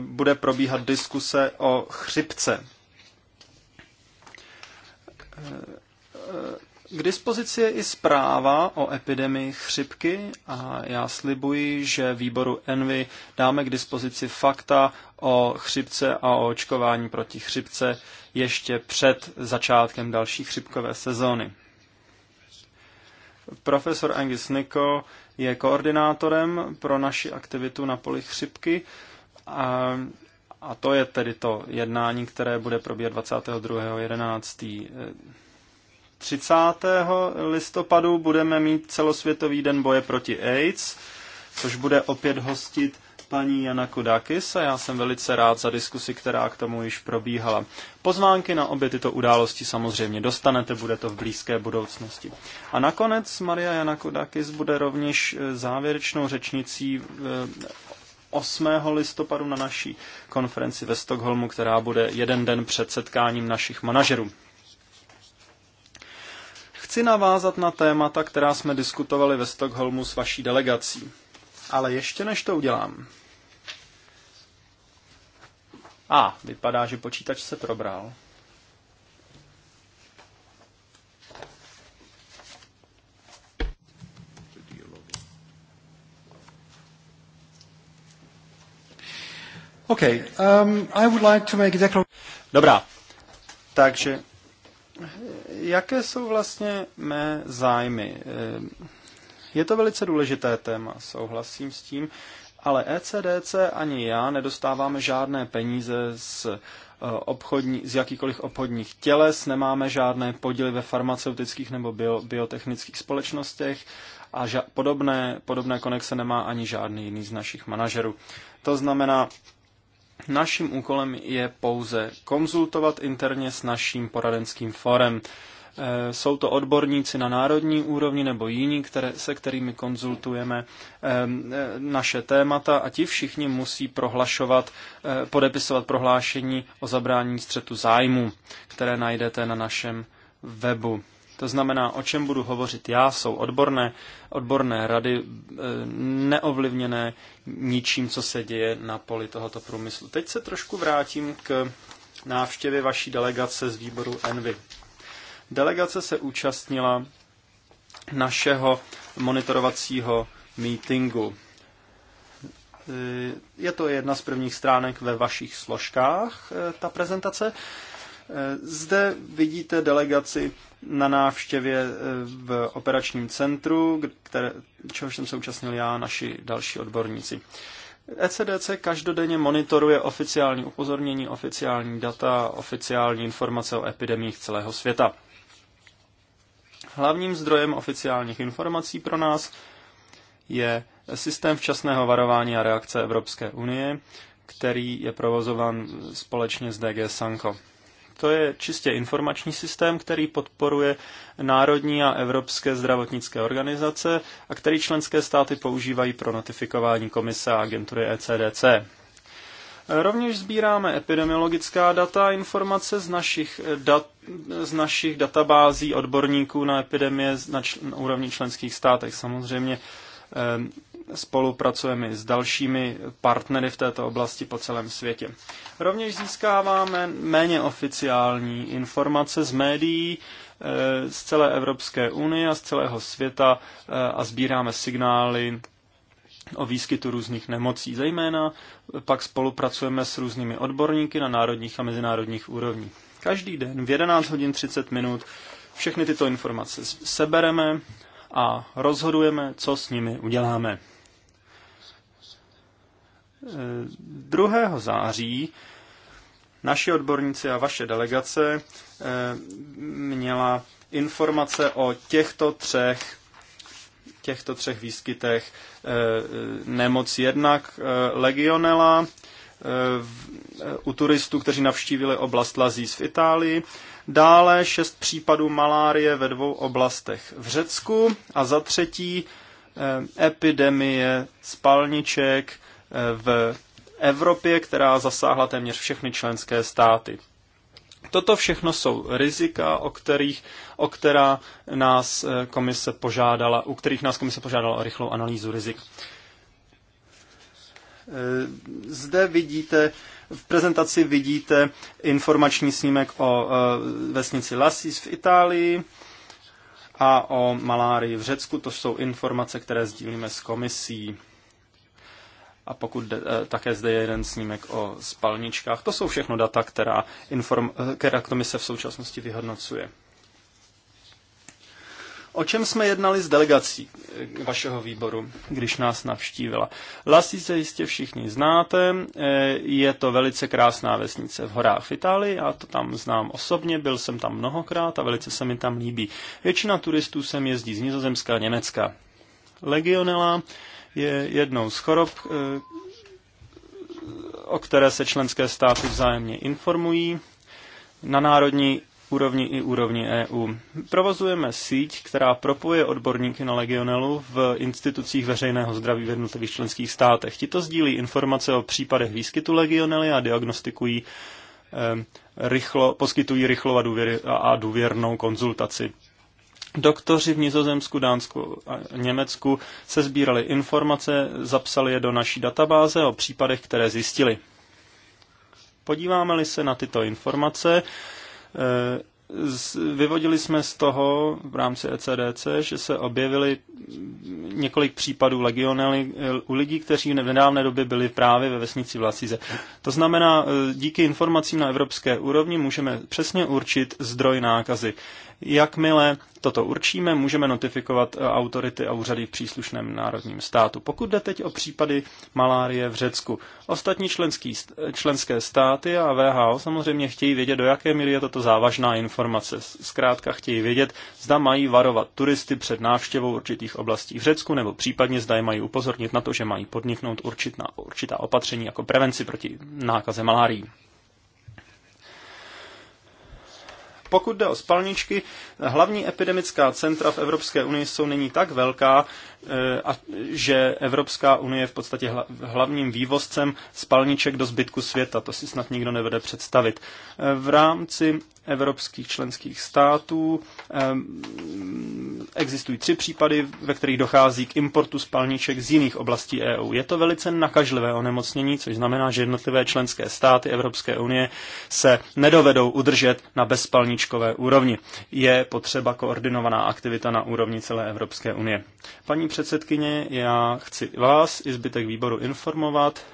bude probíhat diskuse o chřipce. K dispozici je i zpráva o epidemii chřipky a já slibuji, že výboru Envy dáme k dispozici fakta o chřipce a o očkování proti chřipce ještě před začátkem další chřipkové sezóny. Profesor Angus Niko je koordinátorem pro naši aktivitu na poli chřipky a a to je tedy to jednání, které bude probíhat 22.11. 30. listopadu budeme mít celosvětový den boje proti AIDS, což bude opět hostit paní Jana Kudakis a já jsem velice rád za diskusi, která k tomu již probíhala. Pozvánky na obě tyto události samozřejmě dostanete, bude to v blízké budoucnosti. A nakonec Maria Jana Kudakis bude rovněž eh, závěrečnou řečnicí eh, 8. listopadu na naší konferenci ve Stockholmu, která bude jeden den před setkáním našich manažerů. Chci navázat na témata, která jsme diskutovali ve Stockholmu s vaší delegací. Ale ještě než to udělám. A, vypadá, že počítač se probral. Um, Dobrá, takže jaké jsou vlastně mé zájmy? Eh, je to velice důležité téma, souhlasím s tím, ale ECDC ani já nedostáváme žádné peníze z, eh, obchodní, z jakýkoliv obchodních těles, nemáme žádné podíly ve farmaceutických nebo bio, biotechnických společnostech a ža- podobné, podobné konexe nemá ani žádný jiný z našich manažerů. To znamená, Naším úkolem je pouze konzultovat interně s naším poradenským forem. E, jsou to odborníci na národní úrovni nebo jiní, které, se kterými konzultujeme e, naše témata a ti všichni musí prohlašovat, e, podepisovat prohlášení o zabrání střetu zájmu, které najdete na našem webu. To znamená, o čem budu hovořit já, jsou odborné, odborné rady e, neovlivněné ničím, co se děje na poli tohoto průmyslu. Teď se trošku vrátím k návštěvě vaší delegace z výboru Envy. Delegace se účastnila našeho monitorovacího meetingu. E, je to jedna z prvních stránek ve vašich složkách, e, ta prezentace. Zde vidíte delegaci na návštěvě e, v operačním centru, které, čehož jsem se účastnil já, a naši další odborníci. ECDC každodenně monitoruje oficiální upozornění, oficiální data, oficiální informace o epidemích celého světa. Hlavním zdrojem oficiálních informací pro nás je systém včasného varování a reakce Evropské unie, který je provozovan společně s DG Sanko. To je čistě informační systém, který podporuje národní a evropské zdravotnické organizace a který členské státy používají pro notifikování komise a agentury ECDC. Rovněž sbíráme epidemiologická data a informace z našich, dat, z našich databází odborníků na epidemie na, čl, na úrovni členských státech. Samozřejmě spolupracujeme s dalšími partnery v této oblasti po celém světě. Rovněž získáváme méně oficiální informace z médií eh, z celé Evropské unie a z celého světa eh, a sbíráme signály o výskytu různých nemocí. Zejména pak spolupracujeme s různými odborníky na národních a mezinárodních úrovních. Každý den v 11 hodin 30 minut všechny tyto informace sebereme a rozhodujeme, co s nimi uděláme. 2. září naši odborníci a vaše delegace eh, měla informace o těchto třech těchto třech výskytech eh, nemoc jednak eh, legionela u turistů, kteří navštívili oblast Lazís v Itálii, dále šest případů malárie ve dvou oblastech v Řecku a za třetí epidemie spalniček v Evropě, která zasáhla téměř všechny členské státy. Toto všechno jsou rizika, o, kterých, o která nás eh, komise požádala, u kterých nás komise požádala o rychlou analýzu rizik. Eh, zde vidíte, v prezentaci vidíte informační snímek o eh, vesnici Lassis v Itálii a o malárii v Řecku. To jsou informace, které sdílíme s komisí a pokud de, eh, také zde je jeden snímek o spalničkách. To jsou všechno data, která, inform, eh, která komise v současnosti vyhodnocuje. O čem jsme jednali s delegací eh, vašeho výboru, když nás navštívila? Lasí se jistě všichni znáte, je to velice krásná vesnice v horách v Itálii, já to tam znám osobně, byl jsem tam mnohokrát a velice se mi tam líbí. Většina turistů sem jezdí z Nizozemska a Německa. Legionela je jednou z chorob, eh, o které se členské státy vzájemně informují na národní úrovni i úrovni EU. Provozujeme síť, která propuje odborníky na legionelu v institucích veřejného zdraví v jednotlivých členských státech. Tito sdílí informace o případech výskytu legionely a diagnostikují eh, rychlo, poskytují rychlou a, důvěr, a důvěrnou konzultaci. Doktoři v Nizozemsku, Dánsku a Německu se sbírali informace, zapsali je do naší databáze o případech, které zjistili. Podíváme-li se na tyto informace, eh, vyvodili jsme z toho v rámci ECDC, že se objevily několik případů legionely eh, u lidí, kteří v nedávné době byli právě ve vesnici Vlasize. To znamená, eh, díky informacím na evropské úrovni můžeme přesně určit zdroj nákazy. Jakmile toto určíme, můžeme notifikovat eh, autority a úřady v příslušném národním státu. Pokud jde teď o případy malárie v Řecku, ostatní členský, členské státy a VHO samozřejmě chtějí vědět, do jaké míry je toto závažná informace. Zkrátka chtějí vědět, zda mají varovat turisty před návštěvou určitých oblastí v Řecku, nebo případně zda je mají upozornit na to, že mají podniknout určitá, určitá opatření jako prevenci proti nákaze malárií. Pokud jde o spalničky, hlavní epidemická centra v Evropské unii jsou nyní tak velká, a že Evropská unie je v podstatě hlavním vývozcem spalniček do zbytku světa. To si snad nikdo nevede představit. Eh, v rámci evropských členských států eh, existují tři případy, ve kterých dochází k importu spalniček z jiných oblastí EU. Je to velice nakažlivé onemocnění, což znamená, že jednotlivé členské státy Evropské unie se nedovedou udržet na bezspalničkové úrovni. Je potřeba koordinovaná aktivita na úrovni celé Evropské unie. Paní paní předsedkyně, já chci vás i zbytek výboru informovat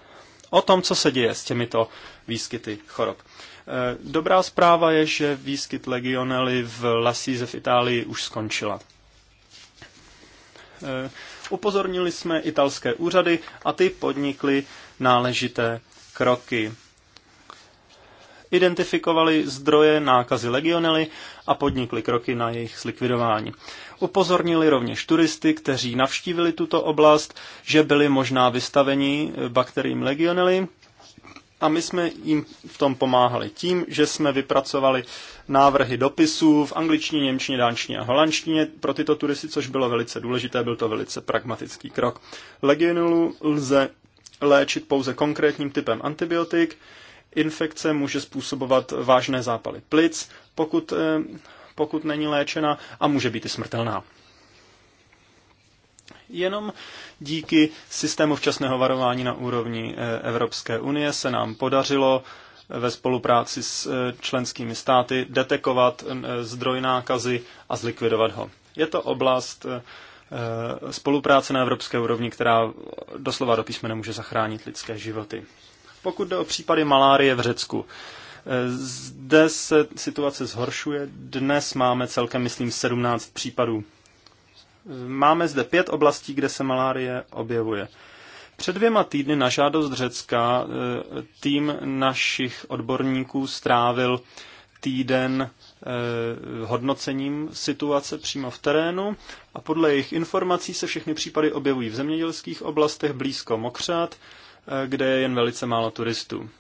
o tom, co se děje s těmito výskyty chorob. E, dobrá zpráva je, že výskyt legionely v Lasíze v Itálii už skončila. E, upozornili jsme italské úřady a ty podnikly náležité kroky. Identifikovali zdroje nákazy legionely a podnikli kroky na jejich zlikvidování. Upozornili rovněž turisty, kteří navštívili tuto oblast, že byli možná vystaveni eh, bakteriím legionely a my jsme jim v tom pomáhali tím, že jsme vypracovali návrhy dopisů v angličtině, němčině, dánštině a holandštině pro tyto turisty, což bylo velice důležité, byl to velice pragmatický krok. Legionelu lze léčit pouze konkrétním typem antibiotik, infekce může způsobovat vážné zápaly plic. Pokud eh, pokud není léčena a může být i smrtelná. Jenom díky systému včasného varování na úrovni eh, Evropské unie se nám podařilo eh, ve spolupráci s eh, členskými státy detekovat zdroj nákazy a zlikvidovat ho. Je to oblast spolupráce na evropské úrovni, která doslova do písmene může zachránit lidské životy. Pokud jde o případy malárie v Řecku, zde se situace zhoršuje. Dnes máme celkem, myslím, 17 případů. Máme zde pět oblastí, kde se malárie objevuje. Před dvěma týdny na žádost Řecka eh, tým našich odborníků strávil týden eh, hodnocením situace přímo v terénu a podle jejich informací se všechny případy objevují v zemědělských oblastech blízko Mokřat, eh, kde je jen velice málo turistů.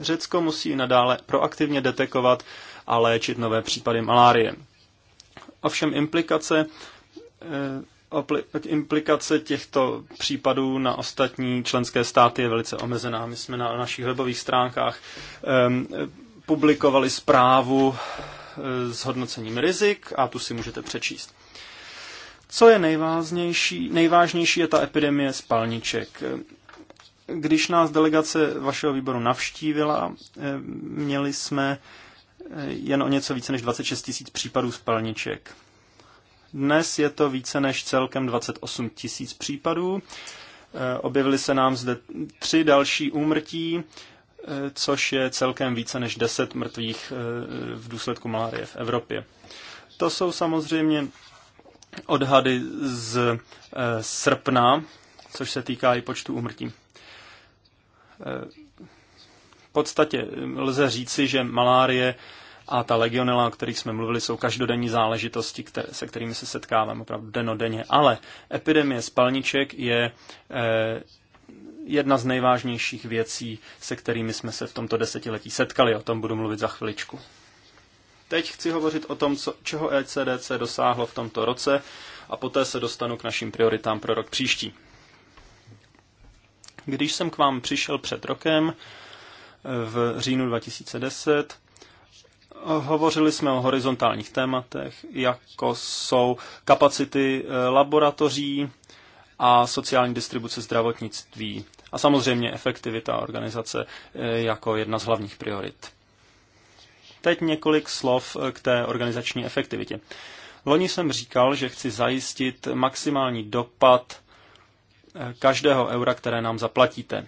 Řecko musí nadále proaktivně detekovat a léčit nové případy malárie. Ovšem implikace eh, implikace těchto případů na ostatní členské státy je velice omezená. My jsme na našich webových stránkách ehm, publikovali zprávu eh, s hodnocením rizik a tu si můžete přečíst. Co je nejvážnější? Nejvážnější je ta epidemie spalniček. Když nás delegace vašeho výboru navštívila, eh, měli jsme eh, jen o něco více než 26 tisíc případů spalniček. Dnes je to více než celkem 28 tisíc případů. Eh, objevily se nám zde tři další úmrtí, což je celkem více než 10 mrtvých v důsledku malárie v Evropě. To jsou samozřejmě odhady z srpna, což se týká i počtu úmrtí. Eh, v podstatě lze říci, že malárie a ta legionela, o kterých jsme mluvili, jsou každodenní záležitosti, které, se kterými se setkáváme opravdu denodenně. Ale epidemie spalniček je eh, jedna z nejvážnějších věcí, se kterými jsme se v tomto desetiletí setkali. O tom budu mluvit za chviličku. Teď chci hovořit o tom, co, čeho ECDC dosáhlo v tomto roce a poté se dostanu k našim prioritám pro rok příští. Když jsem k vám přišel před rokem, eh, v říjnu 2010, hovořili jsme o horizontálních tématech, jako jsou kapacity eh, laboratoří a sociální distribuce zdravotnictví a samozřejmě efektivita organizace eh, jako jedna z hlavních priorit. Teď několik slov k té organizační efektivitě. Loni jsem říkal, že chci zajistit maximální dopad každého eura, které nám zaplatíte.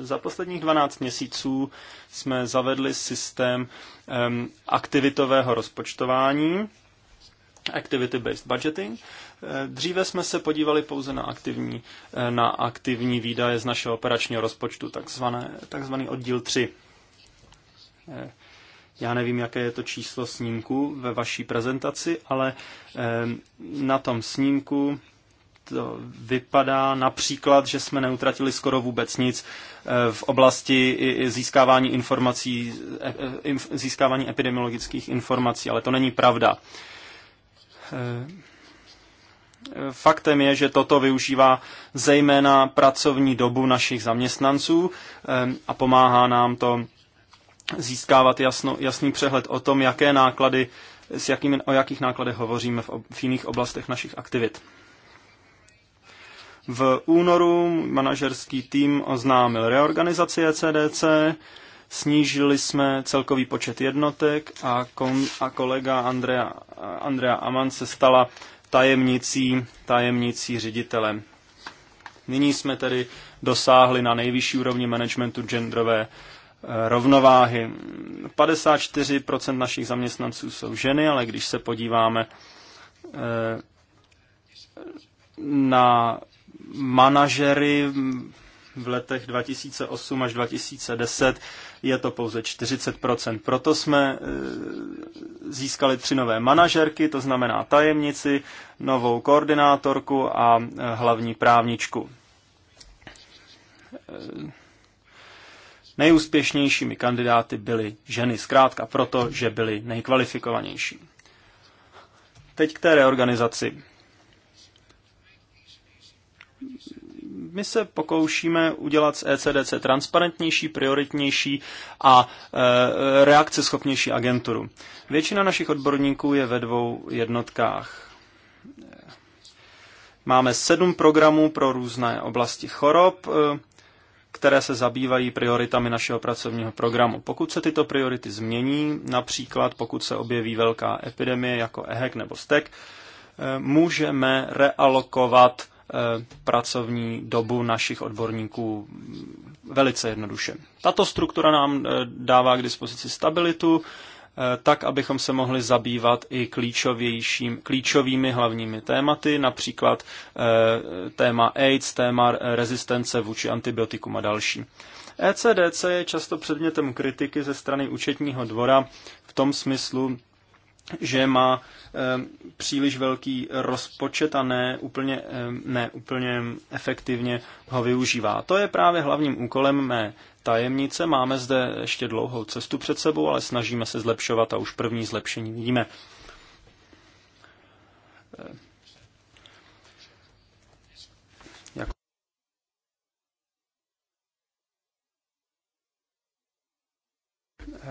Za posledních 12 měsíců jsme zavedli systém aktivitového rozpočtování, activity-based budgeting. Eh, dříve jsme se podívali pouze na aktivní, eh, na aktivní výdaje z našeho operačního rozpočtu, takzvané, takzvaný oddíl 3. Eh, já nevím, jaké je to číslo snímku ve vaší prezentaci, ale na tom snímku to vypadá například, že jsme neutratili skoro vůbec nic eh, v oblasti získávání informací, eh, eh, získávání epidemiologických informací, ale to není pravda. Faktem je, že toto využívá zejména pracovní dobu našich zaměstnanců a pomáhá nám to získávat jasno, jasný přehled o tom, jaké náklady, s jakými, o jakých nákladech hovoříme v, v jiných oblastech našich aktivit. V únoru manažerský tým oznámil reorganizaci ECDC, snížili jsme celkový počet jednotek a, kon, a kolega Andrea, Andrea Aman se stala tajemnicí, tajemnicí ředitelem. Nyní jsme tedy dosáhli na nejvyšší úrovni managementu genderové e, rovnováhy. 54% našich zaměstnanců jsou ženy, ale když se podíváme e, na manažery v letech 2008 až 2010 je to pouze 40%. Proto jsme e, získali tři nové manažerky, to znamená tajemnici, novou koordinátorku a e, hlavní právničku. E, nejúspěšnějšími kandidáty byly ženy, zkrátka proto, že byly nejkvalifikovanější. Teď k té reorganizaci my se pokoušíme udělat z ECDC transparentnější, prioritnější a e, reakceschopnější agenturu. Většina našich odborníků je ve dvou jednotkách. Máme sedm programů pro různé oblasti chorob, e, které se zabývají prioritami našeho pracovního programu. Pokud se tyto priority změní, například pokud se objeví velká epidemie jako EHEC nebo STEC, můžeme realokovat Eh, pracovní dobu našich odborníků velice jednoduše. Tato struktura nám eh, dává k dispozici stabilitu, eh, tak, abychom se mohli zabývat i klíčovějším, klíčovými hlavními tématy, například téma AIDS, téma rezistence vůči antibiotikum a další. ECDC je často předmětem kritiky ze strany účetního dvora v tom smyslu, že má eh, příliš velký rozpočet a ne úplně, eh, ne úplně efektivně ho využívá. To je právě hlavním úkolem mé tajemnice. Máme zde ještě dlouhou cestu před sebou, ale snažíme se zlepšovat a už první zlepšení vidíme. Eh, Eh,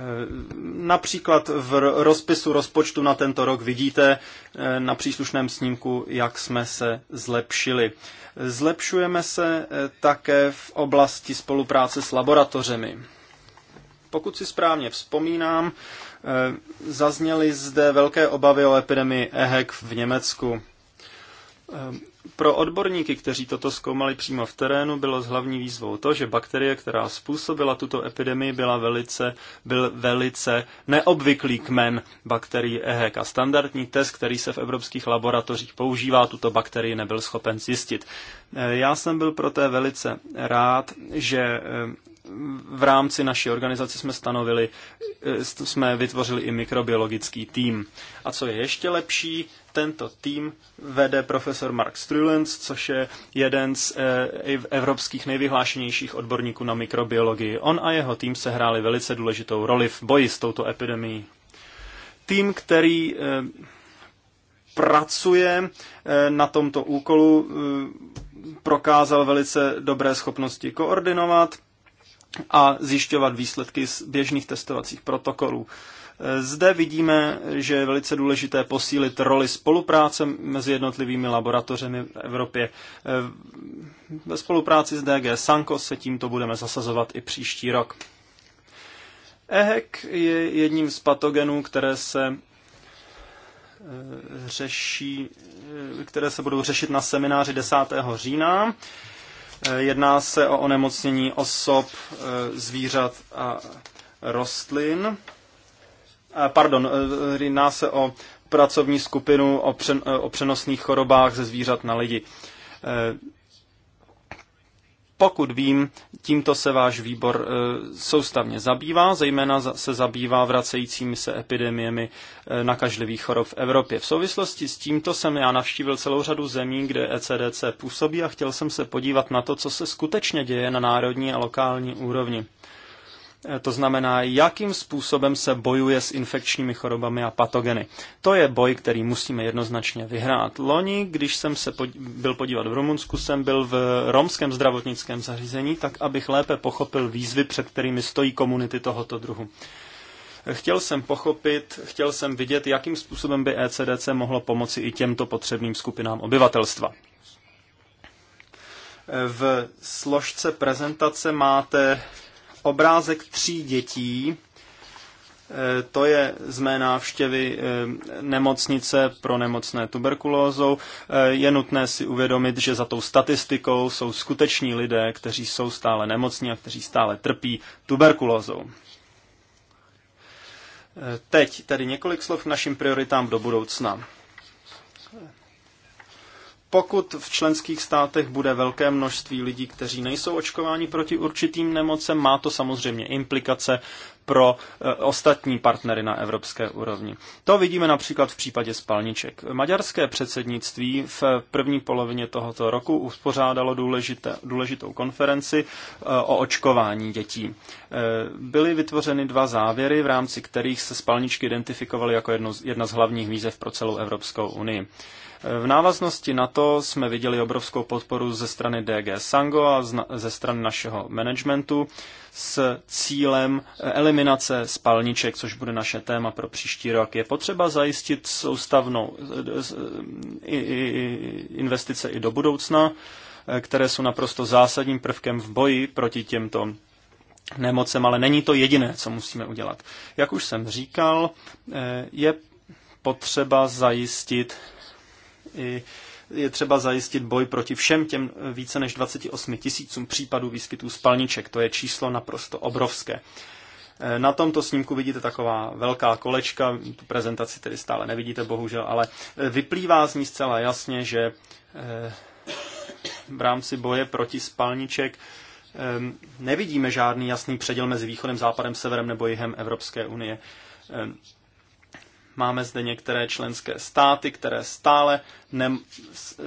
například v rozpisu rozpočtu na tento rok vidíte eh, na příslušném snímku, jak jsme se zlepšili. Zlepšujeme se eh, také v oblasti spolupráce s laboratořemi. Pokud si správně vzpomínám, zazněly zde velké obavy o epidemii EHEC v Německu. Pro odborníky, kteří toto zkoumali přímo v terénu, bylo s hlavní výzvou to, že bakterie, která způsobila tuto epidemii, byla velice, byl velice neobvyklý kmen bakterií EHEC a standardní test, který se v evropských laboratořích používá, tuto bakterii nebyl schopen zjistit. E, já jsem byl proto velice rád, že e, v rámci naší organizace jsme stanovili, eh, jsme vytvořili i mikrobiologický tým. A co je ještě lepší, tento tým vede profesor Mark Strulens, což je jeden z eh, evropských nejvyhlášenějších odborníků na mikrobiologii. On a jeho tým se hráli velice důležitou roli v boji s touto epidemií. Tým, který eh, pracuje na tomto úkolu, prokázal velice dobré schopnosti koordinovat, a zjišťovat výsledky z běžných testovacích protokolů. Zde vidíme, že je velice důležité posílit roli spolupráce mezi jednotlivými laboratořemi v Evropě. Ve spolupráci s DG Sanko se tímto budeme zasazovat i příští rok. EHEC je jedním z patogenů, které se e, řeší, e, které se budou řešit na semináři 10. října. Eh, jedná se o onemocnění osob, eh, zvířat a rostlin. Eh, pardon, jedná se o pracovní skupinu o, přenosných chorobách ze zvířat na lidi. Pokud vím, tímto se váš výbor e, soustavně zabývá, zejména se zabývá vracejícími se epidemiemi e, nakažlivých chorob v Evropě. V souvislosti s tímto jsem já navštívil celou řadu zemí, kde ECDC působí a chtěl jsem se podívat na to, co se skutečně děje na národní a lokální úrovni. Eh, to znamená, jakým způsobem se bojuje s infekčními chorobami a patogeny. To je boj, který musíme jednoznačně vyhrát. Loni, když jsem se pod, byl podívat v Rumunsku, jsem byl v romském zdravotnickém zařízení, tak abych lépe pochopil výzvy, před kterými stojí komunity tohoto druhu. Eh, chtěl jsem pochopit, chtěl jsem vidět, jakým způsobem by ECDC mohlo pomoci i těmto potřebným skupinám obyvatelstva. Eh, v složce prezentace máte obrázek tří dětí. Eh, to je z mé návštěvy eh, nemocnice pro nemocné tuberkulózou. Eh, je nutné si uvědomit, že za tou statistikou jsou skuteční lidé, kteří jsou stále nemocní a kteří stále trpí tuberkulózou. Teď tedy několik slov k našim prioritám do budoucna. Pokud v členských státech bude velké množství lidí, kteří nejsou očkováni proti určitým nemocem, má to samozřejmě implikace pro eh, ostatní partnery na evropské úrovni. To vidíme například v případě spalniček. Maďarské předsednictví v eh, první polovině tohoto roku uspořádalo důležité, důležitou konferenci eh, o očkování dětí. Byly vytvořeny dva závěry, v rámci kterých se spalničky identifikovaly jako jedno, jedna z hlavních výzev pro celou Evropskou unii. V návaznosti na to jsme viděli obrovskou podporu ze strany DG Sango a ze strany našeho managementu s cílem eliminace spalniček, což bude naše téma pro příští rok. Je potřeba zajistit soustavnou investice i do budoucna, které jsou naprosto zásadním prvkem v boji proti těmto nemocem, ale není to jediné, co musíme udělat. Jak už jsem říkal, eh, je potřeba zajistit i je třeba zajistit boj proti všem těm více než 28 tisícům případů výskytů spalniček. To je číslo naprosto obrovské. E, na tomto snímku vidíte taková velká kolečka, tu prezentaci tedy stále nevidíte bohužel, ale e, vyplývá z ní zcela jasně, že e, v rámci boje proti spalniček nevidíme žádný jasný předěl mezi východem, západem, severem nebo jihem Evropské unie. Máme zde některé členské státy, které stále ne,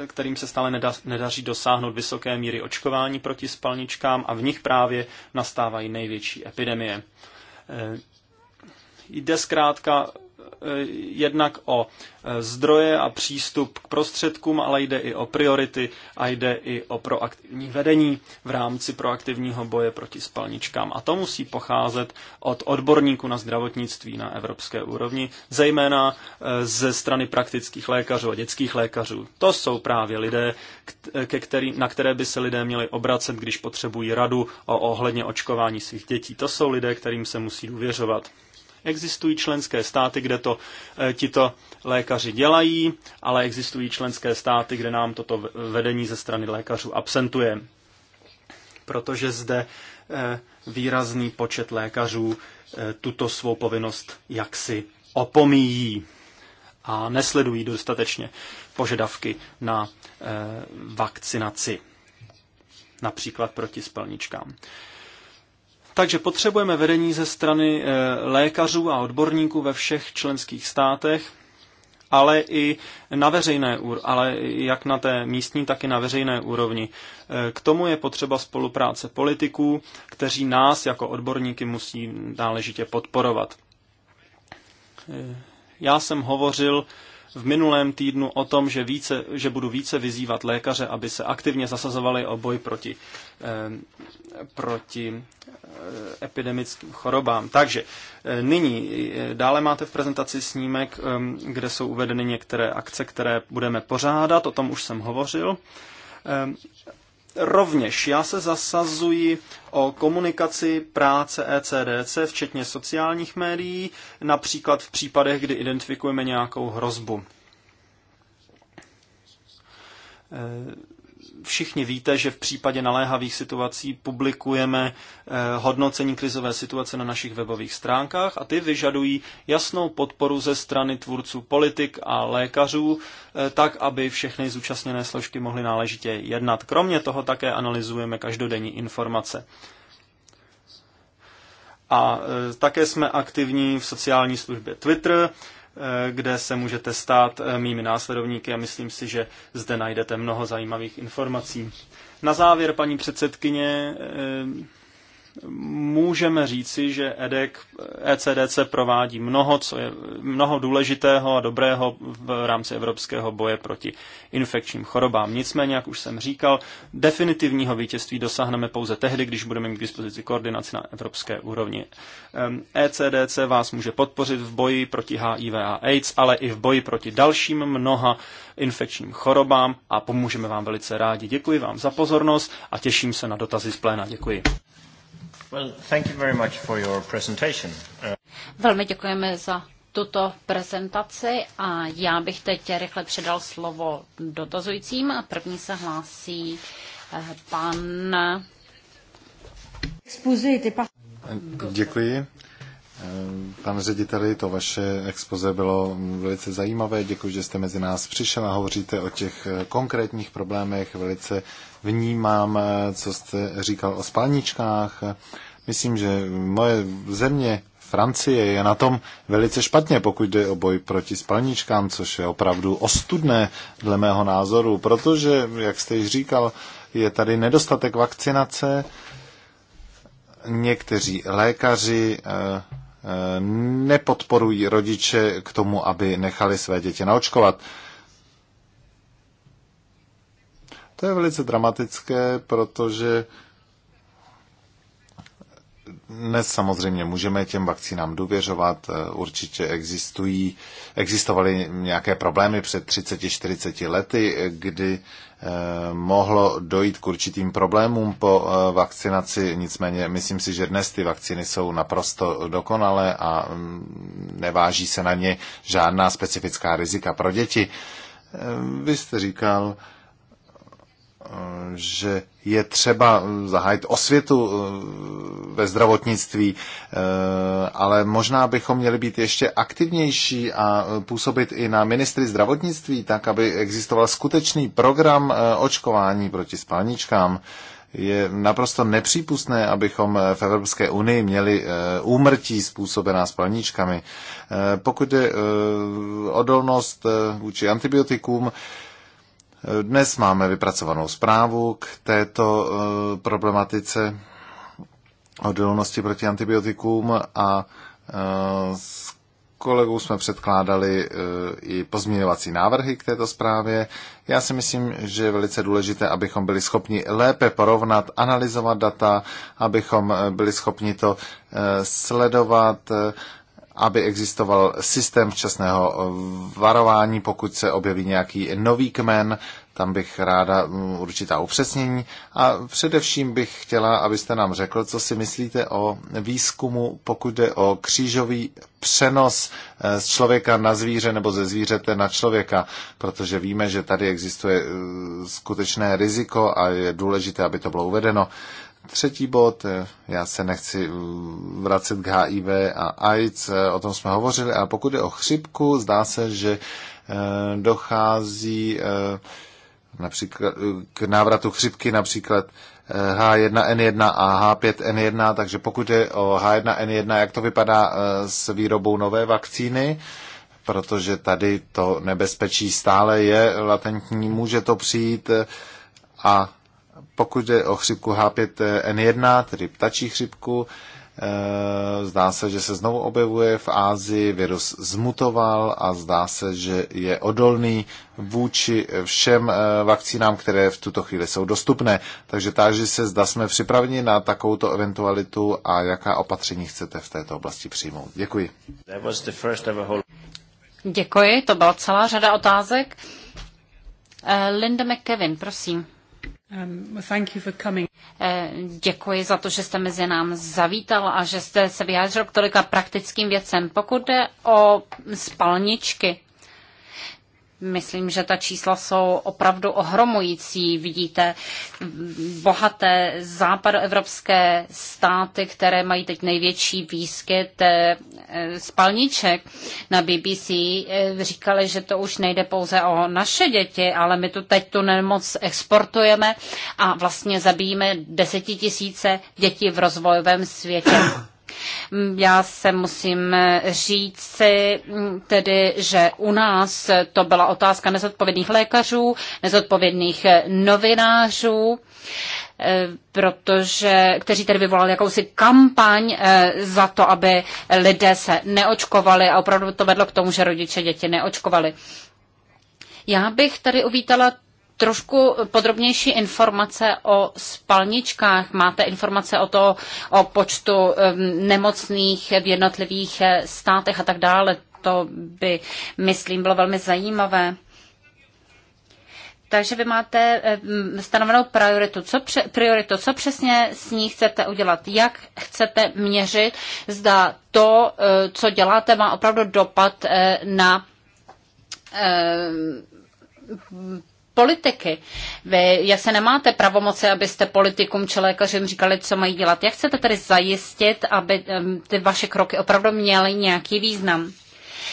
kterým se stále neda, nedaří dosáhnout vysoké míry očkování proti spalničkám a v nich právě nastávají největší epidemie. E, jde zkrátka Eh, jednak o eh, zdroje a přístup k prostředkům, ale jde i o priority a jde i o proaktivní vedení v rámci proaktivního boje proti spalničkám. A to musí pocházet od odborníků na zdravotnictví na evropské úrovni, zejména eh, ze strany praktických lékařů a dětských lékařů. To jsou právě lidé, ke který, na které by se lidé měli obracet, když potřebují radu o ohledně očkování svých dětí. To jsou lidé, kterým se musí důvěřovat. Existují členské státy, kde to eh, tito lékaři dělají, ale existují členské státy, kde nám toto vedení ze strany lékařů absentuje. Protože zde eh, výrazný počet lékařů eh, tuto svou povinnost jaksi opomíjí a nesledují dostatečně požadavky na vakcinaci, například proti spelničkám. Takže potřebujeme vedení ze strany eh, lékařů a odborníků ve všech členských státech, ale i na veřejné ale jak na té místní, tak i na veřejné úrovni. Eh, k tomu je potřeba spolupráce politiků, kteří nás jako odborníky musí náležitě podporovat. Eh, já jsem hovořil v minulém týdnu o tom, že, více, že budu více vyzývat lékaře, aby se aktivně zasazovali o boj proti, eh, proti eh, epidemickým chorobám. Takže eh, nyní dále máte v prezentaci snímek, ehm, kde jsou uvedeny některé akce, které budeme pořádat, o tom už jsem hovořil. Ehm, Rovněž já se zasazuji o komunikaci práce ECDC, včetně sociálních médií, například v případech, kdy identifikujeme nějakou hrozbu všichni víte, že v případě naléhavých situací publikujeme eh, hodnocení krizové situace na našich webových stránkách a ty vyžadují jasnou podporu ze strany tvůrců politik a lékařů, eh, tak aby všechny zúčastněné složky mohly náležitě jednat. Kromě toho také analyzujeme každodenní informace. A eh, také jsme aktivní v sociální službě Twitter, Eh, kde se můžete stát eh, mými následovníky a myslím si, že zde najdete mnoho zajímavých informací. Na závěr, paní předsedkyně, eh, můžeme říci, že EDEC, ECDC provádí mnoho, co je, mnoho důležitého a dobrého v rámci evropského boje proti infekčním chorobám. Nicméně, jak už jsem říkal, definitivního vítězství dosáhneme pouze tehdy, když budeme mít k dispozici koordinaci na evropské úrovni. ECDC e vás může podpořit v boji proti HIV a AIDS, ale i v boji proti dalším mnoha infekčním chorobám a pomůžeme vám velice rádi. Děkuji vám za pozornost a těším se na dotazy z pléna. Děkuji. Velmi děkujeme za tuto prezentaci a já bych teď rychle předal slovo dotazujícím první se hlásí eh, pan Děkuji. Pane řediteli, to vaše expoze bylo velice zajímavé. Děkuji, že jste mezi nás přišel a hovoříte o těch konkrétních problémech. Velice vnímám, co jste říkal o spalničkách. Myslím, že moje země Francie je na tom velice špatně, pokud jde o boj proti spalničkám, což je opravdu ostudné dle mého názoru, protože, jak jste již říkal, je tady nedostatek vakcinace. Někteří lékaři eh, nepodporují rodiče k tomu, aby nechali své děti naočkovat. To je velice dramatické, protože dnes samozřejmě můžeme těm vakcínám důvěřovat. Eh, určitě existují, existovaly nějaké problémy před 30-40 lety, eh, kdy Eh, mohlo dojít k určitým problémům po eh, vakcinaci, nicméně myslím si, že dnes ty vakcíny jsou naprosto dokonalé a mm, neváží se na ně žádná specifická rizika pro děti. Eh, vy jste říkal, že je třeba eh, zahájit osvětu eh, ve zdravotnictví, eh, ale možná bychom měli být ještě aktivnější a působit i na ministry zdravotnictví, tak aby existoval skutečný program očkování proti spalničkám. Je naprosto nepřípustné, abychom v Evropské unii měli úmrtí způsobená spalničkami. Pokud je odolnost vůči antibiotikům, dnes máme vypracovanou zprávu k této eh, problematice odolnosti proti antibiotikům a eh, s kolegou jsme předkládali eh, i pozměňovací návrhy k této zprávě. Já si myslím, že je velice důležité, abychom byli schopni lépe porovnat, analyzovat data, abychom byli schopni to sledovat aby existoval systém včasného eh, varování, pokud se objeví nějaký nový kmen, tam bych ráda mm, určitá upřesnění a především bych chtěla, abyste nám řekl, co si myslíte o výzkumu, pokud jde o křížový přenos eh, z člověka na zvíře nebo ze zvířete na člověka, protože víme, že tady existuje eh, skutečné riziko a je důležité, aby to bylo uvedeno. Třetí bod, eh, já se nechci eh, vracet k HIV a AIDS, eh, o tom jsme hovořili, a pokud je o chřipku, zdá se, že dochází například k návratu chřipky například H1N1 a H5N1, takže pokud je o H1N1, jak to vypadá s výrobou nové vakcíny, protože tady to nebezpečí stále je latentní, může to přijít a pokud jde o chřipku H5N1, tedy ptačí chřipku, eh, zdá se, že se znovu objevuje v Ázii, virus zmutoval a zdá se, že je odolný vůči všem eh, vakcínám, které v tuto chvíli jsou dostupné. Takže táži se, zda jsme připraveni na takovouto eventualitu a jaká opatření chcete v této oblasti přijmout. Děkuji. Děkuji, to byla celá řada otázek. Eh, Linda McKevin, prosím. Um, eh, děkuji za to, že jste mezi nám zavítal a že jste se vyjádřil k tolika praktickým věcem. Pokud jde o spalničky, Myslím, že ta čísla jsou opravdu ohromující. Vidíte bohaté západoevropské státy, které mají teď největší výskyt eh, spalniček. Na BBC eh, říkali, že to už nejde pouze o naše děti, ale my tu teď tu nemoc exportujeme a vlastně zabijíme desetitisíce dětí v rozvojovém světě. Já se musím říct si tedy, že u nás to byla otázka nezodpovědných lékařů, nezodpovědných novinářů, protože, kteří tedy vyvolali jakousi kampaň eh, za to, aby lidé se neočkovali a opravdu to vedlo k tomu, že rodiče děti neočkovali. Já bych tady uvítala trošku podrobnější informace o spalničkách. Máte informace o to, o počtu nemocných v jednotlivých eh, státech a tak dále. To by, myslím, bylo velmi zajímavé. Takže vy máte stanovenou prioritu. Co, pře- prioritu. co přesně s ní chcete udělat? Jak chcete měřit, zda to, eh, co děláte, má opravdu dopad eh, na politiky. Vy se nemáte pravomoci, abyste politikům či lékařům říkali, co mají dělat. Jak chcete tedy zajistit, aby ty vaše kroky opravdu měly nějaký význam?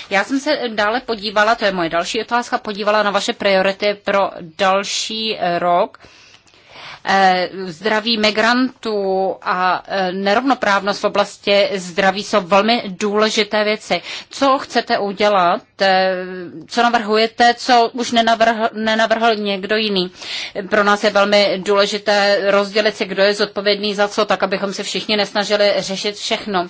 Já jsem se dále podívala, to je moje další otázka, podívala na vaše priority pro další eh, rok eh, zdraví migrantů a eh, nerovnoprávnost v oblasti zdraví jsou velmi důležité věci. Co chcete udělat Eh, co navrhujete, co už nenavrhl, nenavrhl někdo jiný. Pro nás je velmi důležité rozdělit si, kdo je zodpovědný za co, tak abychom se všichni nesnažili řešit všechno.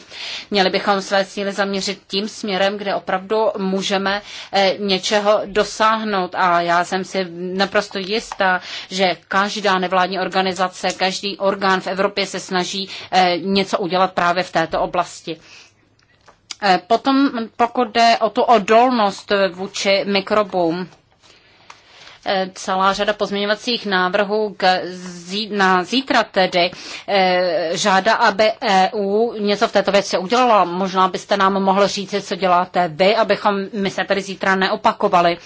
Měli bychom své síly zaměřit tím směrem, kde opravdu můžeme eh, něčeho dosáhnout. A já jsem si naprosto jistá, že každá nevládní organizace, každý orgán v Evropě se snaží eh, něco udělat právě v této oblasti. Eh, potom, pokud jde o tu odolnost eh, vůči mikrobům, eh, celá řada pozměňovacích návrhů k, zí, na zítra tedy žádá, aby EU něco v této věci udělala. Možná byste nám mohl říct, co děláte vy, abychom my se tady zítra neopakovali.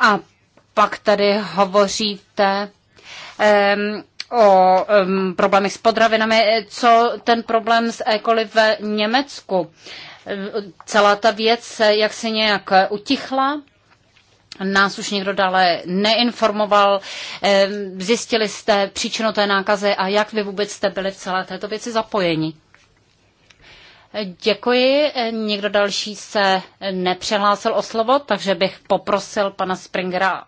A pak tady hovoříte ehm, o um, problémech s podravinami, co ten problém s e coli v Německu. Celá ta věc jak se nějak utichla, Nás už někdo dále neinformoval, zjistili jste příčinu té nákazy a jak vy vůbec jste byli v celé této věci zapojeni? Děkuji. Někdo další se nepřihlásil o slovo, takže bych poprosil pana Springera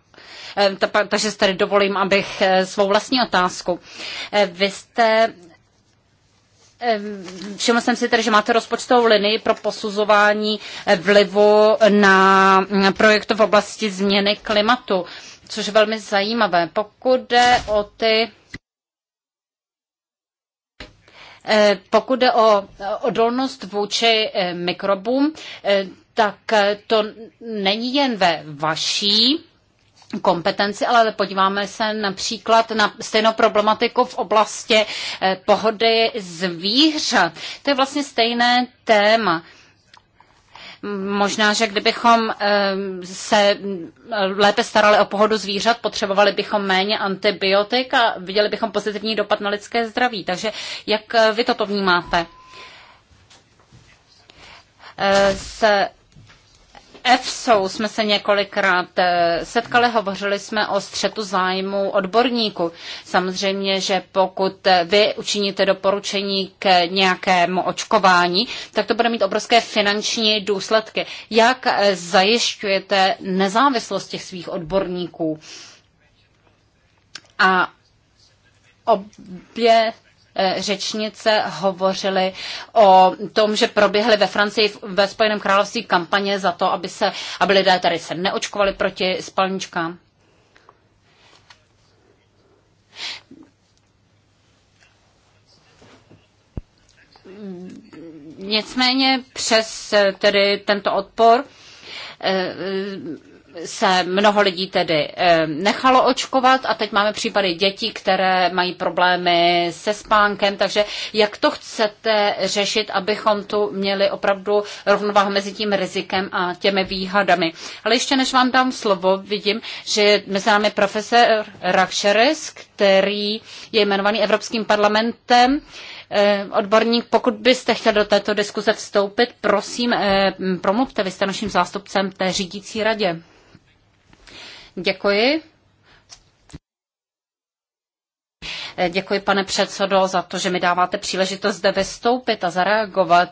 Eh, takže si tady dovolím, abych eh, svou vlastní otázku. Eh, vy jste Všiml jsem si tedy, že máte rozpočtovou linii pro posuzování vlivu na mm, projektu v oblasti změny klimatu, což je velmi zajímavé. Pokud jde o ty pokud jde o odolnost vůči mikrobům, tak to není jen ve vaší kompetenci, ale podíváme se například na stejnou problematiku v oblasti eh, pohody zvířat. To je vlastně stejné téma. Možná, že kdybychom eh, se lépe starali o pohodu zvířat, potřebovali bychom méně antibiotik a viděli bychom pozitivní dopad na lidské zdraví. Takže jak eh, vy toto vnímáte? EFSO jsme se několikrát eh, setkali, hovořili jsme o střetu zájmu odborníků. Samozřejmě, že pokud eh, vy učiníte doporučení k nějakému očkování, tak to bude mít obrovské finanční důsledky. Jak eh, zajišťujete nezávislost těch svých odborníků? A obě Eh, řečnice hovořily o tom, že proběhly ve Francii ve Spojeném království kampaně za to, aby, se, aby lidé tady se neočkovali proti spalničkám. Nicméně přes eh, tedy tento odpor eh, se mnoho lidí tedy eh, nechalo očkovat a teď máme případy dětí, které mají problémy se spánkem, takže jak to chcete řešit, abychom tu měli opravdu rovnováhu mezi tím rizikem a těmi výhadami. Ale ještě než vám dám slovo, vidím, že mezi námi profesor Rakšeres, který je jmenovaný Evropským parlamentem eh, odborník, pokud byste chtěl do této diskuze vstoupit, prosím, eh, promluvte, vy jste naším zástupcem té řídící radě. Děkuji. Děkuji, pane předsedo, za to, že mi dáváte příležitost zde vystoupit a zareagovat.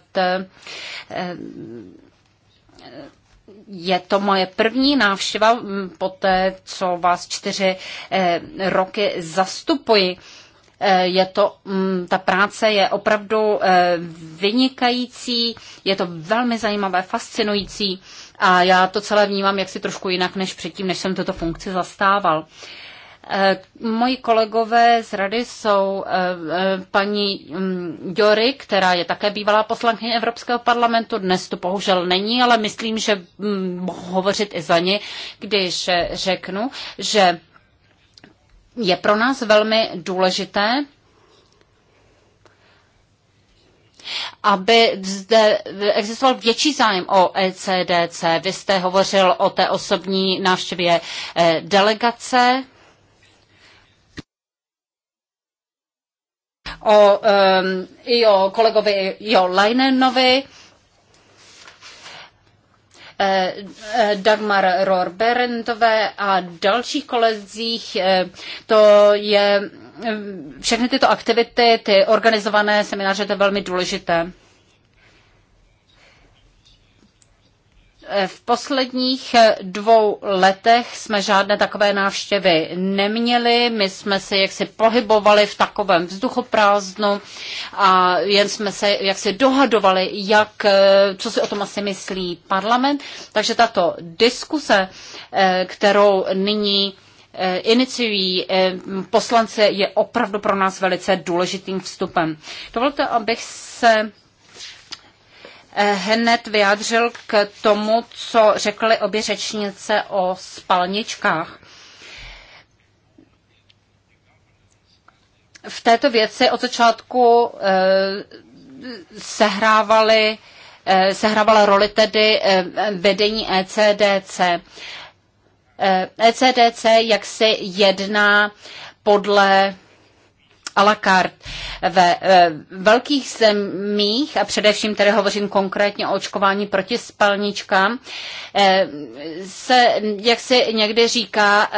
Je to moje první návštěva po té, co vás čtyři eh, roky zastupuji. Eh, je to, mm, ta práce je opravdu eh, vynikající, je to velmi zajímavé, fascinující. A já to celé vnímám jaksi trošku jinak než předtím, než jsem tuto funkci zastával. Eh, moji kolegové z rady jsou eh, eh, paní mm, Jory, která je také bývalá poslankyně Evropského parlamentu, dnes to bohužel není, ale myslím, že mm, mohu hovořit i za ní, když řeknu, že je pro nás velmi důležité aby zde existoval větší zájem o ECDC. Vy jste hovořil o té osobní návštěvě eh, delegace. O, um, i o kolegovi Jo Leinenovi. Eh, eh, Dagmar Rohr-Berendové a dalších kolezích. To je všechny tyto aktivity, ty organizované semináře, to je velmi důležité. V posledních dvou letech jsme žádné takové návštěvy neměli. My jsme se jaksi pohybovali v takovém vzduchoprázdnu a jen jsme se jaksi dohadovali, jak, co si o tom asi myslí parlament. Takže tato diskuze, eh, kterou nyní Eh, iniciují eh, poslance, je opravdu pro nás velice důležitým vstupem. Dovolte, abych se eh, hned vyjádřil k tomu, co řekly obě řečnice o spalničkách. V této věci od začátku sehrávali sehrávala roli tedy vedení ECDC. ECDC eh, e jak se jedná podle a la carte. Ve eh, velkých zemích, a především tedy hovořím konkrétně o očkování proti spalničkám, eh, se, jak si někdy říká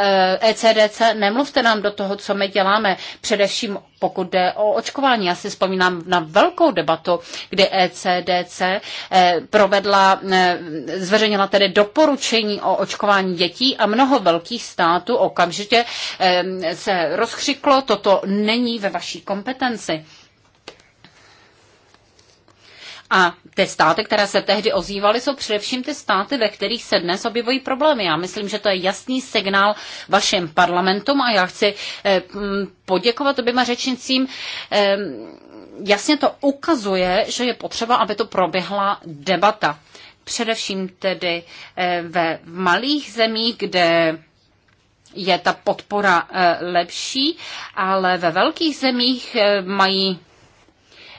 ECDC, e nemluvte nám do toho, co my děláme, především pokud jde o očkování. Já si vzpomínám na velkou debatu, kdy ECDC eh, provedla, eh, zveřejnila tedy doporučení o očkování dětí a mnoho velkých států okamžitě eh, se rozkřiklo, toto není ve vaší kompetenci. A ty státy, které se tehdy ozývaly, jsou především ty státy, ve kterých se dnes objevují problémy. Já myslím, že to je jasný signál vašim parlamentům a já chci eh, poděkovat oběma řečnicím. Eh, jasně to ukazuje, že je potřeba, aby to proběhla debata. Především tedy eh, ve malých zemích, kde je ta podpora lepší, ale ve velkých zemích mají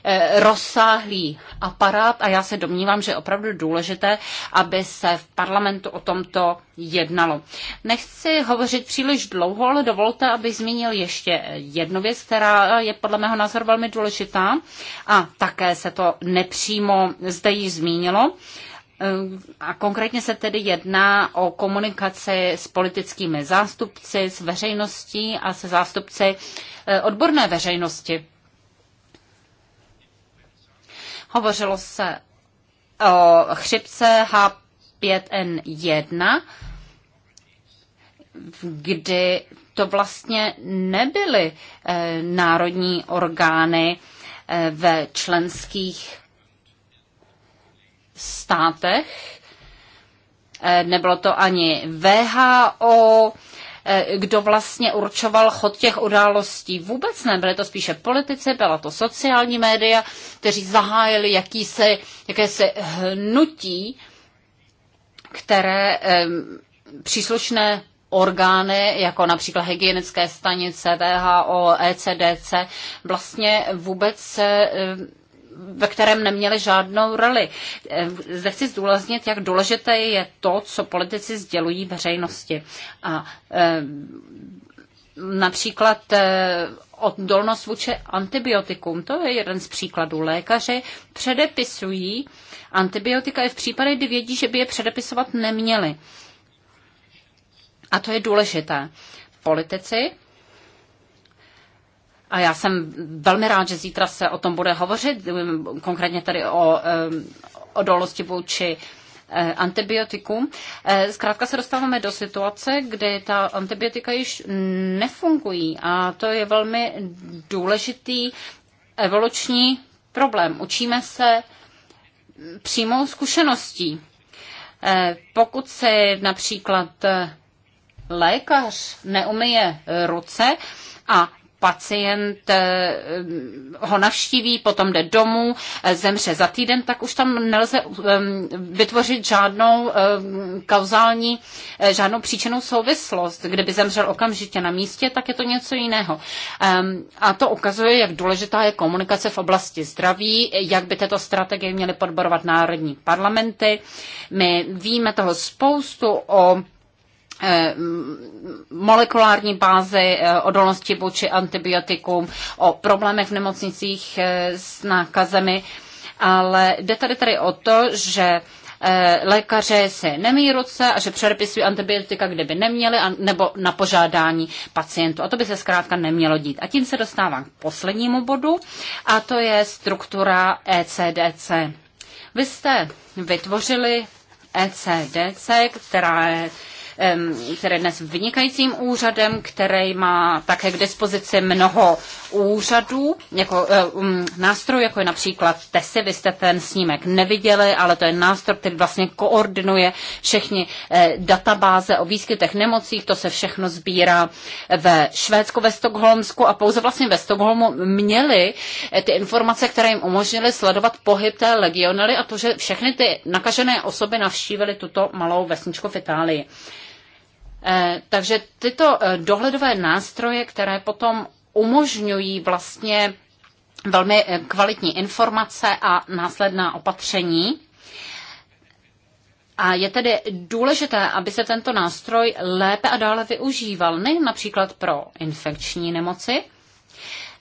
Eh, rozsáhlý aparát a já se domnívám, že je opravdu důležité, aby se v parlamentu o tomto jednalo. Nechci hovořit příliš dlouho, ale dovolte, abych zmínil ještě jednu věc, která je podle mého názoru velmi důležitá a také se to nepřímo zde již zmínilo. Eh, a konkrétně se tedy jedná o komunikaci s politickými zástupci, s veřejností a se zástupci eh, odborné veřejnosti. Hovořilo se o chřipce H5N1, kdy to vlastně nebyly eh, národní orgány eh, ve členských státech, eh, nebylo to ani VHO, E, kdo vlastně určoval chod těch událostí. Vůbec ne, byly to spíše politici, byla to sociální média, kteří zahájili jakýsi, jakési hnutí, které e, příslušné orgány, jako například hygienické stanice, VHO, ECDC, vlastně vůbec e, ve kterém neměli žádnou roli. Eh, zde chci zdůraznit, jak důležité je to, co politici sdělují veřejnosti. A eh, například eh, odolnost vůči antibiotikům. To je jeden z příkladů. Lékaři předepisují antibiotika i v případě, kdy vědí, že by je předepisovat neměli. A to je důležité. Politici a já jsem velmi rád, že zítra se o tom bude hovořit, um, konkrétně tady o um, odolnosti vůči eh, antibiotikům. Eh, zkrátka se dostáváme do situace, kde ta antibiotika již nefungují a to je velmi důležitý evoluční problém. Učíme se přímou zkušeností. Eh, pokud se například lékař neumyje ruce a pacient eh, ho navštíví, potom jde domů, eh, zemře za týden, tak už tam nelze eh, vytvořit žádnou kauzální, žádnou příčinou souvislost. Kdyby zemřel okamžitě na místě, tak je to něco jiného. A to ukazuje, jak důležitá je komunikace v oblasti zdraví, jak by tyto strategie měly podborovat národní parlamenty. My víme toho spoustu o Eh, molekulární bázi eh, odolnosti vůči antibiotikům, o problémech v nemocnicích eh, s nákazemi, ale jde tady tady o to, že lékaře se nemí ruce a že předepisují antibiotika, kde by neměli, a, nebo na požádání pacientů. A to by se zkrátka nemělo dít. A tím se dostávám k poslednímu bodu, a to je struktura ECDC. Vy jste vytvořili ECDC, která je které je dnes vynikajícím úřadem, který má také k dispozici mnoho úřadů, jako eh, um, nástroj, jako je například TESI, vy jste ten snímek neviděli, ale to je nástroj, který vlastně koordinuje všechny eh, databáze o výskytech nemocích, to se všechno sbírá ve Švédsku, ve Stockholmsku a pouze vlastně ve Stockholmu měli eh, ty informace, které jim umožnily sledovat pohyb té legionely a to, že všechny ty nakažené osoby navštívily tuto malou vesničku v Itálii. Eh, takže tyto eh, dohledové nástroje, které potom umožňují vlastně velmi eh, kvalitní informace a následná opatření. A je tedy důležité, aby se tento nástroj lépe a dále využíval, nejen například pro infekční nemoci,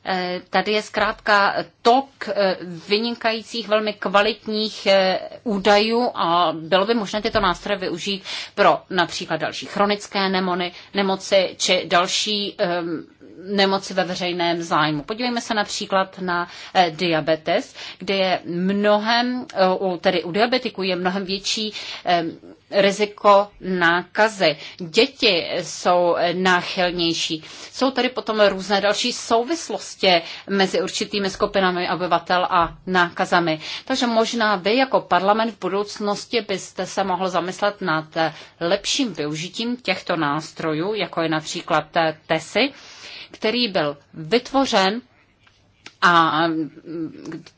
Eh, tady je zkrátka tok eh, vynikajících, velmi kvalitních eh, údajů a bylo by možné tyto nástroje využít pro například další chronické nemony, nemoci či další um, nemoci ve veřejném zájmu. Podívejme se například na eh, diabetes, kde je mnohem, eh, tedy u diabetiků je mnohem větší eh, riziko nákazy. Děti jsou náchylnější. Jsou tady potom různé další souvislosti mezi určitými skupinami obyvatel a nákazami. Takže možná vy jako parlament v budoucnosti byste se mohl zamyslet nad lepším využitím těchto nástrojů, jako je například TESY, který byl vytvořen a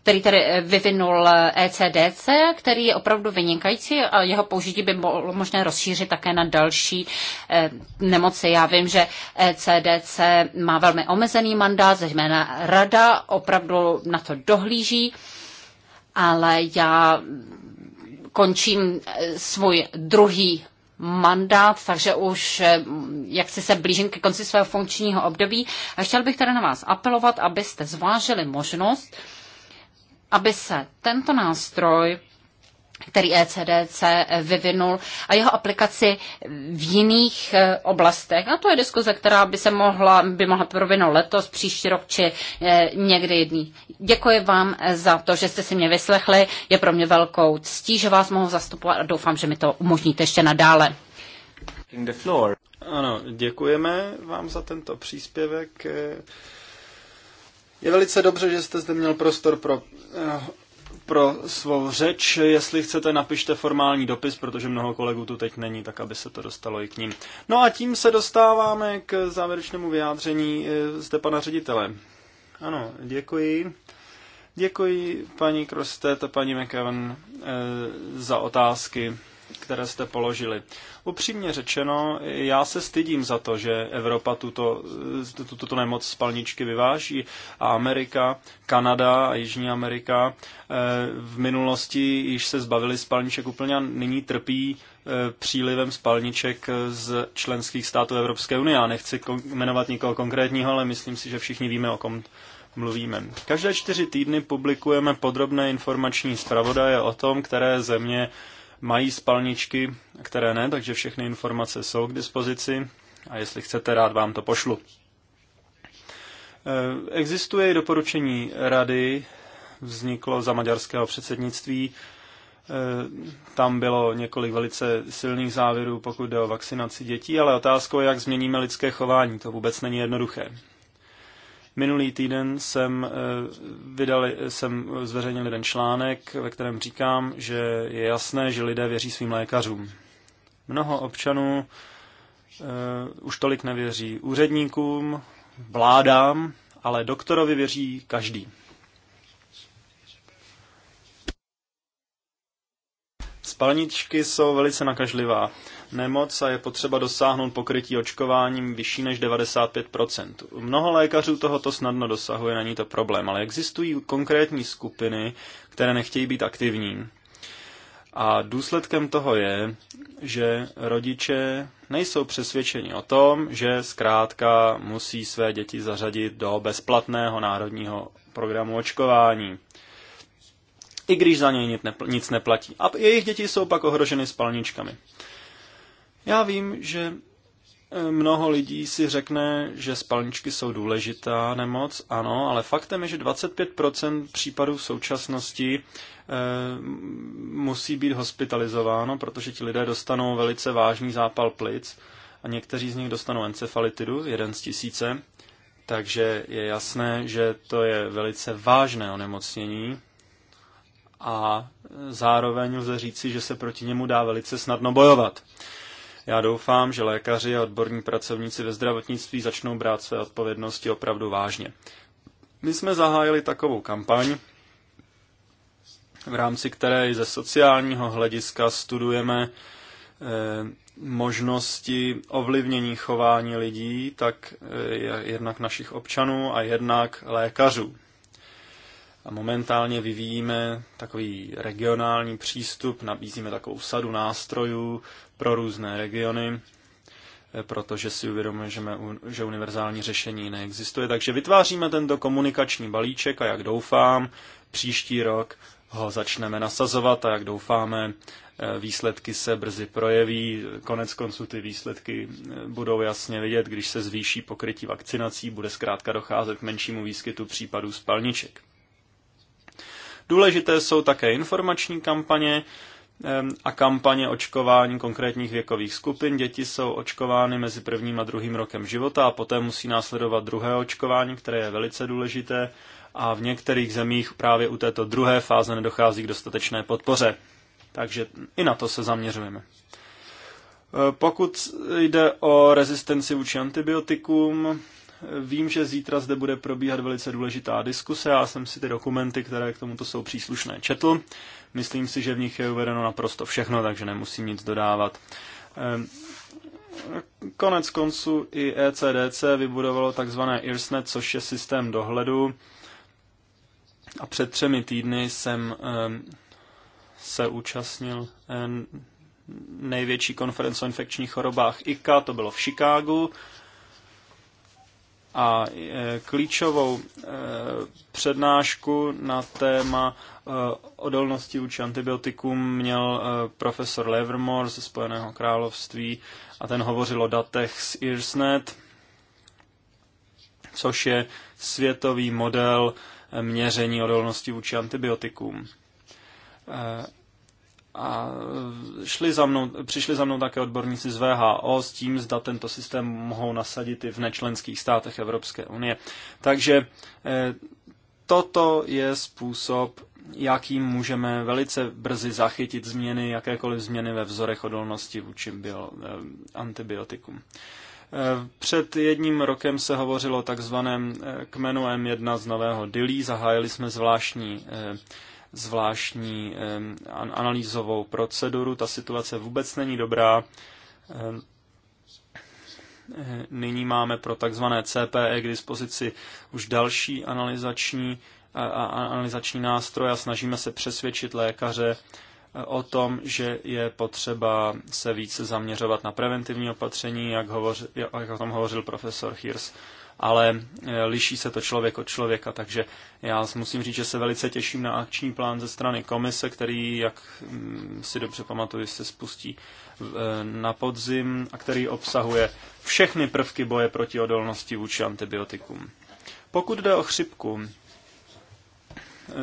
který tedy vyvinul ECDC, který je opravdu vynikající a jeho použití by bylo možné rozšířit také na další eh, nemoci. Já vím, že ECDC má velmi omezený mandát, zejména rada opravdu na to dohlíží, ale já končím eh, svůj druhý mandát, takže už eh, jak si se blížím ke konci svého funkčního období. A chtěl bych tady na vás apelovat, abyste zvážili možnost, aby se tento nástroj který ECDC vyvinul a jeho aplikaci v jiných eh, oblastech. A to je diskuze, která by se mohla, by mohla provinout letos, příští rok či eh, někdy jedný. Děkuji vám eh, za to, že jste si mě vyslechli. Je pro mě velkou ctí, že vás mohu zastupovat a doufám, že mi to umožníte ještě nadále. Ano, děkujeme vám za tento příspěvek. Je velice dobře, že jste zde měl prostor pro pro svou řeč. Jestli chcete, napište formální dopis, protože mnoho kolegů tu teď není, tak aby se to dostalo i k ním. No a tím se dostáváme k závěrečnému vyjádření eh, zde pana ředitele. Ano, děkuji. Děkuji paní Krostet a paní McEwen eh, za otázky, které jste položili. Upřímně řečeno, já se stydím za to, že Evropa tuto, tuto, tuto nemoc spalničky vyváží a Amerika, Kanada a Jižní Amerika eh, v minulosti již se zbavili spalniček úplně a nyní trpí eh, přílivem spalniček z členských států Evropské unie. Já nechci jmenovat nikoho konkrétního, ale myslím si, že všichni víme, o kom mluvíme. Každé čtyři týdny publikujeme podrobné informační zpravodaje o tom, které země mají spalničky, které ne, takže všechny informace jsou k dispozici a jestli chcete, rád vám to pošlu. E, existuje i doporučení rady, vzniklo za maďarského předsednictví. E, tam bylo několik velice silných závěrů, pokud jde o vakcinaci dětí, ale otázkou je, jak změníme lidské chování. To vůbec není jednoduché. Minulý týden jsem, eh, vydal, jsem zveřejnil jeden článek, ve kterém říkám, že je jasné, že lidé věří svým lékařům. Mnoho občanů eh, už tolik nevěří úředníkům, vládám, ale doktorovi věří každý. Spalničky jsou velice nakažlivá nemoc a je potřeba dosáhnout pokrytí očkováním vyšší než 95%. Mnoho lékařů tohoto snadno dosahuje, není to problém, ale existují konkrétní skupiny, které nechtějí být aktivní. A důsledkem toho je, že rodiče nejsou přesvědčeni o tom, že zkrátka musí své děti zařadit do bezplatného národního programu očkování. I když za něj nic neplatí. A jejich děti jsou pak ohroženy spalničkami. Já vím, že eh, mnoho lidí si řekne, že spalničky jsou důležitá nemoc, ano, ale faktem je, že 25% případů v současnosti e, musí být hospitalizováno, protože ti lidé dostanou velice vážný zápal plic a někteří z nich dostanou encefalitidu, jeden z tisíce, takže je jasné, že to je velice vážné onemocnění a zároveň lze říci, že se proti němu dá velice snadno bojovat. Já doufám, že lékaři a odborní pracovníci ve zdravotnictví začnou brát své odpovědnosti opravdu vážně. My jsme zahájili takovou kampaň, v rámci které i ze sociálního hlediska studujeme eh, možnosti ovlivnění chování lidí, tak eh, jednak našich občanů a jednak lékařů. A momentálně vyvíjíme takový regionální přístup, nabízíme takovou sadu nástrojů pro různé regiony, eh, protože si uvědomujeme, že univerzální řešení neexistuje. Takže vytváříme tento komunikační balíček a jak doufám, příští rok ho začneme nasazovat a jak doufáme, eh, výsledky se brzy projeví. Konec konců ty výsledky eh, budou jasně vidět, když se zvýší pokrytí vakcinací, bude zkrátka docházet k menšímu výskytu případů spalniček. Důležité jsou také informační kampaně a kampaně očkování konkrétních věkových skupin. Děti jsou očkovány mezi prvním a druhým rokem života a poté musí následovat druhé očkování, které je velice důležité a v některých zemích právě u této druhé fáze nedochází k dostatečné podpoře. Takže i na to se zaměřujeme. E, pokud jde o rezistenci vůči antibiotikům, Vím, že zítra zde bude probíhat velice důležitá diskuse. Já jsem si ty dokumenty, které k tomuto jsou příslušné, četl. Myslím si, že v nich je uvedeno naprosto všechno, takže nemusím nic dodávat. Ehm, konec konců i ECDC vybudovalo takzvané IRSNET, což je systém dohledu. A před třemi týdny jsem ehm, se účastnil ehm, největší konference o infekčních chorobách ICA, to bylo v Chicagu a e, klíčovou e, přednášku na téma e, odolnosti vůči antibiotikům měl profesor Levermore ze Spojeného království a ten hovořil o datech z IRSNET, což je světový model měření odolnosti vůči antibiotikům. A šli za mnou, přišli za mnou také odborníci z VHO s tím, zda tento systém mohou nasadit i v nečlenských státech Evropské unie. Takže eh, toto je způsob, jakým můžeme velice brzy zachytit změny, jakékoliv změny ve vzorech odolnosti vůči bio, eh, antibiotikum. Eh, před jedním rokem se hovořilo o takzvaném kmenu M1 z Nového Dilí. Zahájili jsme zvláštní zvláštní analýzovou proceduru. Ta situace vůbec není dobrá. Eh, nyní máme pro takzvané CPE k dispozici už další analyzační, analyzační nástroj a snažíme se přesvědčit lékaře eh, o tom, že je potřeba se více zaměřovat na preventivní opatření, jak, hovoř, jak o tom hovořil profesor Hirs ale eh, liší se to člověk od člověka, takže já musím říct, že se velice těším na akční plán ze strany komise, který, jak mm, si dobře pamatuju, se spustí eh, na podzim a který obsahuje všechny prvky boje proti odolnosti vůči antibiotikům. Pokud jde o chřipku,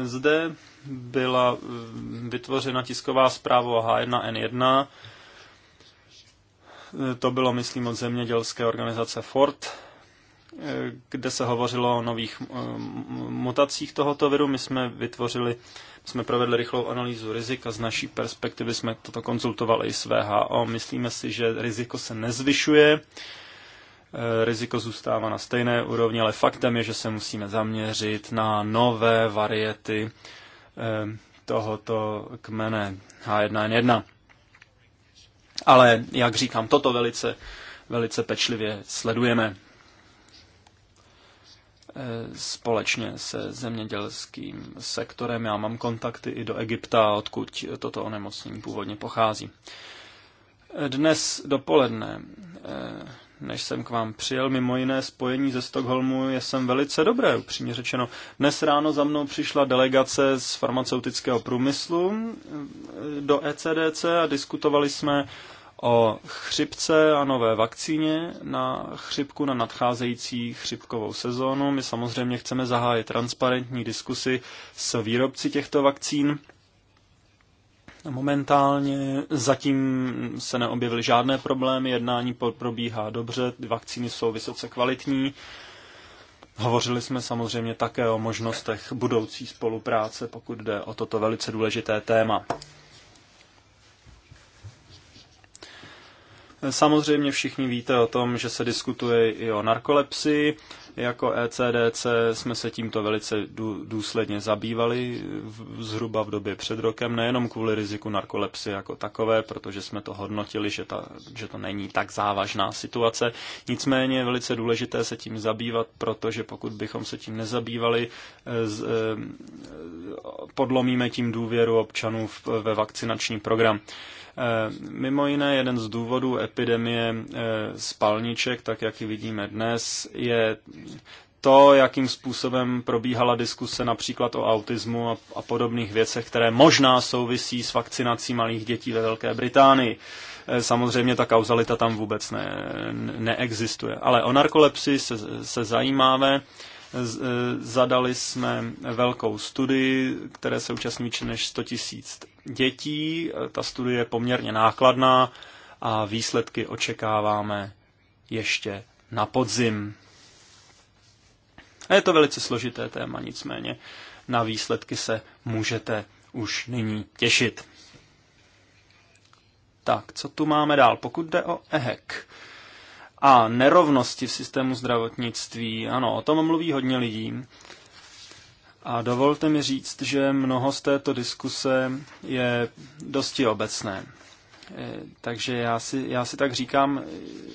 zde byla mm, vytvořena tisková zpráva o H1N1. Eh, to bylo, myslím, od zemědělské organizace Ford kde se hovořilo o nových eh, mutacích tohoto viru. My jsme vytvořili, jsme provedli rychlou analýzu rizika. Z naší perspektivy jsme toto konzultovali i s VHO. Myslíme si, že riziko se nezvyšuje, eh, riziko zůstává na stejné úrovni, ale faktem je, že se musíme zaměřit na nové variety eh, tohoto kmene H1N1. Ale, jak říkám, toto velice, velice pečlivě sledujeme. Eh, společně se zemědělským sektorem. Já mám kontakty i do Egypta, odkud toto onemocnění původně pochází. Eh, dnes dopoledne, eh, než jsem k vám přijel, mimo jiné spojení ze Stockholmu je sem velice dobré, upřímně řečeno. Dnes ráno za mnou přišla delegace z farmaceutického průmyslu do ECDC a diskutovali jsme o chřipce a nové vakcíně na chřipku, na nadcházející chřipkovou sezónu. My samozřejmě chceme zahájit transparentní diskusy s výrobci těchto vakcín. Momentálně zatím se neobjevily žádné problémy, jednání probíhá dobře, vakcíny jsou vysoce kvalitní. Hovořili jsme samozřejmě také o možnostech budoucí spolupráce, pokud jde o toto velice důležité téma. Samozřejmě všichni víte o tom, že se diskutuje i o narkolepsii. Jako ECDC jsme se tímto velice důsledně zabývali zhruba v době před rokem, nejenom kvůli riziku narkolepsie jako takové, protože jsme to hodnotili, že, ta, že to není tak závažná situace. Nicméně je velice důležité se tím zabývat, protože pokud bychom se tím nezabývali, e, z, e, podlomíme tím důvěru občanů ve vakcinační program. Eh, mimo jiné, jeden z důvodů epidemie eh, spalniček, tak jak ji vidíme dnes, je to, jakým způsobem probíhala diskuse například o autismu a, a podobných věcech, které možná souvisí s vakcinací malých dětí ve Velké Británii. Eh, samozřejmě ta kauzalita tam vůbec ne, neexistuje. Ale o narkolepsii se, se zajímáme. E, zadali jsme velkou studii, které se účastní více než 100 tisíc dětí. Ta studie je poměrně nákladná a výsledky očekáváme ještě na podzim. A je to velice složité téma, nicméně na výsledky se můžete už nyní těšit. Tak, co tu máme dál? Pokud jde o EHEC, a nerovnosti v systému zdravotnictví. Ano, o tom mluví hodně lidí. A dovolte mi říct, že mnoho z této diskuse je dosti obecné. E, takže já si, já si tak říkám,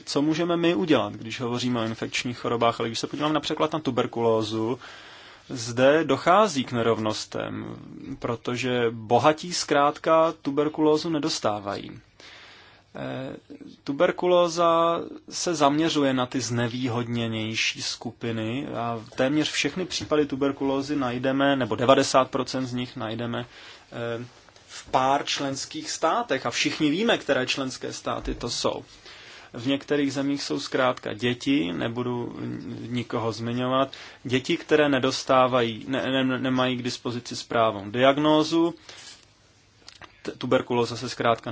co můžeme my udělat, když hovoříme o infekčních chorobách, ale když se podívám například na tuberkulózu, zde dochází k nerovnostem, protože bohatí zkrátka tuberkulózu nedostávají. Eh, tuberkulóza se zaměřuje na ty znevýhodněnější skupiny a téměř všechny případy tuberkulózy najdeme, nebo 90% z nich najdeme eh, v pár členských státech a všichni víme, které členské státy to jsou. V některých zemích jsou zkrátka děti, nebudu nikoho zmiňovat, děti, které nedostávají, ne, ne, nemají k dispozici správnou diagnózu, tuberkulóza se zkrátka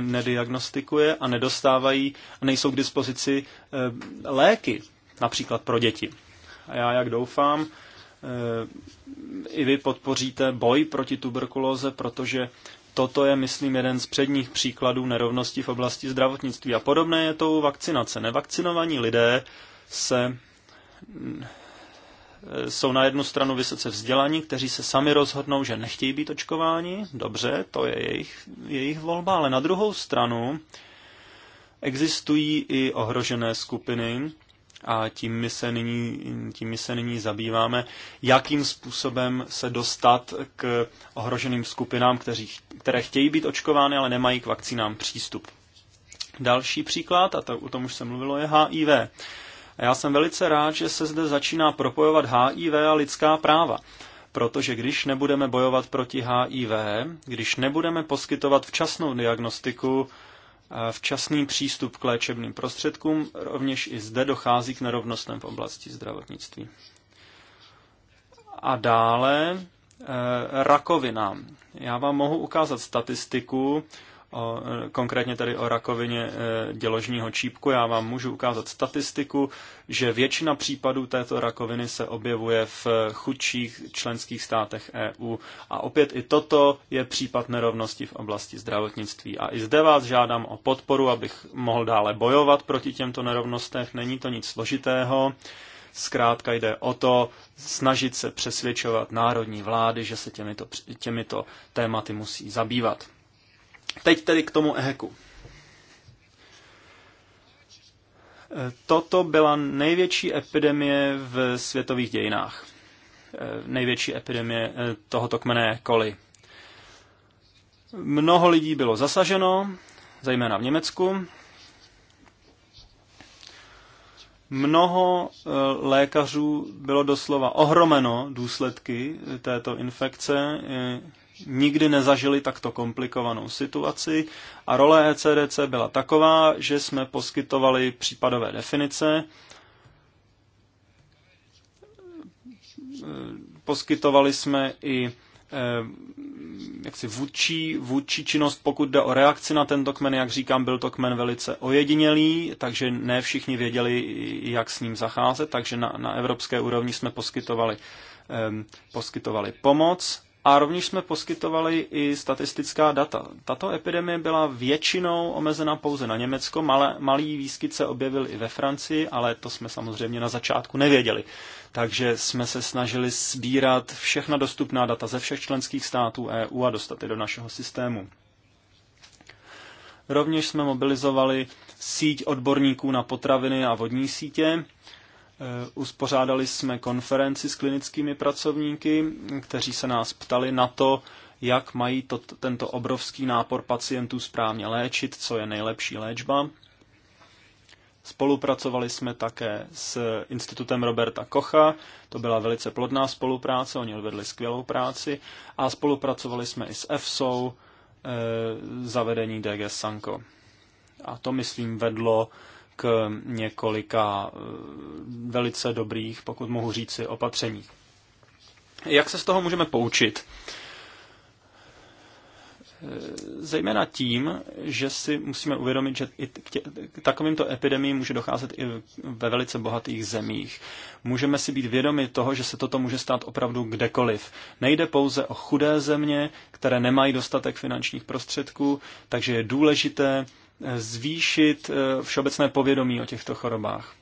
nediagnostikuje a nedostávají, nejsou k dispozici eh, léky, například pro děti. A já, jak doufám, eh, i vy podpoříte boj proti tuberkulóze, protože toto je, myslím, jeden z předních příkladů nerovnosti v oblasti zdravotnictví. A podobné je to u vakcinace. Nevakcinovaní lidé se jsou na jednu stranu vysoce vzdělaní, kteří se sami rozhodnou, že nechtějí být očkováni. Dobře, to je jejich, jejich volba, ale na druhou stranu existují i ohrožené skupiny a tím my se nyní, tím my se nyní zabýváme, jakým způsobem se dostat k ohroženým skupinám, kteří, které chtějí být očkovány, ale nemají k vakcínám přístup. Další příklad, a to, o tom už se mluvilo, je HIV. A já jsem velice rád, že se zde začíná propojovat HIV a lidská práva. Protože když nebudeme bojovat proti HIV, když nebudeme poskytovat včasnou diagnostiku, eh, včasný přístup k léčebným prostředkům, rovněž i zde dochází k nerovnostem v oblasti zdravotnictví. A dále eh, rakovina. Já vám mohu ukázat statistiku, o, konkrétně tady o rakovině e, děložního čípku. Já vám můžu ukázat statistiku, že většina případů této rakoviny se objevuje v e, chudších členských státech EU. A opět i toto je případ nerovnosti v oblasti zdravotnictví. A i zde vás žádám o podporu, abych mohl dále bojovat proti těmto nerovnostech. Není to nic složitého. Zkrátka jde o to snažit se přesvědčovat národní vlády, že se těmito, těmito tématy musí zabývat. Teď tedy k tomu EHEKu. E, toto byla největší epidemie v světových dějinách. E, největší epidemie e, tohoto kmene koli. Mnoho lidí bylo zasaženo, zejména v Německu. Mnoho lékařů bylo doslova ohromeno důsledky této infekce nikdy nezažili takto komplikovanou situaci a role ECDC byla taková, že jsme poskytovali případové definice, poskytovali jsme i eh, jaksi vůdčí, vůdčí činnost, pokud jde o reakci na tento kmen, jak říkám, byl to kmen velice ojedinělý, takže ne všichni věděli, jak s ním zacházet, takže na, na evropské úrovni jsme poskytovali, eh, poskytovali pomoc a rovněž jsme poskytovali i statistická data. Tato epidemie byla většinou omezena pouze na Německo, malé, malý výskyt se objevil i ve Francii, ale to jsme samozřejmě na začátku nevěděli. Takže jsme se snažili sbírat všechna dostupná data ze všech členských států EU a dostat je do našeho systému. Rovněž jsme mobilizovali síť odborníků na potraviny a vodní sítě, Eh, uspořádali jsme konferenci s klinickými pracovníky, kteří se nás ptali na to, jak mají to, tento obrovský nápor pacientů správně léčit, co je nejlepší léčba. Spolupracovali jsme také s institutem Roberta Kocha, to byla velice plodná spolupráce, oni odvedli skvělou práci a spolupracovali jsme i s EFSO, e, zavedení DG Sanko. A to, myslím, vedlo k několika eh, velice dobrých, pokud mohu říci, opatření. Jak se z toho můžeme poučit? Eh, zejména tím, že si musíme uvědomit, že i k, tě, k takovýmto epidemiím může docházet i ve velice bohatých zemích. Můžeme si být vědomi toho, že se toto může stát opravdu kdekoliv. Nejde pouze o chudé země, které nemají dostatek finančních prostředků, takže je důležité zvýšit eh, všeobecné povědomí o těchto chorobách.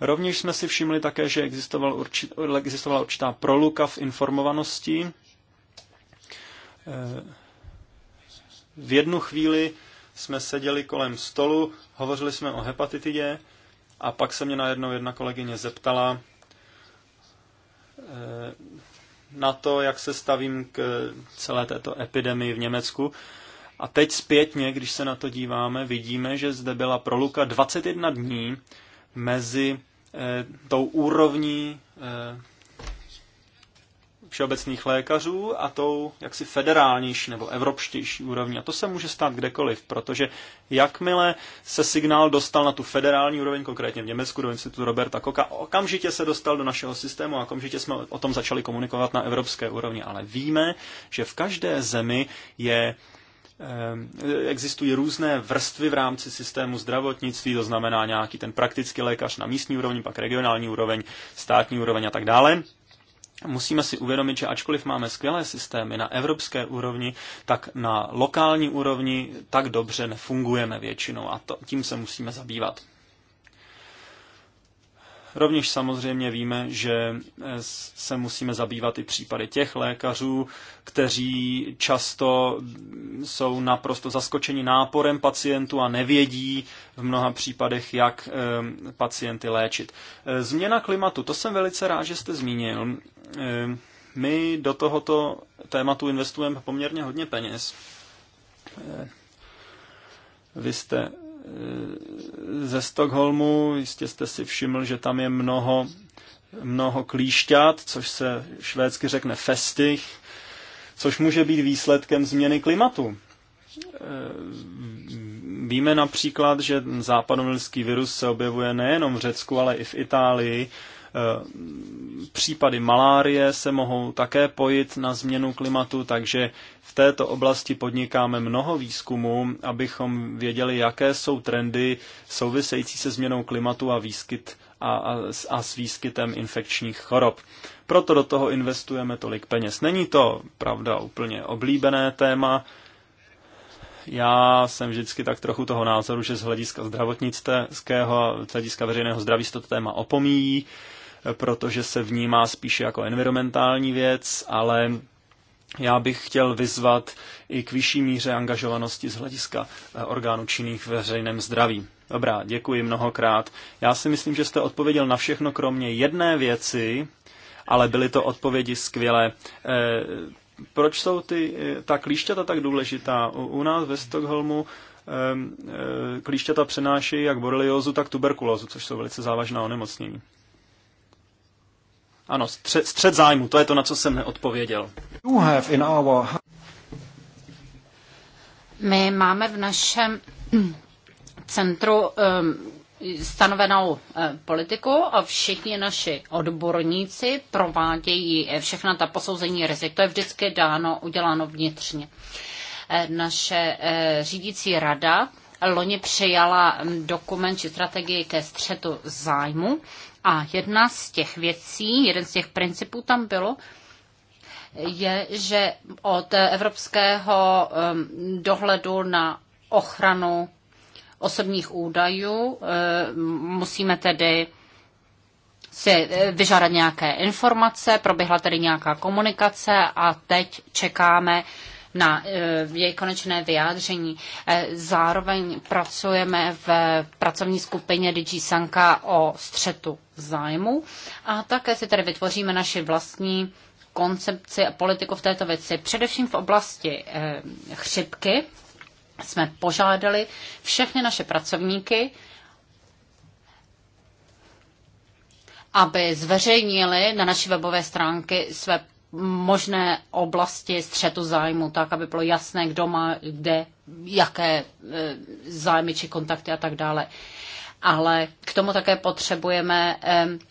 Rovněž jsme si všimli také, že existoval určit, existovala určitá proluka v informovanosti. Eh, v jednu chvíli jsme seděli kolem stolu, hovořili jsme o hepatitidě a pak se mě najednou jedna kolegyně zeptala eh, na to, jak se stavím k celé této epidemii v Německu. A teď zpětně, když se na to díváme, vidíme, že zde byla proluka 21 dní mezi eh, tou úrovní eh, všeobecných lékařů a tou jaksi federálnější nebo evropštější úrovní. A to se může stát kdekoliv, protože jakmile se signál dostal na tu federální úroveň, konkrétně v Německu do institutu Roberta Koka, okamžitě se dostal do našeho systému a okamžitě jsme o tom začali komunikovat na evropské úrovni. Ale víme, že v každé zemi je Ehm, existují různé vrstvy v rámci systému zdravotnictví, to znamená nějaký ten praktický lékař na místní úrovni, pak regionální úroveň, státní úroveň a tak dále. Musíme si uvědomit, že ačkoliv máme skvělé systémy na evropské úrovni, tak na lokální úrovni tak dobře nefungujeme většinou a to, tím se musíme zabývat. Rovněž samozřejmě víme, že eh, se musíme zabývat i případy těch lékařů, kteří často jsou naprosto zaskočeni náporem pacientů a nevědí v mnoha případech, jak eh, pacienty léčit. Eh, změna klimatu, to jsem velice rád, že jste zmínil. My do tohoto tématu investujeme poměrně hodně peněz. Vy jste Eh, ze Stockholmu. Jistě jste si všiml, že tam je mnoho, mnoho klíšťat, což se švédsky řekne festich, což může být výsledkem změny klimatu. Eh, víme například, že západomilský virus se objevuje nejenom v Řecku, ale i v Itálii Eh, případy malárie se mohou také pojit na změnu klimatu, takže v této oblasti podnikáme mnoho výzkumů, abychom věděli, jaké jsou trendy související se změnou klimatu a výskyt a, a, a s výskytem infekčních chorob. Proto do toho investujeme tolik peněz. Není to, pravda, úplně oblíbené téma, já jsem vždycky tak trochu toho názoru, že z hlediska zdravotnického a z hlediska veřejného zdraví se to téma opomíjí, protože se vnímá spíše jako environmentální věc, ale já bych chtěl vyzvat i k vyšší míře angažovanosti z hlediska eh, orgánů činných ve veřejném zdraví. Dobrá, děkuji mnohokrát. Já si myslím, že jste odpověděl na všechno, kromě jedné věci, ale byly to odpovědi skvělé. Eh, proč jsou ty, eh, ta klíšťata tak důležitá? U, u nás ve Stockholmu klíšťata přenáší jak boreliozu, tak tuberkulózu, což jsou velice závažná onemocnění. Ano, střed, střed zájmu, to je to, na co jsem neodpověděl. My máme v našem [clears throat] centru um, stanovenou uh, politiku a všichni naši odborníci provádějí eh, všechna ta posouzení rizik. To je vždycky dáno, uděláno vnitřně. Eh, naše eh, řídící rada loni přijala mm, dokument či strategii ke střetu zájmu a jedna z těch věcí, jeden z těch principů tam bylo, je, že od evropského dohledu na ochranu osobních údajů musíme tedy si eh, vyžádat nějaké informace, proběhla tedy nějaká komunikace a teď čekáme na eh, její konečné vyjádření. Eh, zároveň pracujeme v pracovní skupině DG Sanka o střetu zájmu a také si tedy vytvoříme naši vlastní koncepci a politiku v této věci. Především v oblasti eh, chřipky jsme požádali všechny naše pracovníky, aby zveřejnili na naší webové stránky své možné oblasti střetu zájmu, tak aby bylo jasné, kdo má kde, jaké eh, zájmy či kontakty a tak dále ale k tomu také potřebujeme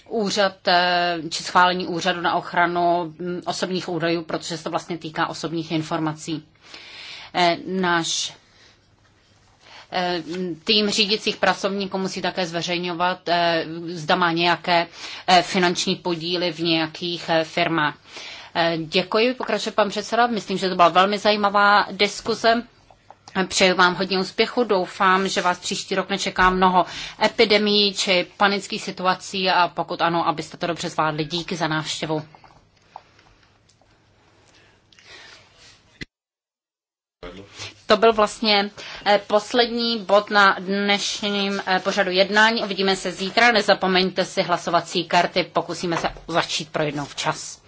úřad eh, či schválení úřadu na ochranu mm, osobních údajů, protože se to vlastně týká osobních informací. Eh, náš eh, tým řídicích pracovníků musí také zveřejňovat, zda má nějaké finanční podíly v nějakých firmách. Děkuji, pokračuje pan předseda. Myslím, že to byla velmi zajímavá diskuze. Přeju vám hodně úspěchu, doufám, že vás příští rok nečeká mnoho epidemií či panických situací a pokud ano, abyste to dobře zvládli. Díky za návštěvu. To byl vlastně eh, poslední bod na dnešním eh, pořadu jednání. Uvidíme se zítra. Nezapomeňte si hlasovací karty. Pokusíme se začít pro jednou včas.